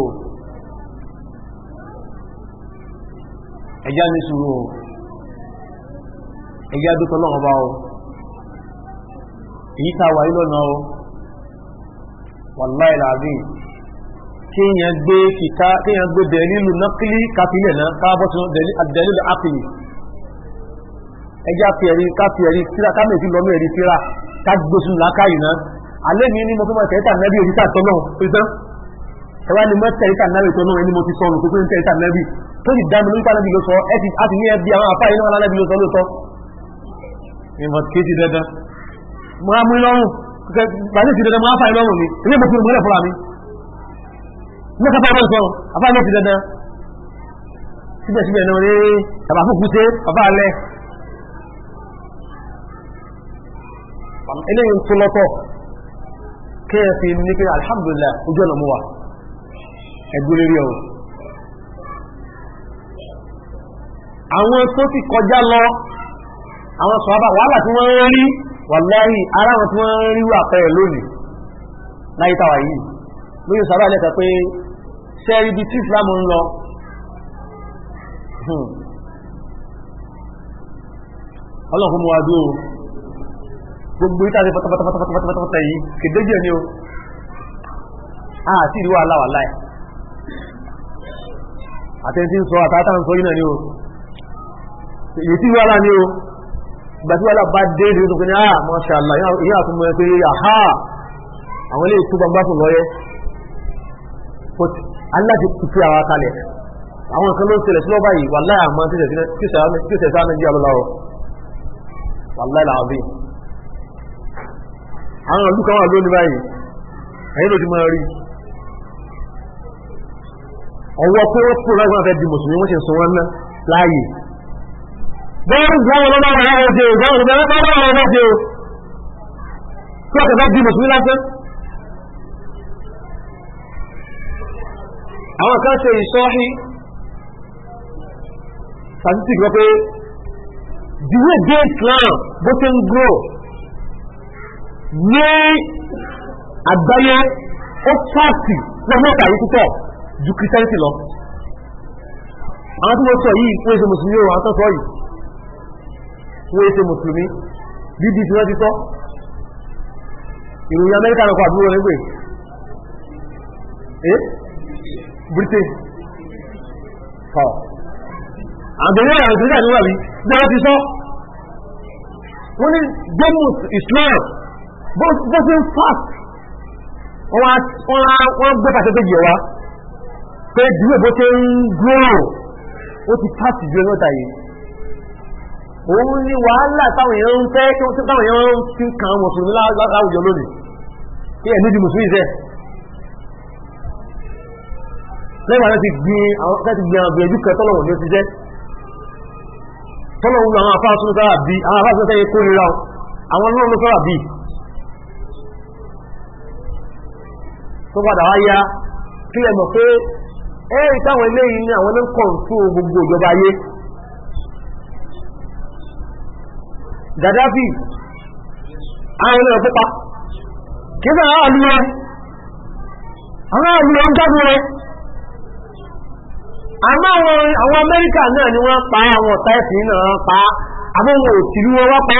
ẹjá ní sùúrù ẹjá dúkọ́ lọ́wọ́ bá ọ èyí ta wà ilọ́nà ọ wàláì làbí kíyàn gbé kíká kíyàn gbé dẹ̀lílù nákílì kápílẹ̀ náà káàbọ̀ tí dẹ̀lílù ápìlì ẹjá fẹ̀rí káfẹ̀rí síra kámẹ̀sí lọ́mọ ẹ̀rí síra kágbóṣù lákàyè náà alẹ́ mi ní mo fẹ́ máa tẹ̀ríta nẹ́bí èrí tà tọ́lọ́ pẹ́tán ẹwà ni mo tẹ̀ríta nẹ́bí tọ́lọ́ ẹni mo ti sọnù tó pé ń tẹ̀ríta nẹ́bí tó sì dá mi nípa nẹ́bí ló sọ ẹ ti a ti ní ẹbí àwọn àfáà yìí náà nẹ́bí ló sọ lóòótọ́ ìmọ̀ kéjì dandan mo á mú lọ́rùn bàdé ti dandan mọ́ afa ìmọ̀ mi ilé ìbò fúnra mọ́lẹ̀ fúnra mi ní kápá ọmọ sọ̀rọ̀ afa ìmọ̀ ti dandan síbẹ̀síbẹ̀ náà ní bàbá fúnkú sí bàbá alẹ́ eléyìí tó lọ́tọ̀ kẹ́ẹ̀fì ní pé alhamdulillah ojú ọ̀nà mú wa ẹgbẹ́lérí ọ̀rọ̀ àwọn tó ti kọjá lọ àwọn sọ̀rọ̀ wàhálà tí wọ́n rí wàláhì ara wọn tí wọ́n rí wà pẹ̀rẹ̀ lónìí láyé tàwà yìí lórí sàrà lẹ́ta pé sẹ́rí bí tí islam ń lọ hmm. ọlọ́kùn mú adó gbogbo ìtàdé pátápátápátápátá yìí kèdéjì ẹni o àti ìríwà aláwà láì àtẹ́ntí ń sọ àtàtà ń sọ yìí náà ni o èyí tí ìríwà aláà ni o ìgbà tí wọ́n lábá dé ìdí tó kún ní àà ah, masha Allah ìyá àtúmọ̀ ẹ̀ pé àhá àwọn ilé ìtúbà gbá fún lọ́yẹ́ aláti fi àwa kalẹ̀ àwọn nǹkan ló ń ṣẹlẹ̀ sí lọ́ba yìí wallahi àmọ́ tí ìṣẹ̀ṣẹ̀ sáà nàìjíríà lọ́la ọ̀ wallahi làbí àwọn ìlú kan wà lónìí báyìí ẹ̀yìn ló ti máa rí ọwọ́ pé ó kúrò lágbọ́n fẹ́ di mùsùlùmí wọ́n ṣe sọ wọn ná láàyè bọ́ọ̀rù gbọ́n wọn lọ́wọ́ àwọn ọmọ ṣe ìgbọ́n òṣèlú ẹgbẹ́ bá wọn ọmọ ṣe o tí wọ́n kẹta di mùsùlùmí lásán àwọn kan ṣe ìṣọ́hí statistic wọ́n pé the way day Islam bó ṣe ń grow ní àgbáyé ó fàásì lọ́mọ́ ìtàrí púpọ̀ ju Christianity lọ àwọn tí wọ́n sọ yìí fún ẹsẹ̀ mùsùlùmí o àwọn tó sọ yìí wọ́n ṣe mùsùlùmí bbc wọ́n ti sọ ìròyìn amẹ́ríkà lọ́kọ̀ àbúrò rẹ̀ gbé eh britain tọ́ àgbẹ̀rẹ̀ àwọn ìpínlẹ̀ níwà rí gbọ́rọ̀ ti sọ wọ́n ní gomus islam bó ṣe ń fast wọ́n gbé pàṣẹ tó jẹ wá pé dúró bó ṣe ń gbòòrò ó ti fast ju ẹgbẹ́ta yìí òun ni wàhálà táwọn èèyàn ń fẹ́ kí táwọn èèyàn ń fi kàn mùsùlùmí láwùjọ lónìí kí ẹ̀ nídi mùsùlùmí sẹ́ lẹ́yìn àwọn ti gbin àwọn láti gbin àwọn gbìyànjú kan tọ́lọ̀wọ̀ ní ó ti jẹ́ tọ́lọ̀wọ̀ àwọn afáàtún sára bí àwọn afáàtún sára kó rírà àwọn náà ló sára bí tó padà wá ya kí ẹ mọ̀ pé ẹ̀rí táwọn eléyìí ni àwọn ní kọ̀ǹtù gbogbo ìjọba ayé gaddafi àwọn ilẹ̀ òkúpa kíkà àlú rẹ̀ àwọn àlú ń àwọn amẹ́ríkà náà ni wọ́n pa àwọn pa àwọn wọn wọ́n pa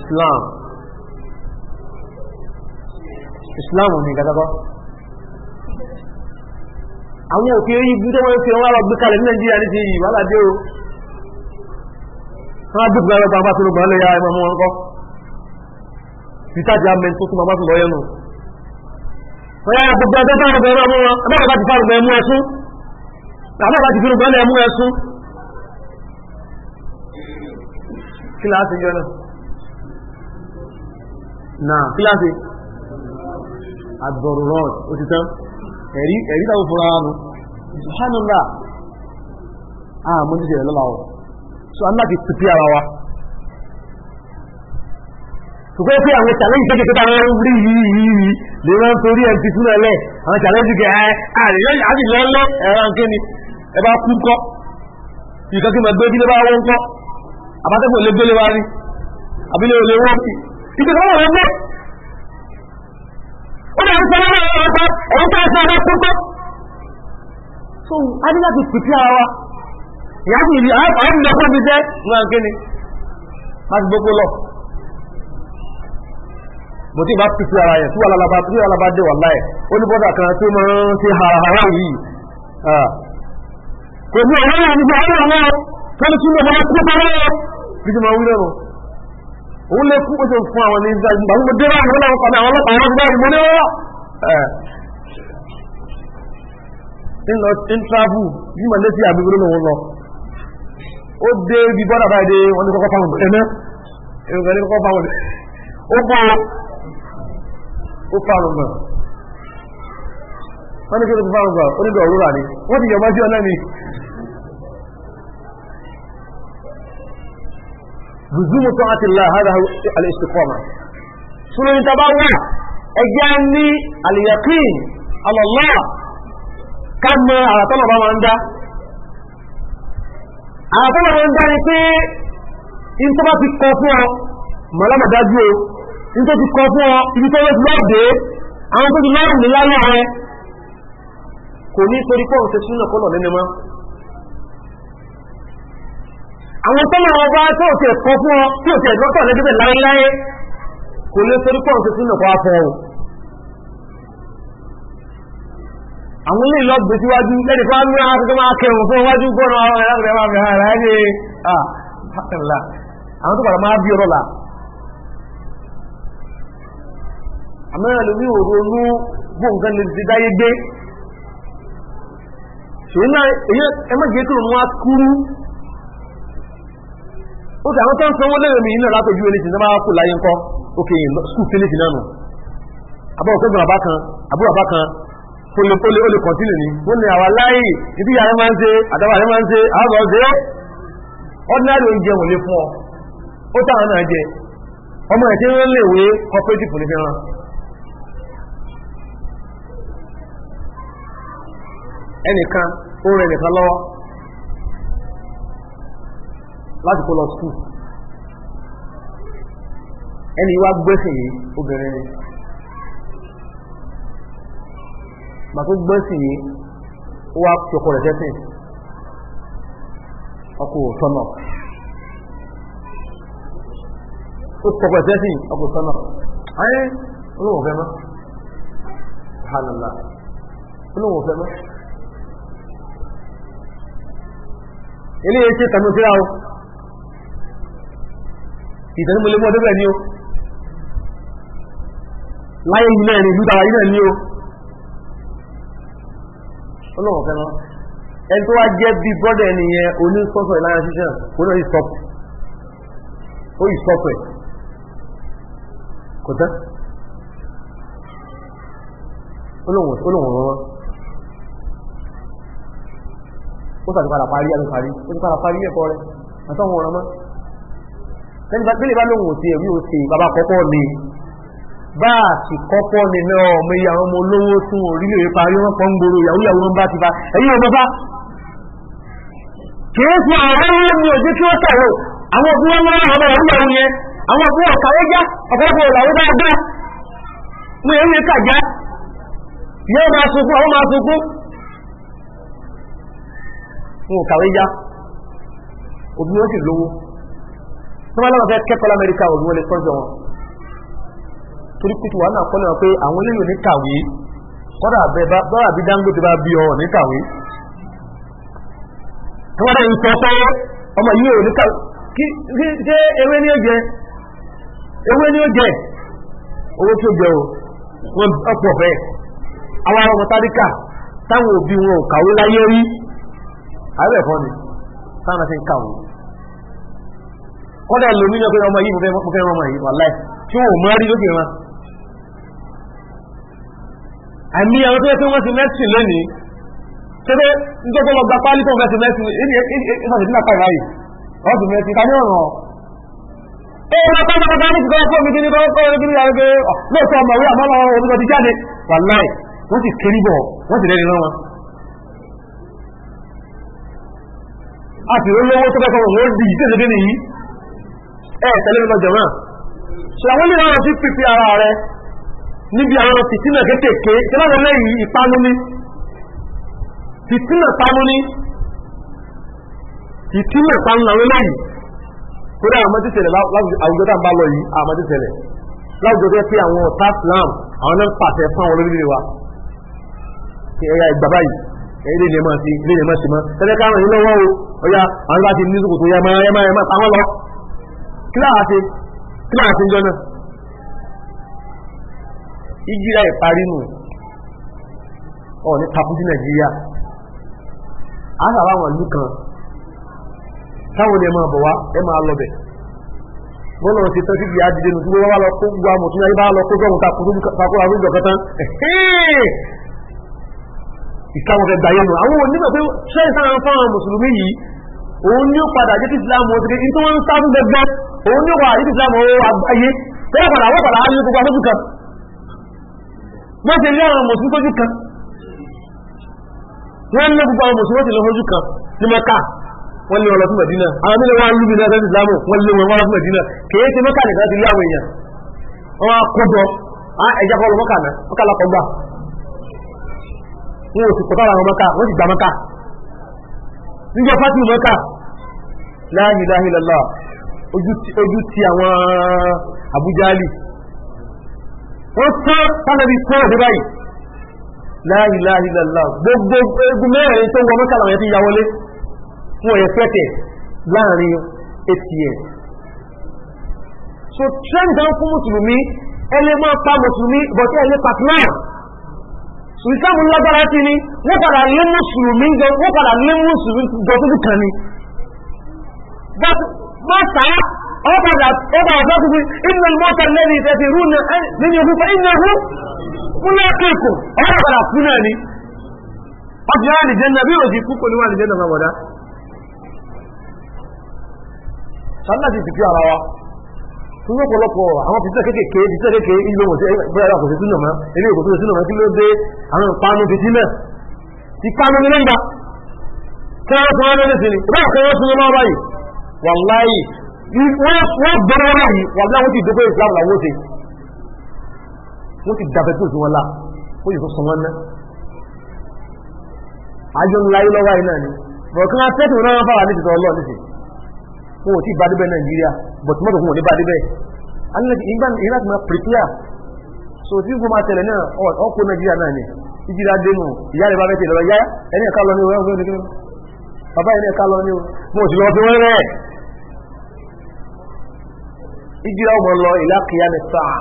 Islam Islam ni gadagbọ́ àwọn òfin orí ibi tó wọ́n fi wọ́n lọ gbé kalẹ̀ ní nàìjíríà ní ti yìí wàhálà dé o wọ́n á dùn gbọ́n ọba bá tún gbọ́n lè ya ẹmọ mọ́ wọn kọ́ peter jamin tó tún bá tún lọ́yẹ́ nù wọ́n yára gbogbo ẹgbẹ́ fáwọn ọgbẹ́ ẹmọ wọn ẹgbẹ́ bá ti fáwọn ọgbẹ́ ẹmú ẹsún àwọn bá ti fi gbọ́n lè ẹmú ẹsún kí láti jọ náà náà kí láti àgbọ̀rọ̀ ó ti ẹ̀rí ẹ̀rí tàbí fúnra nù subhanallah ah mo ti ṣe lọ́la so a láti tupi ara wa ṣùgbọ́n pé àwọn challenge tó kékeré táwọn ń rí yìí yìí yìí lè wọ́n torí ẹ̀ ti súnà lẹ̀ àwọn challenge kẹ ẹ àríyànjú àti lọ́lọ́ ẹ̀rọ nkéni ẹ bá kú kọ́ ìkan kí n máa gbé bílé bá wọ́n kọ́ àbátẹ́fọ̀ lé gbélé wa rí àbílẹ̀ olè wọ́n kí ìgbésẹ̀ wọ́n wọ́n náà ń sẹ́lẹ̀ náà ọ̀tọ̀ èyí tá a sọ ọ̀rẹ́ púpọ̀. so a ní láti pìpì ara wa ìyá sì rí àwọn ìlú ọkọ̀ mi jẹ́ ní àǹkí ni láti gbogbo lọ. mo ti bá pìpì ara yẹn tí wà lálábá tí wà lálábá dé wà láyẹ̀ ó ní bọ́dà kan tí mo ń ṣe hàràhàrà yìí. kò ní ọ̀rẹ́ òun lè kú oṣù fún àwọn ní ìdájú àwọn ọmọdé bá àwọn ọlọ́pàá ní àwọn ọlọ́pàá wọn gbáyìí mo ní ọwọ́ ẹ̀ ń travel bí mà létí àbúrò lòun lọ ó dé ibi bọ́dà báyìí dé wọn ní kọ́kọ́ fáwọn ẹ̀mẹ́ èròǹkà ní kọ́kọ́ fáwọn ó bọ́ ó fáwọn mọ̀ wọ́n ní kí ló fáwọn mọ̀ ó ní dọ̀ òwúrọ̀ ni wọ́n ti yọ̀ mọ́jú ọlẹ́ni lùzúmù tó àti Allah hádà al-istiqama ṣúlò ní tàbá wà ẹgbẹ́ ní al-yaqin alọ́lá ká mọ àràtọ́nà bá máa ń dá àràtọ́nà máa ń dá ni pé in tó bá ti kọ fún ọ mọ̀lọ́mọ̀ dájú o in tó ti kọ fún ọ ibi tó lọ́ti lọ́dẹ̀ àwọn tó ti lọ́rùn ní láyé ààrẹ kò ní torí pọ́ǹsẹ̀ súnà kọ́lọ̀ nínú mọ́ àwọn tó máa bá tó ti ẹ̀kọ́ fún ọ tí ò ti ẹ̀gbọ́tọ̀ lẹ́gbẹ̀ẹ́ láéláé kò lè torí pọ̀ sí sínú ọ̀pá fọ́ ọ àwọn ilé ìlọ́gbẹ̀ síwájú lẹ́dẹ̀ fún àwọn àwọn akẹ́kọ̀ọ́ máa kẹrùn fún wájú gbọ́nà àwọn ẹ̀rẹ́ máa fi hàn ráyé àtàlá àwọn tó padà máa bí ọ̀rọ̀ là àmẹ́rẹ̀ lórí òru onú gbóǹkan lè ti dáyé gbé ṣòwò náà èyí ẹmọ́gẹ́kùnrin wọn kúrú ó ti àwọn tó ń sanwó na mi náà látọ̀jú ẹni tìǹda máa kú láyé ńkọ́ òkè sùn fínísì náà nù àbọ̀ òkègbè àbá kan àbúrò àbá kan pólépólé ó lè kọ̀ntínù ní ó ní àwa láyé ìdí yàrá máa ń ṣe àdáwà máa ń ṣe ordinary oúnjẹ lè fún ọ ó táwọn náà jẹ ọmọ ẹ̀ tí ń lè wé cooperative ní ẹnìkan ó rẹ̀ nìkan lọ́wọ́ láti kó lọ skul ẹni wá gbẹ́sìn yìí obìnrin ni gbà tó gbẹ́sìn yìí ó wá fi ọkọ rẹ̀ tẹ́sìn ọkọ òtọ́nà ó tọkọ rẹ̀ tẹ́sìn ọkọ òtọ́nà ayé olóhùn fẹ́ mọ́ hàlàlà olóhùn fẹ́ mọ́ eléyìí ṣe tànú síra o ìtẹ́sí mo lè mú ọdún bẹ́ẹ̀ ni o láyé yìí náà ni lútara yìí náà ni o ọlọ́wọ̀ fẹ́ràn ẹni tó wá jẹ́ bí brọ́dẹ̀ ẹniyẹn onísọ́sọ̀ ìlànà ṣíṣàn ó náà ìsọ́pù ó ìsọ́pù ẹ̀ kò tán olóhùn rọrọ ó sàtúpadà parí ẹnu parí ó ti padà parí ẹ̀kọ́ rẹ̀ àtọ́wọ̀n ọ̀rọ̀ mọ́ tẹ́lẹ̀ bá lóhun òsì èrí òsì bàbá kọ́kọ́ ni bá a sì kọ́kọ́ ni náà ọmọ iye àwọn ọmọ olówó tún orílẹ̀ èdè parí wọn pọ̀ ń gbòòrò ìyàwó ìyàwó ń bá ti bá ẹ̀yìn ọmọ bá kìí fi àwọn ọmọ mi òjé kí ó tẹ̀lé àwọn òbí wọn lọ́wọ́ ọmọ ìyàwó ìyàwó yẹn àwọn òbí wọn kàwé já ọ̀pọ̀lọpọ̀ ìlàwó bá gbá mo èyí kà já yóò máa sunkún àwọn máa sunkún wọn kàwé wọ́n lọ́wọ́ fẹ́ kẹ́kọ̀ọ́ lamẹ́ríkà òun wọlé tọ́jọ wọn torí pé wọn náà kọ́lẹ̀ pé àwọn eléyìí ní kàwé kọ́dà bọ́dà bí Dangote bá bí ọ ní kàwé tí sọ ọmọ yìí ò ní kàwé kí ṣe ewé ní oúnjẹ ewé o wọn wọn ò kàwé láyé rí àbẹ̀fọ́ ni táwọn wọ́n lómi náà pé ọmọ yìí mo fẹ́ ọmọ yìí wà láì tí wọ́n mọ́ rí lókè wọn àmì àwọn tó yẹ pé wọ́n ti mẹ́sìn lónìí tó pé nítorí lọ gba pálí tó mẹ́sìn mẹ́sìn ìfọ̀sẹ̀ tí lápá ìráyè wọ́n ti mẹ́sìn ká ní ọ̀ràn ọ́ ee ma kọ́ ọmọ bàbá mi ti kọ́ fún mi kí ni kọ́ kọ́ ní kíni yàrá pé lóòótọ́ ọmọ òwe àmọ́ ọmọ òwe ti jáde wà láì wọ́n ti kiri bọ̀ wọ́n ti rẹ́ni náà wọn. a sì lówó tó kẹ́kọ̀ọ́ òun ó di ìdíje ẹ̀ tẹ́lẹ̀ lọ jọ̀mọ́ ṣàwọn lè rọrùn sí pípí ara rẹ níbi àwọn fìtínà kéékèèké tí lẹ́yìn ìpanu fìtínà panu fìtínà panu làwọn lẹ́yìn kódà àmọ́tíṣẹ̀lẹ̀ àwùjọ tá bá lọ yìí láwùjọ tó àwọn ọ̀tá àwọn náà pàṣẹ fún àwọn olórí wa ẹ̀yà ìgbà báyìí ilé máa ti ilé máa ti tẹ́lẹ̀ káwọn o ọ̀yà àwọn bá ti ní ìsòkòtò lọ kíláàsì kíláàsì jọ náà ìjírá ìparí nù ọ̀ ní takú sí nàìjíríà a sàrà àwọn ìlú kan táwọn ní ẹmọ àbọ̀wá ẹmọ alọ́bẹ̀ bọ́lọ̀ ti tọ́ sí ìyá dìde nù tí wọ́n wá lọ kó gbogbo àmọ̀ tí wọ́n bá lọ kó gbọ́mù takú àrùjọ kẹta ìsìlámù fẹ́ gbàyẹ̀nù àwọn onímọ̀ pé ṣẹ́ ìsára fáwọn mùsùlùmí yìí òun ní ó padà jẹ́ kí islam ó ti rí tó ń sáfù gbẹgbẹ́ òun ní ó padà jẹ́ kí islam ó àgbáyé tẹ́lẹ̀ padà wọ́n padà gbogbo kan wọ́n ti rí àwọn mùsùlùmí tójú kan wọ́n ní gbogbo àwọn mùsùlùmí ti lọ fojú kan ní mẹ́ka wọ́n lé wọn lọ fún mẹ́dínà àwọn mílẹ̀ wọn lú wọ́n lé wọn fún mẹ́dínà ti níjọ fásitì mọ́ká la ilaha illallah ojú ti àwọn àbújáàlì wọ́n tán tánàbí tán ọ̀dẹ́ báyìí la ilaha illallah gbogbo egun mẹ́rin tó wọ mọ́ká làwọn ẹ̀ ti ya wọlé fún ọ̀yẹ̀ pẹ́tẹ̀ láàrin atm so trend down fún mùsùlùmí ẹlẹ́mọ́ pa mùsùlùmí bọ̀tẹ́ ẹlẹ́pàtì náà ìsìlámù lágbára sí ni wọ́n padà lé mùsùlùmí jọ wọ́n padà lé mùsùlùmí jọ tó kàn ní mọ́ta ọba ọ̀dọ́ tó fi inú mọ́ta lẹ́ni ìfẹ́fẹ́ rú nínú ogun fún inú ogun fún lẹ́kẹ̀ẹ́kọ̀ ọba padà fún náà ni ọjọ́ àlìjẹ́nà bí òjì púpọ̀ tó ní ọ̀pọ̀lọpọ̀ àwọn fìtẹ́ kékèké fìtẹ́ kékèké ìlú òmò tí ẹgbẹ́ra kò sí sínú mọ́ ilé ìkò tó sínú mọ́ kí ló dé àwọn ìpanu fi sílẹ̀ ìpanu ní lẹ́gbà tí wọ́n fún wọn lẹ́sìn ìbára kan wọ́n sínú lọ́wọ́ báyìí wàláyì wọ́n bẹ̀rẹ̀ wọn yìí wàlá wọn ti dókòó ìsìlámù làwọn ṣe wọ́n ti dàbẹ̀ tó sùn wọn la wọ́n yìí tó sùn wọn ná àjọ ńlá yìí lọ́wọ́ yìí náà ni bọ̀ọ̀kan afẹ́tù náà fáwọn but mọ́tò fún òní bá dé bẹ́ẹ̀ alẹ́bí ìgbà ìyẹn láti máa prepare so tí gbogbo máa tẹ̀lẹ̀ náà ọkọ̀ nàìjíríà náà ni ìjìlá dénú ìyá rẹ̀ bá bẹ́ẹ̀ tẹ̀lẹ̀ yá ẹni ẹ̀ka lọ ní ọ̀rẹ́ ọ̀rẹ́ ọ̀rẹ́ bàbá ẹni ẹ̀ka lọ ní mo sì lọ fi wọ́n rẹ̀ ìjìlá ọmọ lọ ìlà kìíyà ní sáà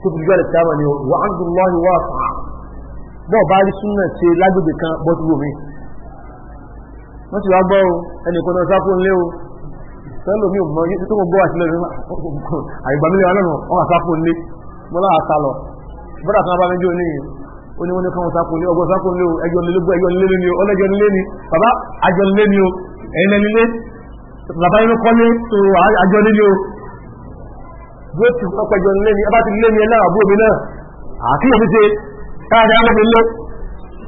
tó fi jọ́ àlẹ́sà mà ní wà sẹ́lò mi ò mọ yí tó mọ gbọ́ àti lẹ́nu àìgbàmílẹ̀ alẹ́nu wọn àsápò ní mọ́lá àsálọ bọ́dà kan abámi jó ní oníwọ́n ní káwọn sápò ní ọgbọ́n sápò ní ẹjọ́ nílẹ́gbọ́ ẹjọ́ nílé ní ọlẹ́jọ́ nílé ní bàbá àjọ nílé ní o ẹ̀yìn lẹ́ni lé bàbá inú kọ́ ní tó àjọ nílé o bó ti ọpẹ jọ nílé ní ẹbá ti nílé ní ẹlẹ́rà bó mi náà àkíyè mi ṣe káàdé àwọn mi lé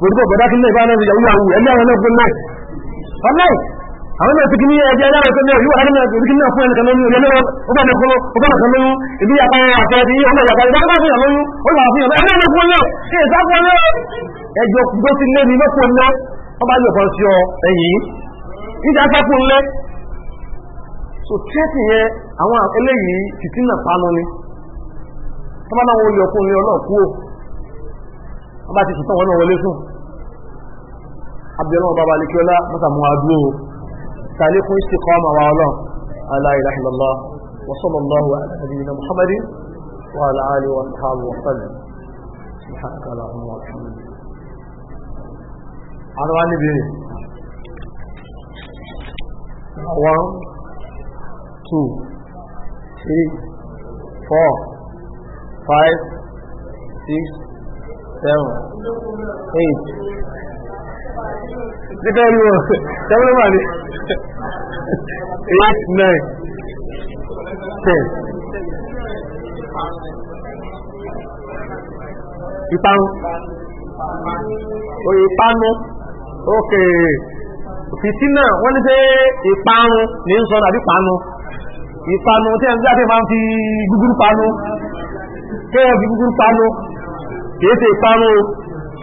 òdúgbò àwọn náà ti kí ní ẹjẹ́ ẹjẹ́ ẹjẹ́ ẹjẹ́ yóò hàrí náà kí náà fún ẹnìkan lóyún ìyẹn lọ́wọ́ ó bá nìkan ó bá nìkan lóyún ìbí yàtọ̀ àtọ̀rẹ́ ti ọmọ yàtọ̀ ìdá bá fún lóyún ó bá fún yàtọ̀ ẹgbẹ́ fún lọ ṣe ìta fún lọ ẹjọ́ gbó ti lé ní mọ́kò lọ ó bá yọ̀kan sí ọ ẹ̀yìn níta sá fún lẹ so tíẹ́tì yẹn àwọn eléyìí tìtì náà panu ni tó bá náwọn olè ọkùnrin ọlọ́ kú wọ́n bá ti sùn tán náà wọlé sùn abiola ọba balẹ̀ kí adúró تعليق استقامة وعلى لا إله إلا الله وصلى الله على نبينا محمد وعلى آله وأصحابه وسلم سبحانك اللهم وبحمدك عنوان بيه One, two, three, four, five, six, seven, eight, nígbà yìí wọ́n seven over ni eight nine ten. ìpanu oye ìpanu ok fìtínà wọ́n ní pé ìpanu ní ń sọ àbí panu ìpanu tí ẹ̀ ń jáde máa ń fi gúgúrú panu kéèyàn fi gúgúrú panu kìí ṣe ìpanu o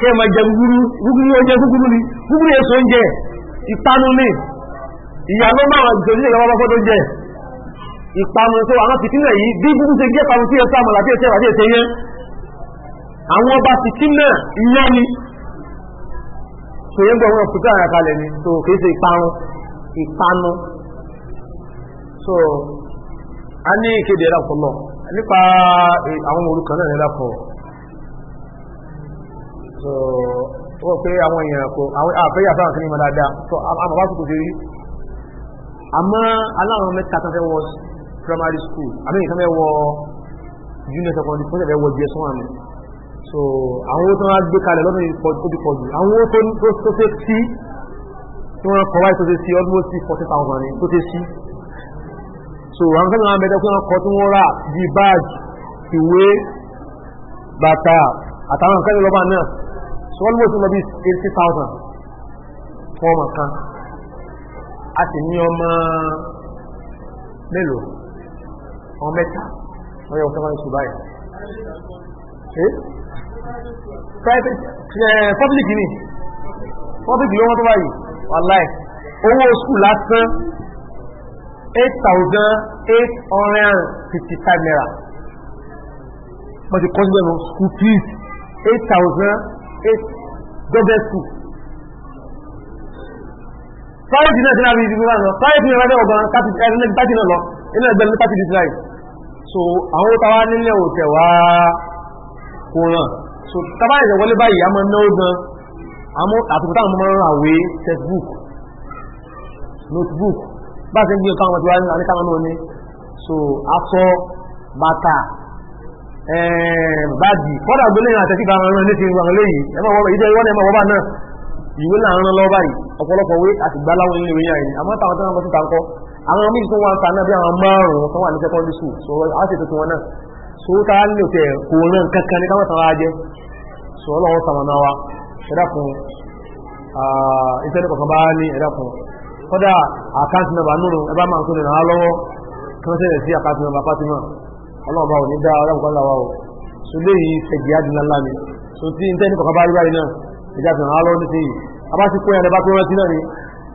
kẹ́ jẹ gúgúrú gúgúrú ó jẹ gúgúrú ni gúgúrú èso ń jẹ ìpanu ní ìyàló máa wà jòjú ìyàwó ọkọ̀ tó jẹ ìpanu tó àwọn fìtínà yìí bí gúgúrú ṣe jẹ́ panu tí ẹ sáàmù láti ẹsẹ̀ àti ẹsẹ̀ yẹn àwọn ọba fìtínà ìyá ni sòyẹ́ gbọ́ wọn fìtínà àkàlẹ̀ ni so kìí ṣe ìparun ìpanu so a ní ìkéde ẹ̀dá fọlọ́ nípa eh, àwọn olùkọ́ náà ẹ̀dá fọlọ́ so wọ́n pé àwọn èèyàn kò àwọn àfẹ́yà ah, sáwọn kìíní mọ́ dáadáa so àmọ́ bá kúkú sí rí àmọ́ aláwọn mẹ́ta kan fẹ́ wọ primary school àmì ìkan fẹ́ wọ junior secondary school fẹ́ wọ js one so àwọn owó tó wọ́n gbé kalẹ̀ lọ́dún ìpọ̀jù àwọn owó tó fẹ́ sí tí wọ́n provide tó fẹ́ sí almost forty thousand tó fẹ́ sí so àwọn kan náà mẹ́ta kí wọ́n kọ́ tí wọ́n rà bíi báàgì ìwé bàtà àtàwọn kan lọ́ba náà so almost in maybe 80,000 fún ọmọ kan a sì ní ọmọ mélòó ọmọ mẹ́ta wọ́n yẹ ọ̀sán máa ń ṣe báyìí eh, public ni public ló wọ́n tó báyìí wàláì owó oṣù lásán five naira wọ́n ti kọ́ sílẹ̀ nù school fees eight thousand eight government school fáyọ̀tì náà ti náà rí ibi wọn lọ fáyọ̀tì náà rẹ̀ ọ̀gbọ̀n láti ẹ̀rẹ́lẹ́ gbájì náà lọ inú ẹgbẹ́ ní láti design so àwọn tàwa nílẹ̀ òtẹ̀ wá kò ràn so tàbá ìrẹ̀ wọlé báyìí a máa náwó gan àtùkùtà àwọn ọmọ àwé textbook notebook bá ti ń gbé ọkọ̀ àwọn ọmọ tí wá ní àríkà náà ní so aṣọ bàtà báàgì kọ́dà gbélé àti ẹ̀sí ìbára rán léṣe ìwọ̀n léyìí ẹmọ́ wọ́n ìdẹ́ ìwọ́n ẹmọ́ wọ́bá náà ìwé láàrín lọ́wọ́ báyìí ọ̀pọ̀lọpọ̀ wé àti gbá láwọn ilé ìwé yàrin àmọ́ táwọn tó ń bọ́ síta ń kọ́ àwọn míì tó wà ń ta náà bí àwọn márùn-ún tó wà ní secondary school so a sì tuntun wọn náà so ó táa lè tẹ kò rán kankan ní káwọn tàwa jẹ so ọlọ́wọ́ tàwọn náà wa ẹ̀dá fún iṣẹ́ nìkan bá ní ẹ̀dá fún kọ́dà àkáǹtì náà bá nínú ẹ bá máa ń tó nìyàn lọ́wọ́ kí wọ́n sẹ́yìn sí àkáǹtì náà bá pátí náà ọlọ́ọ̀bá ò ní dá ọlọ́pàá lọ́wọ́ o so léyìí fẹ̀jì àdínà ńlá ni so tí n tẹ́ni kọ̀ọ̀kan bá rí báyìí náà ẹ̀já fi hàn án lọ́wọ́ nítorí a bá ti kó ẹ̀rẹ́ bá tó rántí náà ni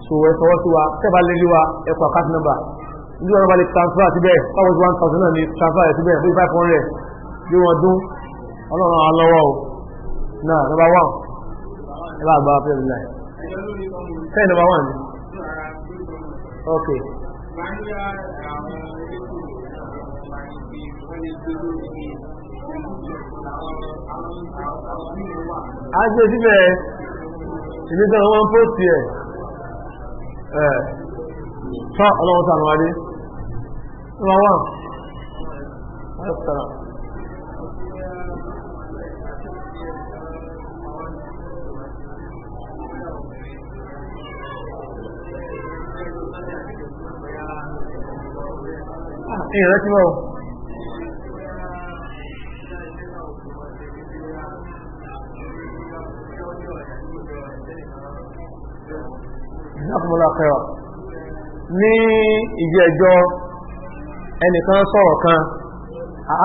so ẹ fọwọ́ sí wa tẹ́bà lè rí wa ẹ kọ àkáàtì nọ́mbà ní ọ̀rọ̀ bá lè transfer síbẹ̀ báwo ti one thousand náà ni transfer rẹ̀ síbẹ̀ bí five hundred bí wọ́n dún ọlọ́run á lọ́wọ́ o náà nọ́mbà one a ṣe síbẹ̀ ìgbésẹ̀ wọn pósì ẹ̀ ẹ̀ tọ́ ọlọ́wọ́ sànú wáyé number one alẹ́sàrà ìrẹ́tí mọ́ jazakumullahu khairan ní ìjẹ ẹjọ́ ẹnìkan sọ̀rọ̀ kan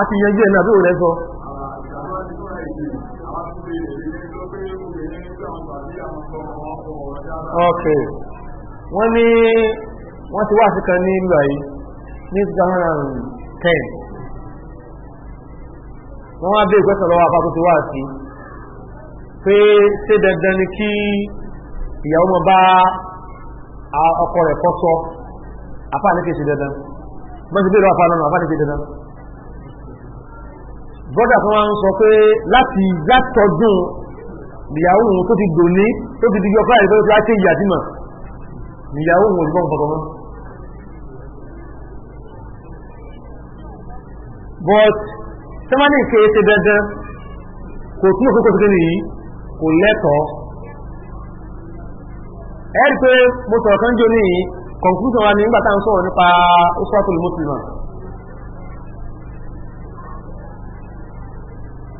àti yanjú ẹ̀nà àbúrò rẹ̀ sọ ok wọ́n ní wọ́n ti wá sí kan ní ìlú àyí ní 2010 wọ́n wá bí ìgbẹ́sẹ̀ lọ́wọ́ apá ti wá sí pé ṣé dandan ni kí ìyàwó mọ́ bá ọkọ rẹ̀ kọ́ sọ afáàní kìí ṣe dandan mọ́sí bèèrè afáà náà afáàní kìí dandan brọ́dà fún wa ń sọ pé láti látọdún ìyàwó òun tó ti dò ní tó ti di ọkọ àìsàn tó ti ìyà dìmọ̀ ìyàwó òun òjúbọ̀ nǹkan kan but tẹ́mánì kìí ṣe dandan kò túnmọ̀ kókó tó kéde yìí kò lẹ́tọ̀ọ́ ẹ̀rí pé mo sọ̀rọ̀ kan jò ní conclusion wa ní ìgbàtà ń sọ̀rọ̀ nípa uswatul muslima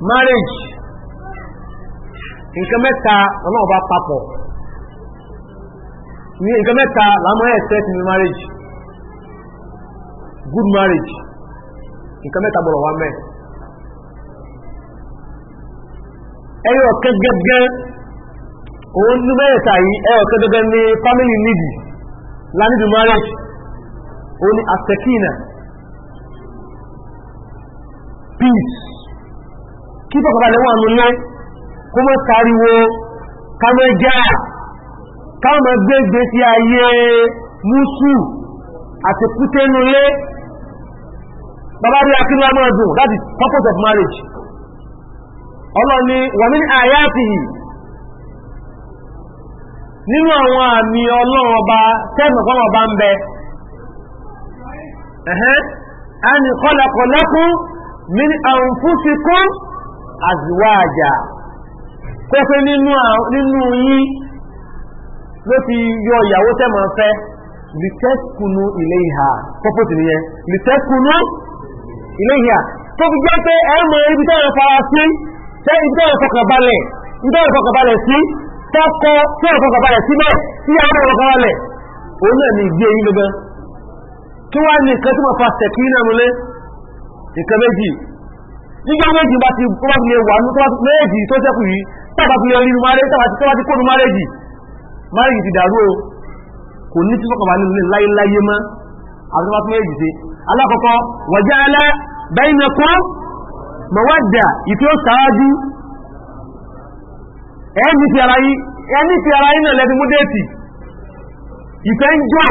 marriage nǹkan mẹ́ta ọlọ́ọ̀bá papọ̀ ní nǹkan mẹ́ta lámọ́ expect ní marriage good marriage nǹkan mẹ́ta bọ̀rọ̀ wá mẹ́ kẹ́gẹ́gẹ́ òun ní mẹ́ẹ̀ta yìí ẹ ọ̀kẹ́ dandan ní family need lanidu marriage òun ni asẹ̀kínà peace kí bọ̀kọ̀bà lẹ́wọ̀n àmì lẹ́ kó mọ́ sáriwo kámọ́ já kámọ́ gbégbé sí ayé múṣù àti kútẹ́nulé bàbá rí akínú amọ́dún that is purpose of marriage ọlọ́ni wọ̀mí àyáàtì yìí nínú àwọn àmì ọlọ́run ọba tẹ́mọ̀kọ́lọ̀ ọba ń bẹ ẹni kọ́lọ̀kọ̀ lẹ́kún mi ni àwọn fún ti kún àzíwájà kó pé nínú yí ló ti yọ ìyàwó tẹ́mọ̀ fẹ́ lìtẹ́kùnú ilé ìhà pọ́pọ́tì nìyẹn lìtẹ́kùnú ilé ìhà tó fi jẹ́ pé ẹ̀mọ̀ ibi tẹ́ tọ́kọ́ tí ọ̀kan kọ̀bá rẹ̀ síbẹ̀ tí a rẹ̀ ọ̀kan rẹ̀ òun náà ni ìgbé yìí gbogbo kí wá ní nǹkan tí wọ́n fa tẹ̀kí náà múlé nǹkan méjì nígbà méjì bá ti wá fi wà ní méjì tó sẹ́kù yìí tàbá fi yọrí nu máré tàbá ti kó nu márèjì márèjì ti dàrú o kò ní tí wọ́n kọ̀bá nínú láyéláyé mọ́ ẹni fi ara yí ẹni fi ara yí náà lẹ́bi mú déètì ìfẹ́ ń jọ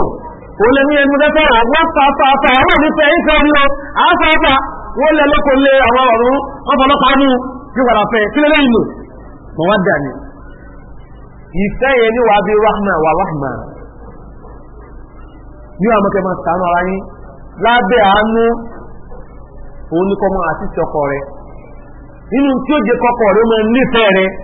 òun lè ní ẹni múdẹ́ fẹ́ràn wọ́n fa fa fa àwọn onífẹ́ ìfẹ́ orí lọ àáfàáfà wọ́n lẹ lọ́kọ̀ lé àwọn ọ̀run wọ́n fọlọ́pàá bí wàrà fẹ́ kí lélẹ́ ìlú mọ̀ wá dà ní ìfẹ́ yẹn ní wàá bí rahma wà rahma ní àwọn ọmọkẹ́ máa ara yín lábẹ́ àánú òun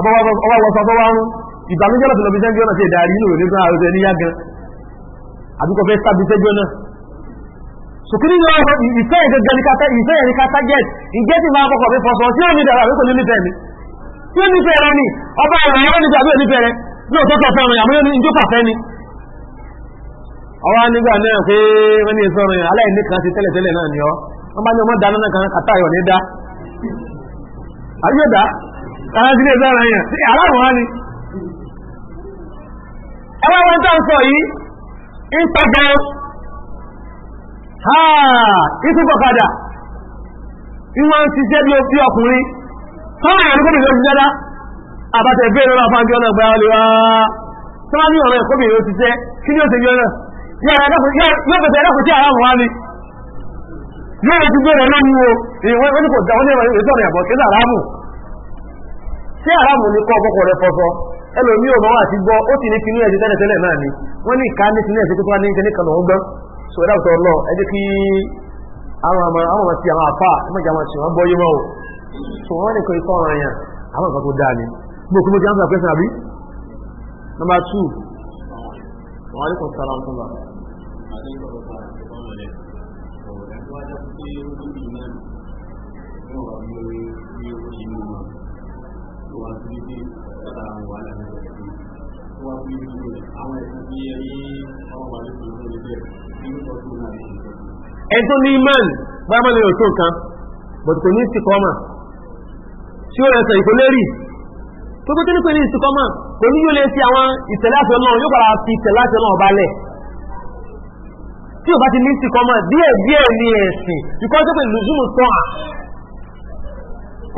ọba wọ sọ tó wá ń ìbànújẹ́ lọ́sọ̀lọ́ bí sẹ́ńjọ́ náà ṣe dàrí inú òní kan àròsẹ̀ níyà gan àbíkọ fẹ́ sábì sẹ́jọ́ náà sùkúrú ní ọ̀rọ̀ ìfẹ́ ìgbẹ́gbẹ́ ní kata ìfẹ́ ìrìn kata jẹ́ ìjẹ́ ti máa kọ́kọ́ fi fọ́sọ̀ tí ó ní dàrá àbíkọ nífẹ̀ẹ́ mi tí ó rẹ ni ọba níbi àbí rẹ ní òtó ara sílé sára yẹn sí aláwọ̀ wá ni ẹwà wọn tó ń sọ yìí ń pàgẹ́ ha ìtúkọ̀ padà ìwọ̀n ń ṣiṣẹ́ bí ọkùnrin tọ́wọ́ ìyàn gómìnà ti dáadáa àbátẹ̀ bẹ́ẹ̀ lọ́nà ọ̀nà ní ọ̀rọ̀ ti jẹ́ kí ni ó ti yọ́nà yóò o ṣé àràmù ní kọ́ ọkọ̀ rẹ̀ fọ́fọ́ ẹlòmí ò máa ti gbọ́ ó ti ní kinú ẹ̀sìn tẹ́lẹ̀ tẹ́lẹ̀ náà ni wọ́n ní ìka ní kinú ẹ̀sìn tó ní kíní kan so ẹ̀dá òtọ́ lọ ẹ jẹ́ kí àwọn ọmọ ti àwọn àfà ẹmọ̀jà wọn wọ́n o wọ́n ní ikọ́ ọ̀ràn yẹn àwọn nǹkan tó dáa ni mo ti àbí number two ဝါပြီးပြီးအဝယ်ပြီးရီဟောပါလိမ့်မယ်ဒီလိုပုံစံနဲ့အဲ့တော့ဒီမန်ဘာမလို့ထုတ်ကံဘတ်ကိုနည်းစကောမရှိုးရဆိုင်ကိုလေရီ tó tó tẹ́lẹ̀ pẹ̀lú ìsìnkọ́mọ̀ kò ní yóò lè fi àwọn ìtẹ̀láṣẹ́ náà yóò padà fi ìtẹ̀láṣẹ́ náà balẹ̀ tí o bá ti ní ìsìnkọ́mọ̀ díẹ̀ díẹ̀ ní ẹ̀sìn ìkọ́ tó pẹ̀lú zoomu tán à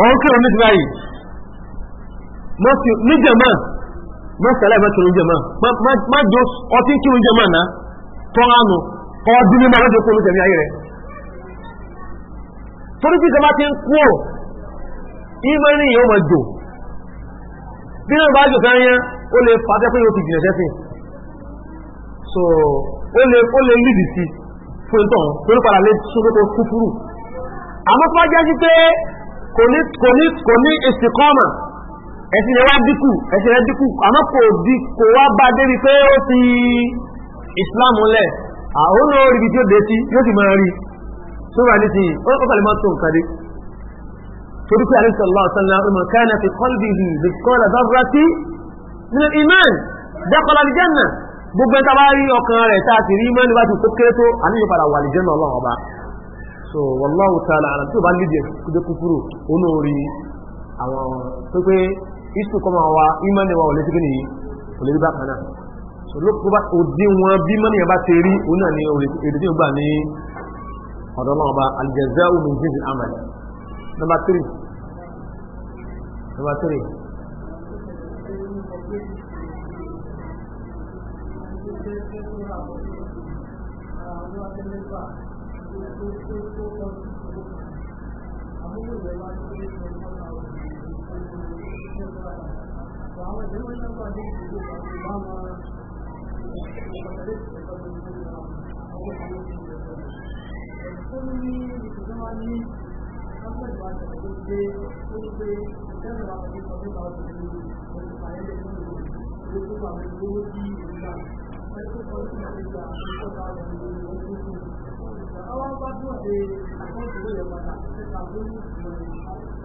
ọ̀hún kí o ní ti báyìí níjẹ̀mọ́ má sẹ́lẹ̀ má kìrún jẹma má jọ ọtí kìrún jẹma náà tọ́ ánù kọ́ ọdún ní máa jọkọ́ olóṣèlú ayé rẹ̀ torí tí kama ti ń kú ọ̀ ìmọ̀rin yìí ó máa jò bí náà bá jò kan yẹn ó lè fàtẹ́ pé yóò ti jìnà sẹ́sìn so ó lè ó lè lìdì sí fún ìtàn torí padà lè sókòtò kúkúrú àmọ́ fún ajá sí pé kò ní kò ní kò ní èsì kọ́mà ẹ̀sìn rẹ̀ wá dínkù ẹ̀sìn rẹ̀ dínkù àmọ́ kò di kò wá bá débi pé ó ti islam lẹ̀ àwọn oríbi tí ó dé sí yóò sì máa rí tó wà ní ti ó kàlẹ̀ máa tó nǹkan dé torí pé àrísà allah sanna ọmọ káyánà fi kọ́lbì hì lè kọ́lá dábúrá sí nínú iman dákọ̀lá ní jẹ́nà gbogbo ẹta bá rí ọkàn rẹ̀ tá a ti rí mẹ́rin bá tó kéré tó àníyàn padà wà lè jẹ́nà ọlọ́run ọba so wallahu ta'ala àlàtí ò bá lídìí ẹ̀kú kúrò ó náà rí àwọn pé isu kọmọ wa imani wa olè tíkì nìyí olè bí bákan náà so ló kó bá òdi wọn bí mani yẹn bá ti rí òun náà ni èdè tí ó gbà ní ọ̀dọ́ náà ọba aljazaa min jinsi amal number three number three àwọn bá dùn àti àkọsílẹ̀ yẹn padà nípa lórí ìmọ̀ ìfà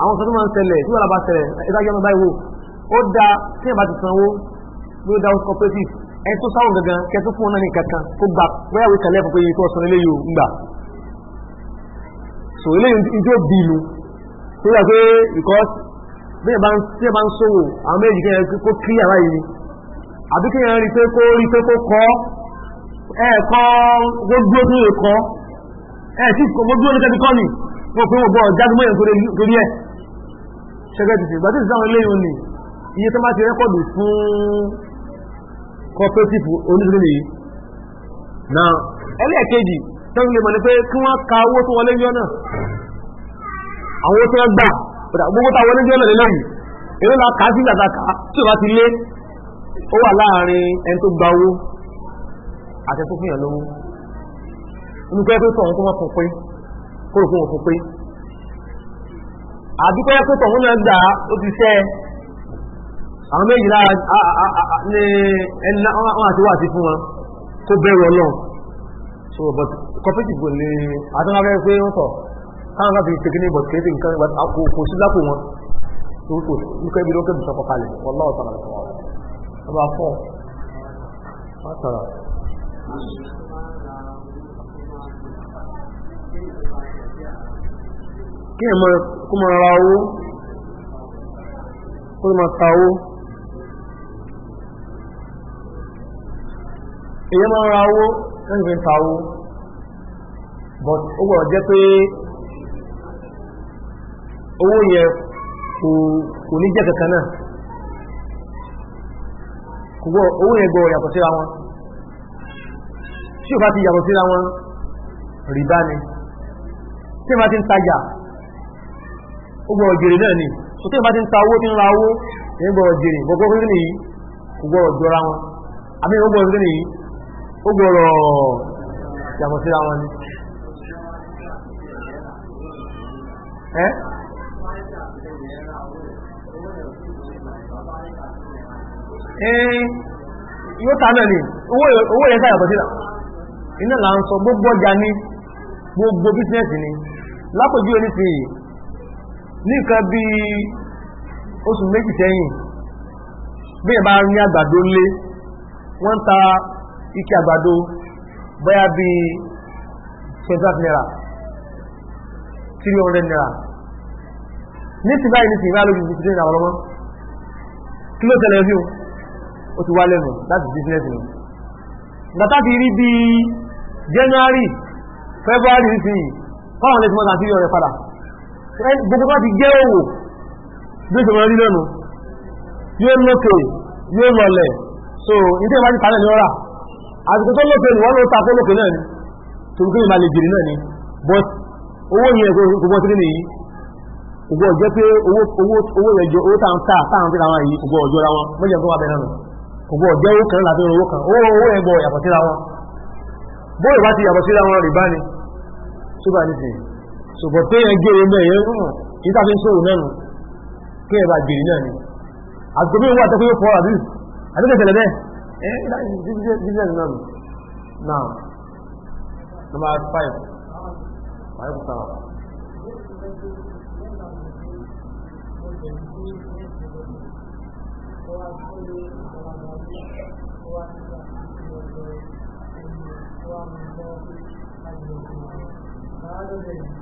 àwọn sọ tó máa ń ṣẹlẹ̀ tí wọ́n bá ṣẹlẹ̀ ìdájọ́ ọmọ báyìí wò ó da tí ẹ̀ bá ti sanwó ló da house cooperative ẹ̀ tó sáwọn gangan kẹ́ tó fún ọ náà ní kankan kó gba bóyá wí kẹlẹ́ fún pé iye tó san eléyìí ò ń gbà so eléyìí ìjọ bí ìlú tó yà pé because bí ẹ̀ bá ń sòwò àwọn méjì kẹ́yẹ kó kí àrá yìí àbí kẹ́yẹ rí pé kó rí pé kó kọ́ ẹ̀ kọ́ gbogbo tó yẹ kọ́ ẹ̀ tí gbogbo ní kẹ́ wọ́n pé wọ́n bọ́ jágúnmọ́ yẹn torí ẹ̀ ṣẹ́gẹ́dìdì ìgbà tí ìsìn àwọn eléyìn ni iye tó máa ti rẹ́kọ̀dù fún cooperative oníṣẹ́lẹ̀ yìí na ẹlẹ́ẹ̀kejì tẹ́lẹ̀ mọ̀ ní pé kí wọ́n ka owó tó wọlé yọ náà àwọn owó tó wọ́n gbà gbogbo tá wọlé yọ náà lélẹ́yìn èrò la kà á sí gbàgbà kà á tí ò bá ti lé ó wà láàrin ẹni tó gba owó àti tó fìyàn lówó inú pé tó sọ̀rọ̀ tó wọ́n fún pín kórókó wọn fún pé àdúpẹ́ pé tọ̀hún náà gbà ó ti fẹ́ àwọn méjì lára ní ẹni wọn àti wà sí fún wọn kó bẹ̀rù ọlọ́run so but cooperative kò lè àtúnwáfẹ́ pé wọ́n tọ̀ káwọn láti ṣe kíní but kéde nǹkan kò sí lápò wọn tó tó nípa ibi lókè bùsọ̀ kọkalẹ̀ wọlá ọ̀tọ̀ àlẹ́ ọba fọ́ wọ́n tọ̀rọ̀ kí ẹ̀mọ́ kó mọ́ ra owó kó mọ́ ta owó èyí mọ́ ra owó lẹ́yìn ta owó but ó gbọ́dọ̀ jẹ́ pé owó yẹn kò ní jẹ́ kankan náà kò gbọ́ owó yẹn gbọ́ yàtọ̀ síra wọn tí ò bá ti yàtọ̀ síra wọn rìbá ni tí ò bá ti ń tajà ó gbọ́ òjèrè náà ni so tí ìbá ti ń ta owó tí ń ra owó ní gbọ́ òjèrè gbogbo orí nìyí kò gbọ́ òjòra wọn àbí ó gbọ́ orí nìyí ó gbọ́rọ̀ yàtọ̀ síra wọn ni ẹ́ yóò ta náà ni owó rẹ̀ sáyàtọ̀ síra iná là ń sọ gbogbo ọjà ní gbogbo bísínẹ́sì ni lápòjú oníṣìí nìkan bí oṣù méjì sẹ́yìn bí ìbá ní àgbàdo lé wọ́n ta ike àgbàdo bóyá bí 25 naira 300 naira ní ti báyìí ní ti ìrìnà lójú ìpínlẹ̀ ìrìnà ọlọ́mọ́ kí ló tẹ̀lẹ̀ fíò ó ti wá lẹ́nu láti business ni bàtà ti rí bí January February sí fáwọn lè ti mọ́ta sí yọ rẹ̀ padà gbogbo bá ti jẹ́ òwò bí ó ṣe mọ̀ rí lẹ́nu yóò lókè yóò lọlẹ̀ so ìdí ìbá ti tààrẹ ní ọ́rà àsìkò tó lókè ni wọ́n ló ta fún lókè náà ni tó kí ìmà lè jìrì náà ni but owó yẹn gbogbo tí nìyí gbogbo ọjọ́ pé owó yẹn jẹ owó tàn tà tàn fi tàwọn yìí gbogbo ọjọ́ ra wọn mọ́jẹ̀ fún wa bẹ̀rẹ̀ nù gbogbo ọjọ́ owó kan láti owó kan owó owó yẹn gbọ́ yàtọ̀ síra wọn bóyá bá ti yàtọ̀ síra wọn rìbá ni ṣùgbọ́n nísìnyí ṣùgbọ́n pé yẹn gèrè mẹ́ yẹn rùn níta fi ń sọ̀rọ̀ náà nù kí ẹ bá gèrè náà ni àgbẹ̀ mi wà tẹ́kọ̀ọ́ fọ́ àbí àbí tẹ̀tẹ̀lẹ̀ bẹ́ẹ̀ ẹ business náà nù now number five five star. Thank you.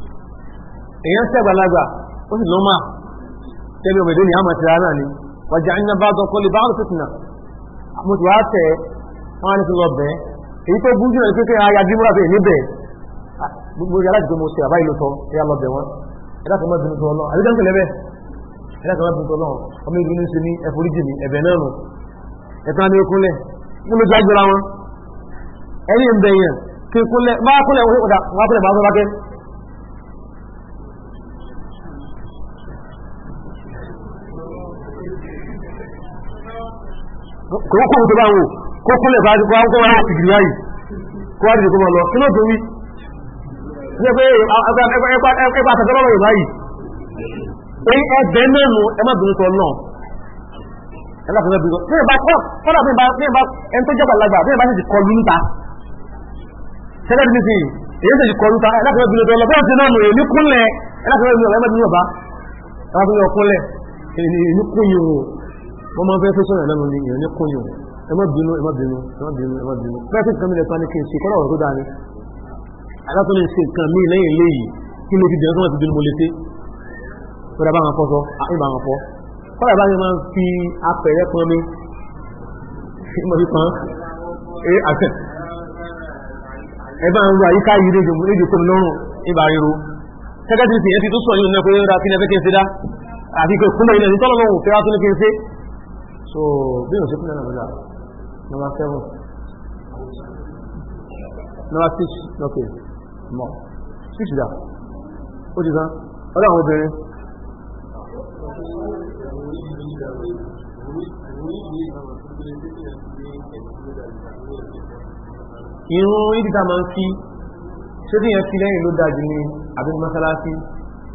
èèyàn ṣàgbàlagbà ó sì lọ́mà tẹ́bí ọmọ ìdó ni àmà ti rárá ni wàjà ń bá dọ́kọ́ lè bá ọ̀rọ̀ fìtìnà mo ti wá tẹ̀ wọ́n á ní fi lọ bẹ́ẹ̀ èyí tó bú jùlọ pé aya bí múra fi níbẹ̀ ah, gbogbo yàrá jù mo ṣe àbá ìlú tọ ẹ̀yà lọ bẹ̀ wọ́n ẹ̀dá kan má bínú tó ọlọ́ àbí dáńkẹ̀ lẹ́bẹ̀ ẹ̀dá kan má bínú tó ọlọ́ ọmọ ìlú ní sinmi ẹ̀foríjì mi ẹ̀bẹ̀ náà nù ẹ̀tàn ní kúnlẹ̀ ní mo ti agbára wọn ẹ̀rí ń bẹ̀yàn kí kúnlẹ̀ bá kúnlẹ̀ wọ́n kòrókòrò tó bá wò kó kúnlẹ̀ bá wọ́n kó wọ́n ti gìrì báyìí kó wá dìde kó mọ̀ lọ kí ló tó wí ní pé ẹgbà àtàkọ́ lọ́wọ́ yorùbá yìí pé ẹgbẹ́ mẹ́nu ẹmọ́ bìnrin tọ náà ẹlọ́pàá bìnrin tọ náà fọ́nà bí bá ẹni tó jọba lágbà bí bá sì ti kọ lúta tẹ́lẹ̀ bí sì èyí sì ti kọ lúta ẹlọ́pàá bìnrin tọ náà bẹ́ẹ̀ ti náà nù èyí kúnlẹ̀ ẹlọ́pàá bìnrin tọ náà ẹmọ́ bìnrin yorùbá ẹmọ́ bìnrin ọkúnlẹ̀ èyí kúnyìn wọ́n máa fẹ́ fẹ́ sọ̀rọ̀ lẹ́nu ni èèyàn ní kóyàn ẹ má bínú ẹ má bínú ẹ má bínú ẹ má bínú bẹ́ẹ̀ sì kan mi lè sọ ní kí n ṣe kọ́lọ̀ ọ̀rọ̀ tó dáa ni alátọ́ni ṣe nǹkan mí lẹ́yìn léyìí kí ló ti dẹ̀ sọ́nà ti bínú mo lè ṣe kọ́dà bá wọn fọ́ sọ àìbá wọn fọ́ kọ́dà bá yẹn máa ń fi apẹ̀rẹ̀ pọn mi mo fi pọn ẹ àtẹ ẹ bá ń wo àyíká yìí lójú lójú kó mi lọ́rùn ìbá ríro kẹ́kẹ́ ti ti yẹn ti tó sọ yìí ní ẹ̀kọ́ yẹn ra kí ni ẹ fẹ́ kí n ṣe dá àti kò kúmọ̀ yìí lẹ́nu tọ́lọ́ lọ́wọ́ fẹ́ wá tó ní kí n ṣe so bí o ṣe fún ẹ̀nà mọ́lá number seven number six okay mọ́ six dà ó ti tán ọ̀dọ̀ àwọn obìnrin irun ìdíta máa ń fi ṣé tí yẹn ti lẹ́yìn ló dájú ní àbí mọ́sálásí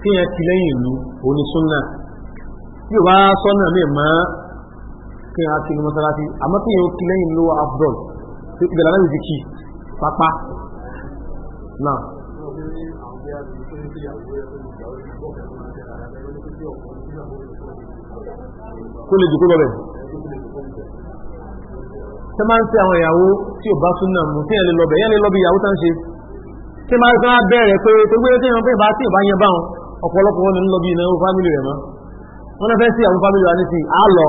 tí yẹn ti lẹ́yìn ìlú òní súnnà yóò bá sọ́nà mẹ́ máa kí wọn kí ní mọ́sálásí àmọ́ kí yóò kí lẹ́yìn lówó afdol tó ìgbàlá náà ti kí pápá náà. kó lè jòkó lọ́bẹ̀ tẹ́ máa ń tẹ́ àwọn ìyàwó tí ò bá tún náà mú tí ẹ̀ lè lọ́bẹ̀ yẹn lè lọ́bẹ̀ ìyàwó tá ń ṣe tí máa ń sọ́ra bẹ̀rẹ̀ pé tó gbé tí ìyàwó bá tí ò bá yẹn báwọn ọ̀pọ̀lọpọ̀ wọn ni ń lọ bí ìnáwó fámìlì rẹ̀ mọ́ wọn náà fẹ́ sí àwọn fámìlì wa ní ti àlọ́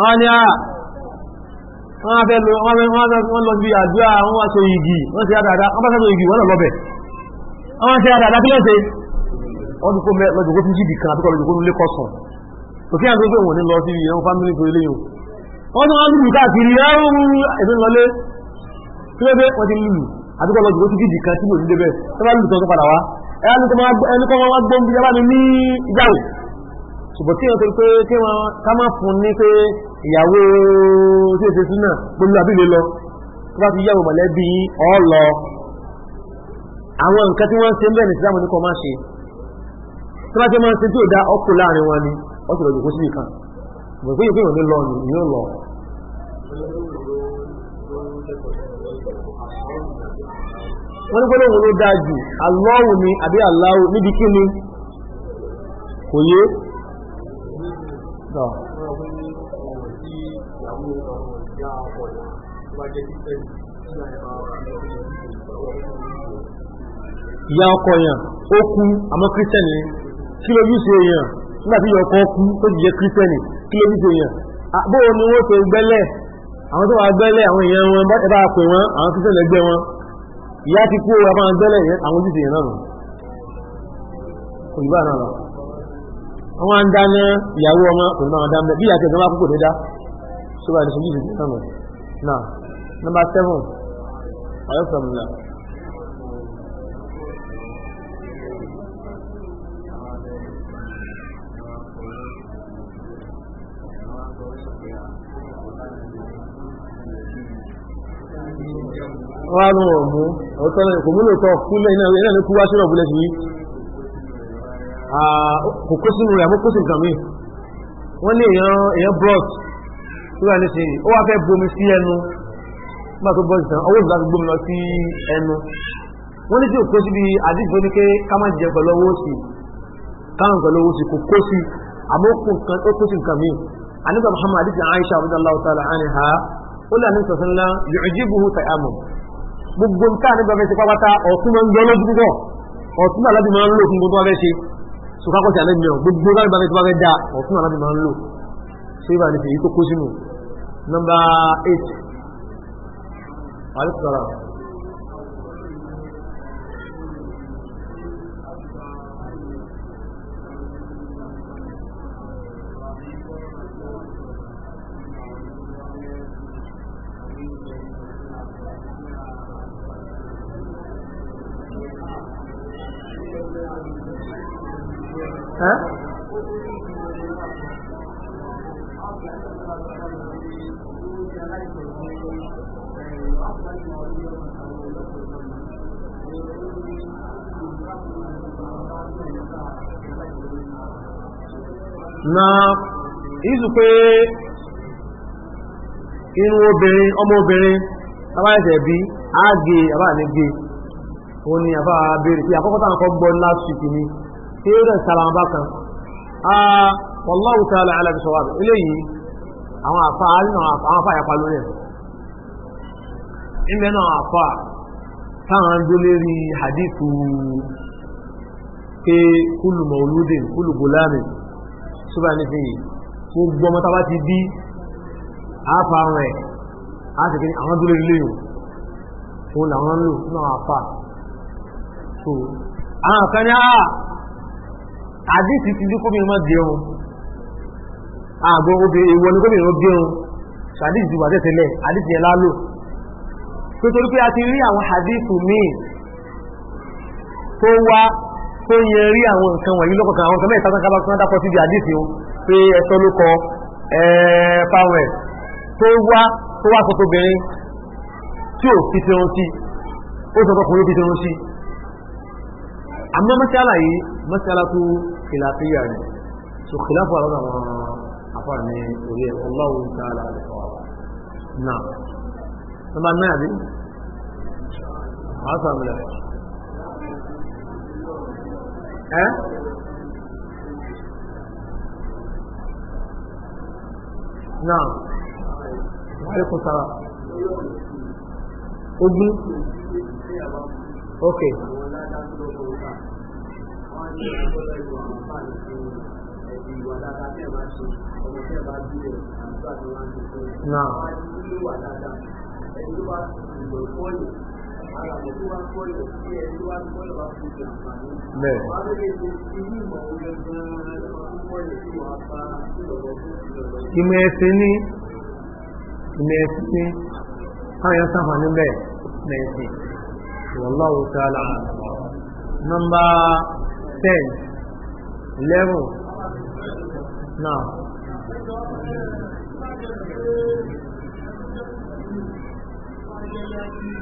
àwọn ni àà ah, wọ́n fẹ́ lọ wọ́n lọ bí àdúrà wọ́n wá so igi wọ́n ṣe àdàdà wọ́n bá fẹ́ so igi wọ́n lọ lọ́bẹ̀ wọ́n ṣe àdàdà bí lọ́sẹ̀ wọ́n tí jìbì kan àbíkọ́ kọ́sùn ṣùgbọ́n tí wọ́n tó pé kí wọ́n ká má fún ní pé ìyàwó tí èsè súnà pẹ̀lú àbílẹ̀ lọ tó bá ti yàwó mọ̀lẹ́bí ọ̀ọ́lọ àwọn nǹkan tí wọ́n ṣe ń bẹ̀ ní ìsìlámù ní kọ́ máa ṣe tí wọ́n ti máa ṣe tí ò dá ọkọ̀ láàrin wọn ni wọ́n ti lọ jòkó síbi kan ṣùgbọ́n pé ìpínlẹ̀ ní lọ ni ìyó lọ. wọ́n ní gbọ́dọ̀ wọn ló dáa jù alọ́wù ni àbí aláwù níbi kí ni kò yé Tọ́. Ìyá ọkọ yẹn, ó kú, àmọ́ kírísítẹ́nì kí ló yúṣe yẹn, nígbàtí ìyá ọkọ kú, ó jẹ́ kírísítẹ́nì kí ló yúṣe yẹn. Bóò ni wọ́n fẹ́ gbẹ́lẹ̀, àwọn tó wà gbẹ́lẹ̀ àwọn èèyàn wọn bá ẹbá pè wọn, àwọn kírísítẹ́nì ẹgbẹ́ wọn. Ìyá ti kú ọ̀rọ̀ àwọn gbẹ́lẹ̀ yẹn, àwọn ojúṣe yẹn náà nù. Òyìnbá náà lọ àwọn àndáná ìyàwó ọmọ òun àwọn àndáná bí àti ẹ̀gbọ́n púpọ̀ dédá ṣọ́bà ní ṣojú ìdíjẹ́ náà náà number seven ayọ́ from now. wọ́n á lọ wọ̀ mú ọ̀tọ́ kò múlò kọ́ kúlẹ̀ iná ní kú wá ọ̀bùlẹ̀ sí yìí Ah, kò kó sínú rẹ̀ mọ́kó sí ìgbàmí wọ́n ní èèyàn brot tó rà ní sí ó wá fẹ́ bomi sí ẹnu nígbà tó bọ́ọ̀sì tán ọwọ́ ìgbà gbómi lọ sí ẹnu wọ́n ní tí ò kó sí bí àdíjọ́ ní pé ká má jẹ pẹ̀lú owó sí káwọn pẹ̀lú owó sí kò kó sí àmọ́ ó kó sí ìgbàmí àníbà Muhammad àdíjì Aisha radiyallahu ta'ala anha ó lè àníṣà sọ́nlá yu'jibuhu ta'amu gbogbo nǹkan àníbà fẹ́ sí pápátá ọ̀tún máa ń gbọ́ lójú púpọ̀ ọ̀tún àlábì máa ń lò fún gbogbo abẹ́ ṣe sùkákọ́sí alẹ́ mìíràn gbogbo láti bá mẹ́tọ́ bá fẹ́ dá ọ̀tún aláàbí máa ń lò ṣé ìbá ní fi kó sínú nọ́mbà 8 na izu pé inú obìnrin ọmọ obìnrin abáyẹ̀sẹ̀ bí bi abáyẹ̀gbé òun ni àbá béèrè pé àkọ́kọ́ táwọn kọ́ gbọ́ last week ni tí ó rẹ̀ sára bá kan wallahu ta'ala ala bisawab eléyìí àwọn àfa na àwọn àfa àyàpá lórí hadithu ke kulu kulu ṣúgbà nísìnyí gbogbo ọmọ tábà ti bí àáfà rẹ̀ á sì kéde àwọn dúró ilé ìwò òun làwọn ń lò nínú àwọn àfà so àwọn kan ní àà ah, àdìsí ti dí kómi ọmọ gẹrun àgbọn obìnrin ìwọ ni kómi ọmọ gẹrun ṣàdìsí ti wà tẹ́tẹ́lẹ̀ àdìsí yẹn lálò pé torí pé a ti rí àwọn àdìsí míì tó wá tó yẹ rí àwọn nǹkan wọ̀nyí lọ́kọ̀ọ̀kan àwọn tọ́lẹ̀ ìtàkùn kábà kan dápọ̀ síbi àdìsí o pé ẹ̀tọ́ ló kọ fáwẹ̀ tó wá tó wá sọ tóbìnrin tí ò fi ṣe rántí ó sọ tọkùnrin fi ṣe rántí àmọ́ mọ́sálà yìí mọ́sálà tó kìláfíyà rẹ̀ so kìláfọ̀ àwọn àwọn afọ́ ní orí ẹ̀ Allahu ta'ala náà nọ́mbà náà bí àwọn sàmìlẹ̀ náà wàlẹ́ kò sára ojú ok. Náà ìmọ̀ ẹ̀sìn ní ìmọ̀ ẹ̀sìn ní káyọ̀ sáfà níbẹ̀ ìmọ̀ ẹ̀sìn wallahu ta'ala nọ́mbà 10 11 náà Thank you.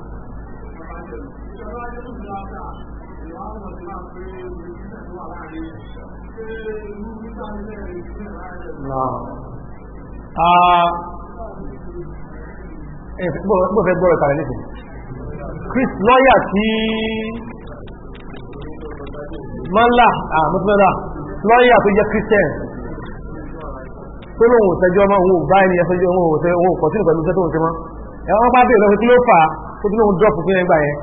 Bó ah, eh, fẹ́ gbọ́rọ̀ ìpàdé nìkan. Chris lọ́yà tí Mọ́lá àmúfẹ́ra lọ́yà tó jẹ́ Christian tó lóhun òtẹ́jọ́ mọ́ òun ò bá ẹni ẹfẹ́jọ́ òun òtẹ́ òun kọ̀ sínú pẹ̀lú tẹ́tọ́ òun ti mọ́ ẹ̀wọ̀n bá bèèrè lọ́wọ́ kí ló fà á tó bí lóun dọ́ọ̀pù fún ẹgbà yẹn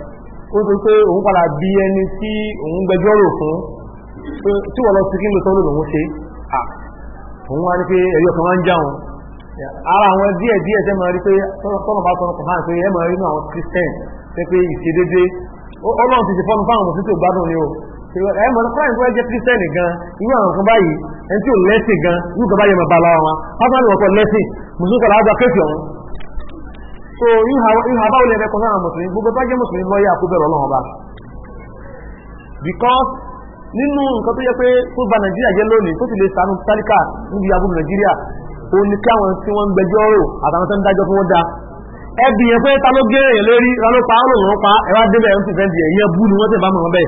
ó tó pé òun padà bí ẹni tí òun gbẹjọ́rò fún tí wọ́n lọ sí kí ló tọ́ lòun ṣe à òun wá ní pé ẹ̀yọ́ kan máa ń jáwọn ara àwọn díẹ̀ díẹ̀ tẹ́ máa rí pé tọ́nà bá tọ́nà kọ̀ọ̀kan pé ẹ máa rí àwọn Christian tẹ́ pé ìṣedédé Ọlọ́run ti ṣe fọ́nù fáwọn mùsùlùmí tó gbádùn ni o ẹ mọ̀ ní fáwọn ìgbẹ́ jẹ́ Christian gan irú àwọn kan báyìí ẹni tí ò lẹ́sìn gan irú kan báyìí máa bá lára wọn pápá ni wọ́n kọ́ lẹ́sìn mùsùlùmí kọ́ so ihò àbáwò lè rẹ̀kọ́ sára mùsùlùmí gbogbo tó jẹ́ mùsùlùmí lọ́yà kó bẹ̀rẹ̀ ọlọ́run ọba because nínú nǹkan tó yẹ pé tó ba nàìjíríà jẹ́ lónìí tó sì lè sànú tálíkà níbi abúlé nàìjíríà ó ní kí àwọn tí wọ́n ń gbẹjọ́ rò àtàwọn tó ń dájọ́ fún wọn da ẹbí yẹn pé ta ló gé èèyàn lérí ra ló pa ó lòun pa ẹwà débẹ̀ ń tìfẹ́ di ẹ̀yẹ bú ni wọ́n tẹ̀ bá mọ̀ bẹ́ẹ̀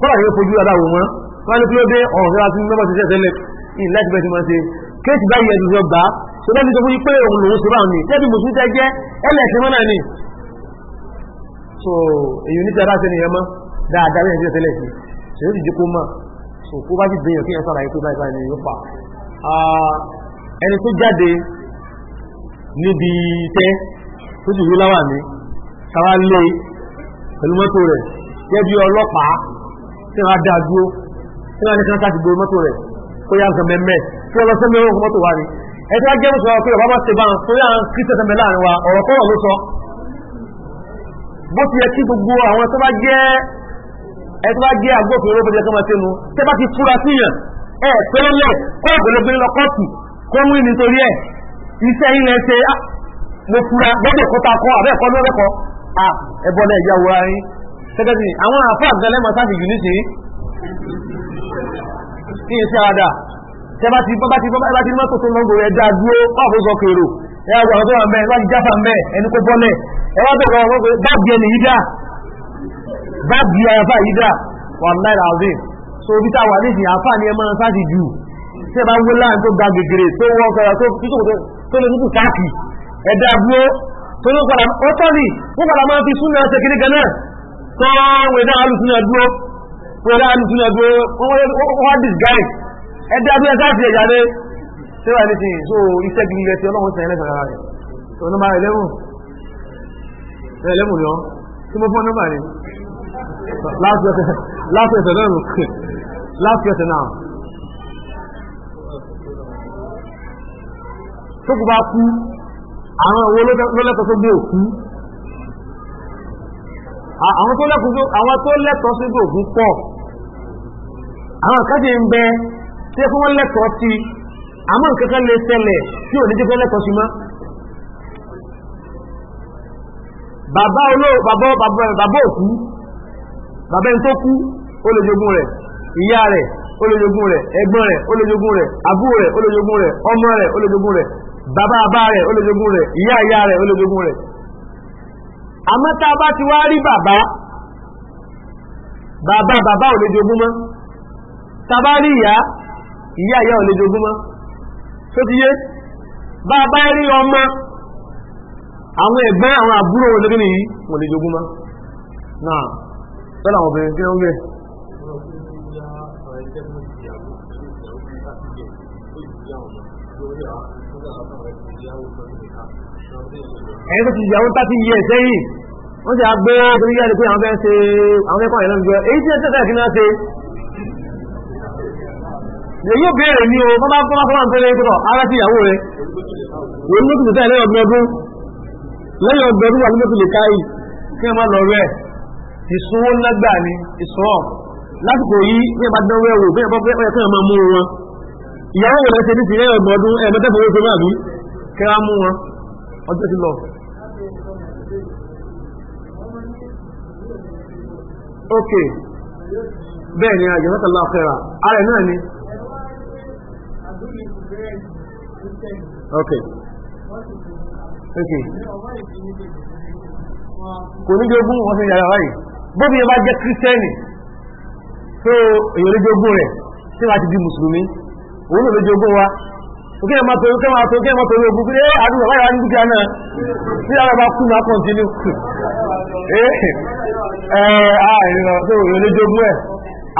kọ́lá yóò fojú ọ̀dà wò wọ́n ní kí ló dé ọ̀rọ̀ tí wọ́n ti mẹ́bọ̀ ti ṣẹ̀ṣẹ̀ lẹ̀ ìlẹ́tìbẹ̀ ti ṣe kéèsì báyìí ẹ̀ tó lẹ́bi tó fún yí pé òun lòun ṣe báwọn ni lẹ́bi mùsùlùmí tẹ jẹ́ ẹlẹ́sìn mọ́nà ni so èyí ní tẹ́lá sí ni ẹmọ́ dáadáa ní ẹ̀jẹ̀ tẹ́lẹ̀ sí ṣe ó dìde kó mọ̀ so kó bá ti gbìyànjú kí ẹ sára yìí pé báyìí báyìí yóò fà ẹni tó jáde níbi tẹ́ tó sì rí láwà ní sáwá lé pẹ̀lú mọ́tò rẹ̀ jẹ́ bí ọlọ́pàá tí wọ́n á dáa dúró tí wọ́n á ní kí wọ́n ká ti gbé mọ́tò rẹ̀ kó yá nǹkan mẹ́mẹ́ tí wọ́n lọ sẹ́mẹ́rún mọ́tò wa ni ẹ̀tọ́ jẹ́ mú sọ pé ọ̀bá máa ṣe bá ń sórí àwọn kírísẹ̀ tẹ́mẹ̀ láàrin wa ọ̀rọ̀ kọ́rọ̀ ló sọ bó ti yẹ kí gbogbo àwọn ẹ̀tọ́ bá jẹ́ ẹ̀tọ́ bá jẹ́ agbófinró bó ti yẹ kí wọ́n ṣe nu tẹ́ bá ti fura sí yàn ẹ̀ pẹ́lẹ́lẹ̀ kọ́ ọ̀gbẹ̀lẹ́gbẹ̀rẹ́ lọ kọ́ọ̀tù kó mú nítorí ẹ̀ iṣẹ́ yìí rẹ̀ ṣe mo fura gbọ́dọ̀ kó ta kọ́ àbẹ́ ẹ̀kọ́ lọ́rẹ́kọ́ à ẹ̀bọ̀lẹ̀ ìyá wura yín gẹ́gẹ́ bí àwọn àfáà gẹlẹ́mọ̀ sáfì jù níṣìí kí n ṣe àdá tẹ́bá ti bọ́bá ti bọ́bá ti mọ́tò tó lọ́gbò ẹ̀dá dúró pàfó sọ kèrò ẹ̀yà àwọn tó wà mẹ́ láti jáfà mẹ́ ẹni kó bọ́lẹ̀ ẹwà bẹ̀rẹ̀ ọ̀rọ̀ pé báàbí ẹni yídà báàbí àyàfà yídà wà láì ràzín so bí táwà nídìí àfà ni ẹ máa sáàtì jù tẹ́ bá wó láàrín tó ga gègèrè tó wọ́ kẹrẹ tó lè nípò káàkì ẹ̀dá dúró tó ló padà ó tọ́ ni ó padà máa fi súnà ṣe kiri gan náà tó wẹ̀dá alùsúnà dúró wẹ̀dá alùsúnà dúró wọ́n wá disguise ẹ̀dá bí ẹ̀ká sí ẹ̀yà rẹ̀ tí ní ti so iṣẹ́ gidi rẹ̀ ọlọ́run sẹ̀yìn lẹ́sàn ara rẹ̀ tó nọ́mbà ẹlẹ́mù ẹlẹ́mù yọ tí mo fọ́ nọ́mbà rẹ̀ láti ẹsẹ̀ lọ́rùn láti ẹsẹ̀ náà tó kù bá kú àwọn owó lọ́lẹ́tọ̀ tó gbé òkú àwọn tó lẹ́tọ̀ sí gbé òkú pọ̀ àwọn tí ẹkùn wọ́n lẹ́tọ̀ọ́ sí àmọ́ nǹkankan lè tẹ́lẹ̀ tí ò ní jẹ́ lẹ́tọ̀ọ́ sí má bàbá olóò bàbá bàbá òkú bàbá ẹni tó kú ó lè jogún rẹ̀ ìyá rẹ̀ ó lè jogún rẹ̀ ẹ̀gbọ́n rẹ̀ ó lè jogún rẹ̀ àbúrò rẹ̀ ó lè jogún rẹ̀ ọmọ rẹ̀ ó lè jogún rẹ̀ bàbá bàbá rẹ̀ ó lè jogún rẹ̀ ìyá ìyá rẹ̀ ó lè jogún rẹ̀ àmọ́ tá a bá ti wá rí bàbá bàbá bàbá ò lè jogún mọ́ tá a bá rí ìyá ìyá ìyá ò lè jogún mọ́ tó ti yé bá a bá rí ọmọ àwọn ẹ̀gbẹ́ àwọn àbúrò wọn lókè nìyí wọ́n lè jogún mọ́ náà tọ́lá àwọn obìnrin tí ó ń bẹ̀ ẹ̀yìn tó ti ìyàwó tàbí iye ẹ̀sẹ́yìn wọ́n ti àgbẹ́ ọdún yẹ́ ẹ̀lẹ́gbẹ́ àwọn fẹ́ ṣe àwọn ẹ̀kọ́ ìrìnàjò èyí tí ẹ̀ tẹ́tẹ́ kí náà ṣe èyí ò ní o bọ́bá tó máa tó lè gbọ́ ara sí ìyàwó rẹ̀ wọ́n ló tún tẹ́lẹ̀ ọgbẹ̀gbọ́n lẹ́yìn ọgbẹ̀gbọ́n wà nílòkù lè kí ẹ má lọ rẹ̀ ìṣòwò lágbà ni ìṣòwò lásìkò yìí bí ẹ bá dán wẹ́wò bí ẹ bá fẹ́ ẹ mú wọn ìyàwó rẹ̀ ti bẹ́ẹ̀ ni àjẹmọ́tàlá ọ̀kẹ́ra ara ẹ̀ náà ni okay okay kò ní jogún wọ́n sí yàrá wáyìí bóbi ẹ bá jẹ́ kírísítẹ́nì tó èyàn lójú ogún rẹ̀ tí wọ́n ti di mùsùlùmí òun ló lójú ogún wa òkè ẹ̀ máa tó kẹ́ máa tó kẹ́ máa tó ní ogún pé àdúgbò báyìí wá ní dúkìá náà tí àwọn ọba kú máa kàn tínú [laughs] eh, ẹ ẹ àìrìnà tó èyàn lójú ogún ẹ̀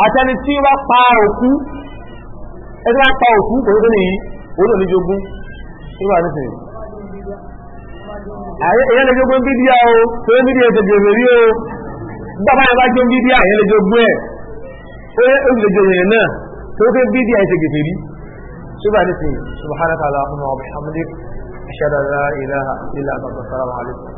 àtẹni tí wọ́n pa òkú ẹni wọ́n pa òkú ìwà nísìnyí èyàn lè jogún bídíà o tó ń bídíà ètò ìgbèrè rí o bàbá yẹn bá jó bídíà èyàn lè jogún ẹ̀ ó lè jogún náà tó ń bídíà ètò ìgbèrè rí ṣùgbọ́n nísìnyí subhanaka allahumma wa bihamdik ashhadu an la ilaha illa anta astaghfiruka wa atubu ilayk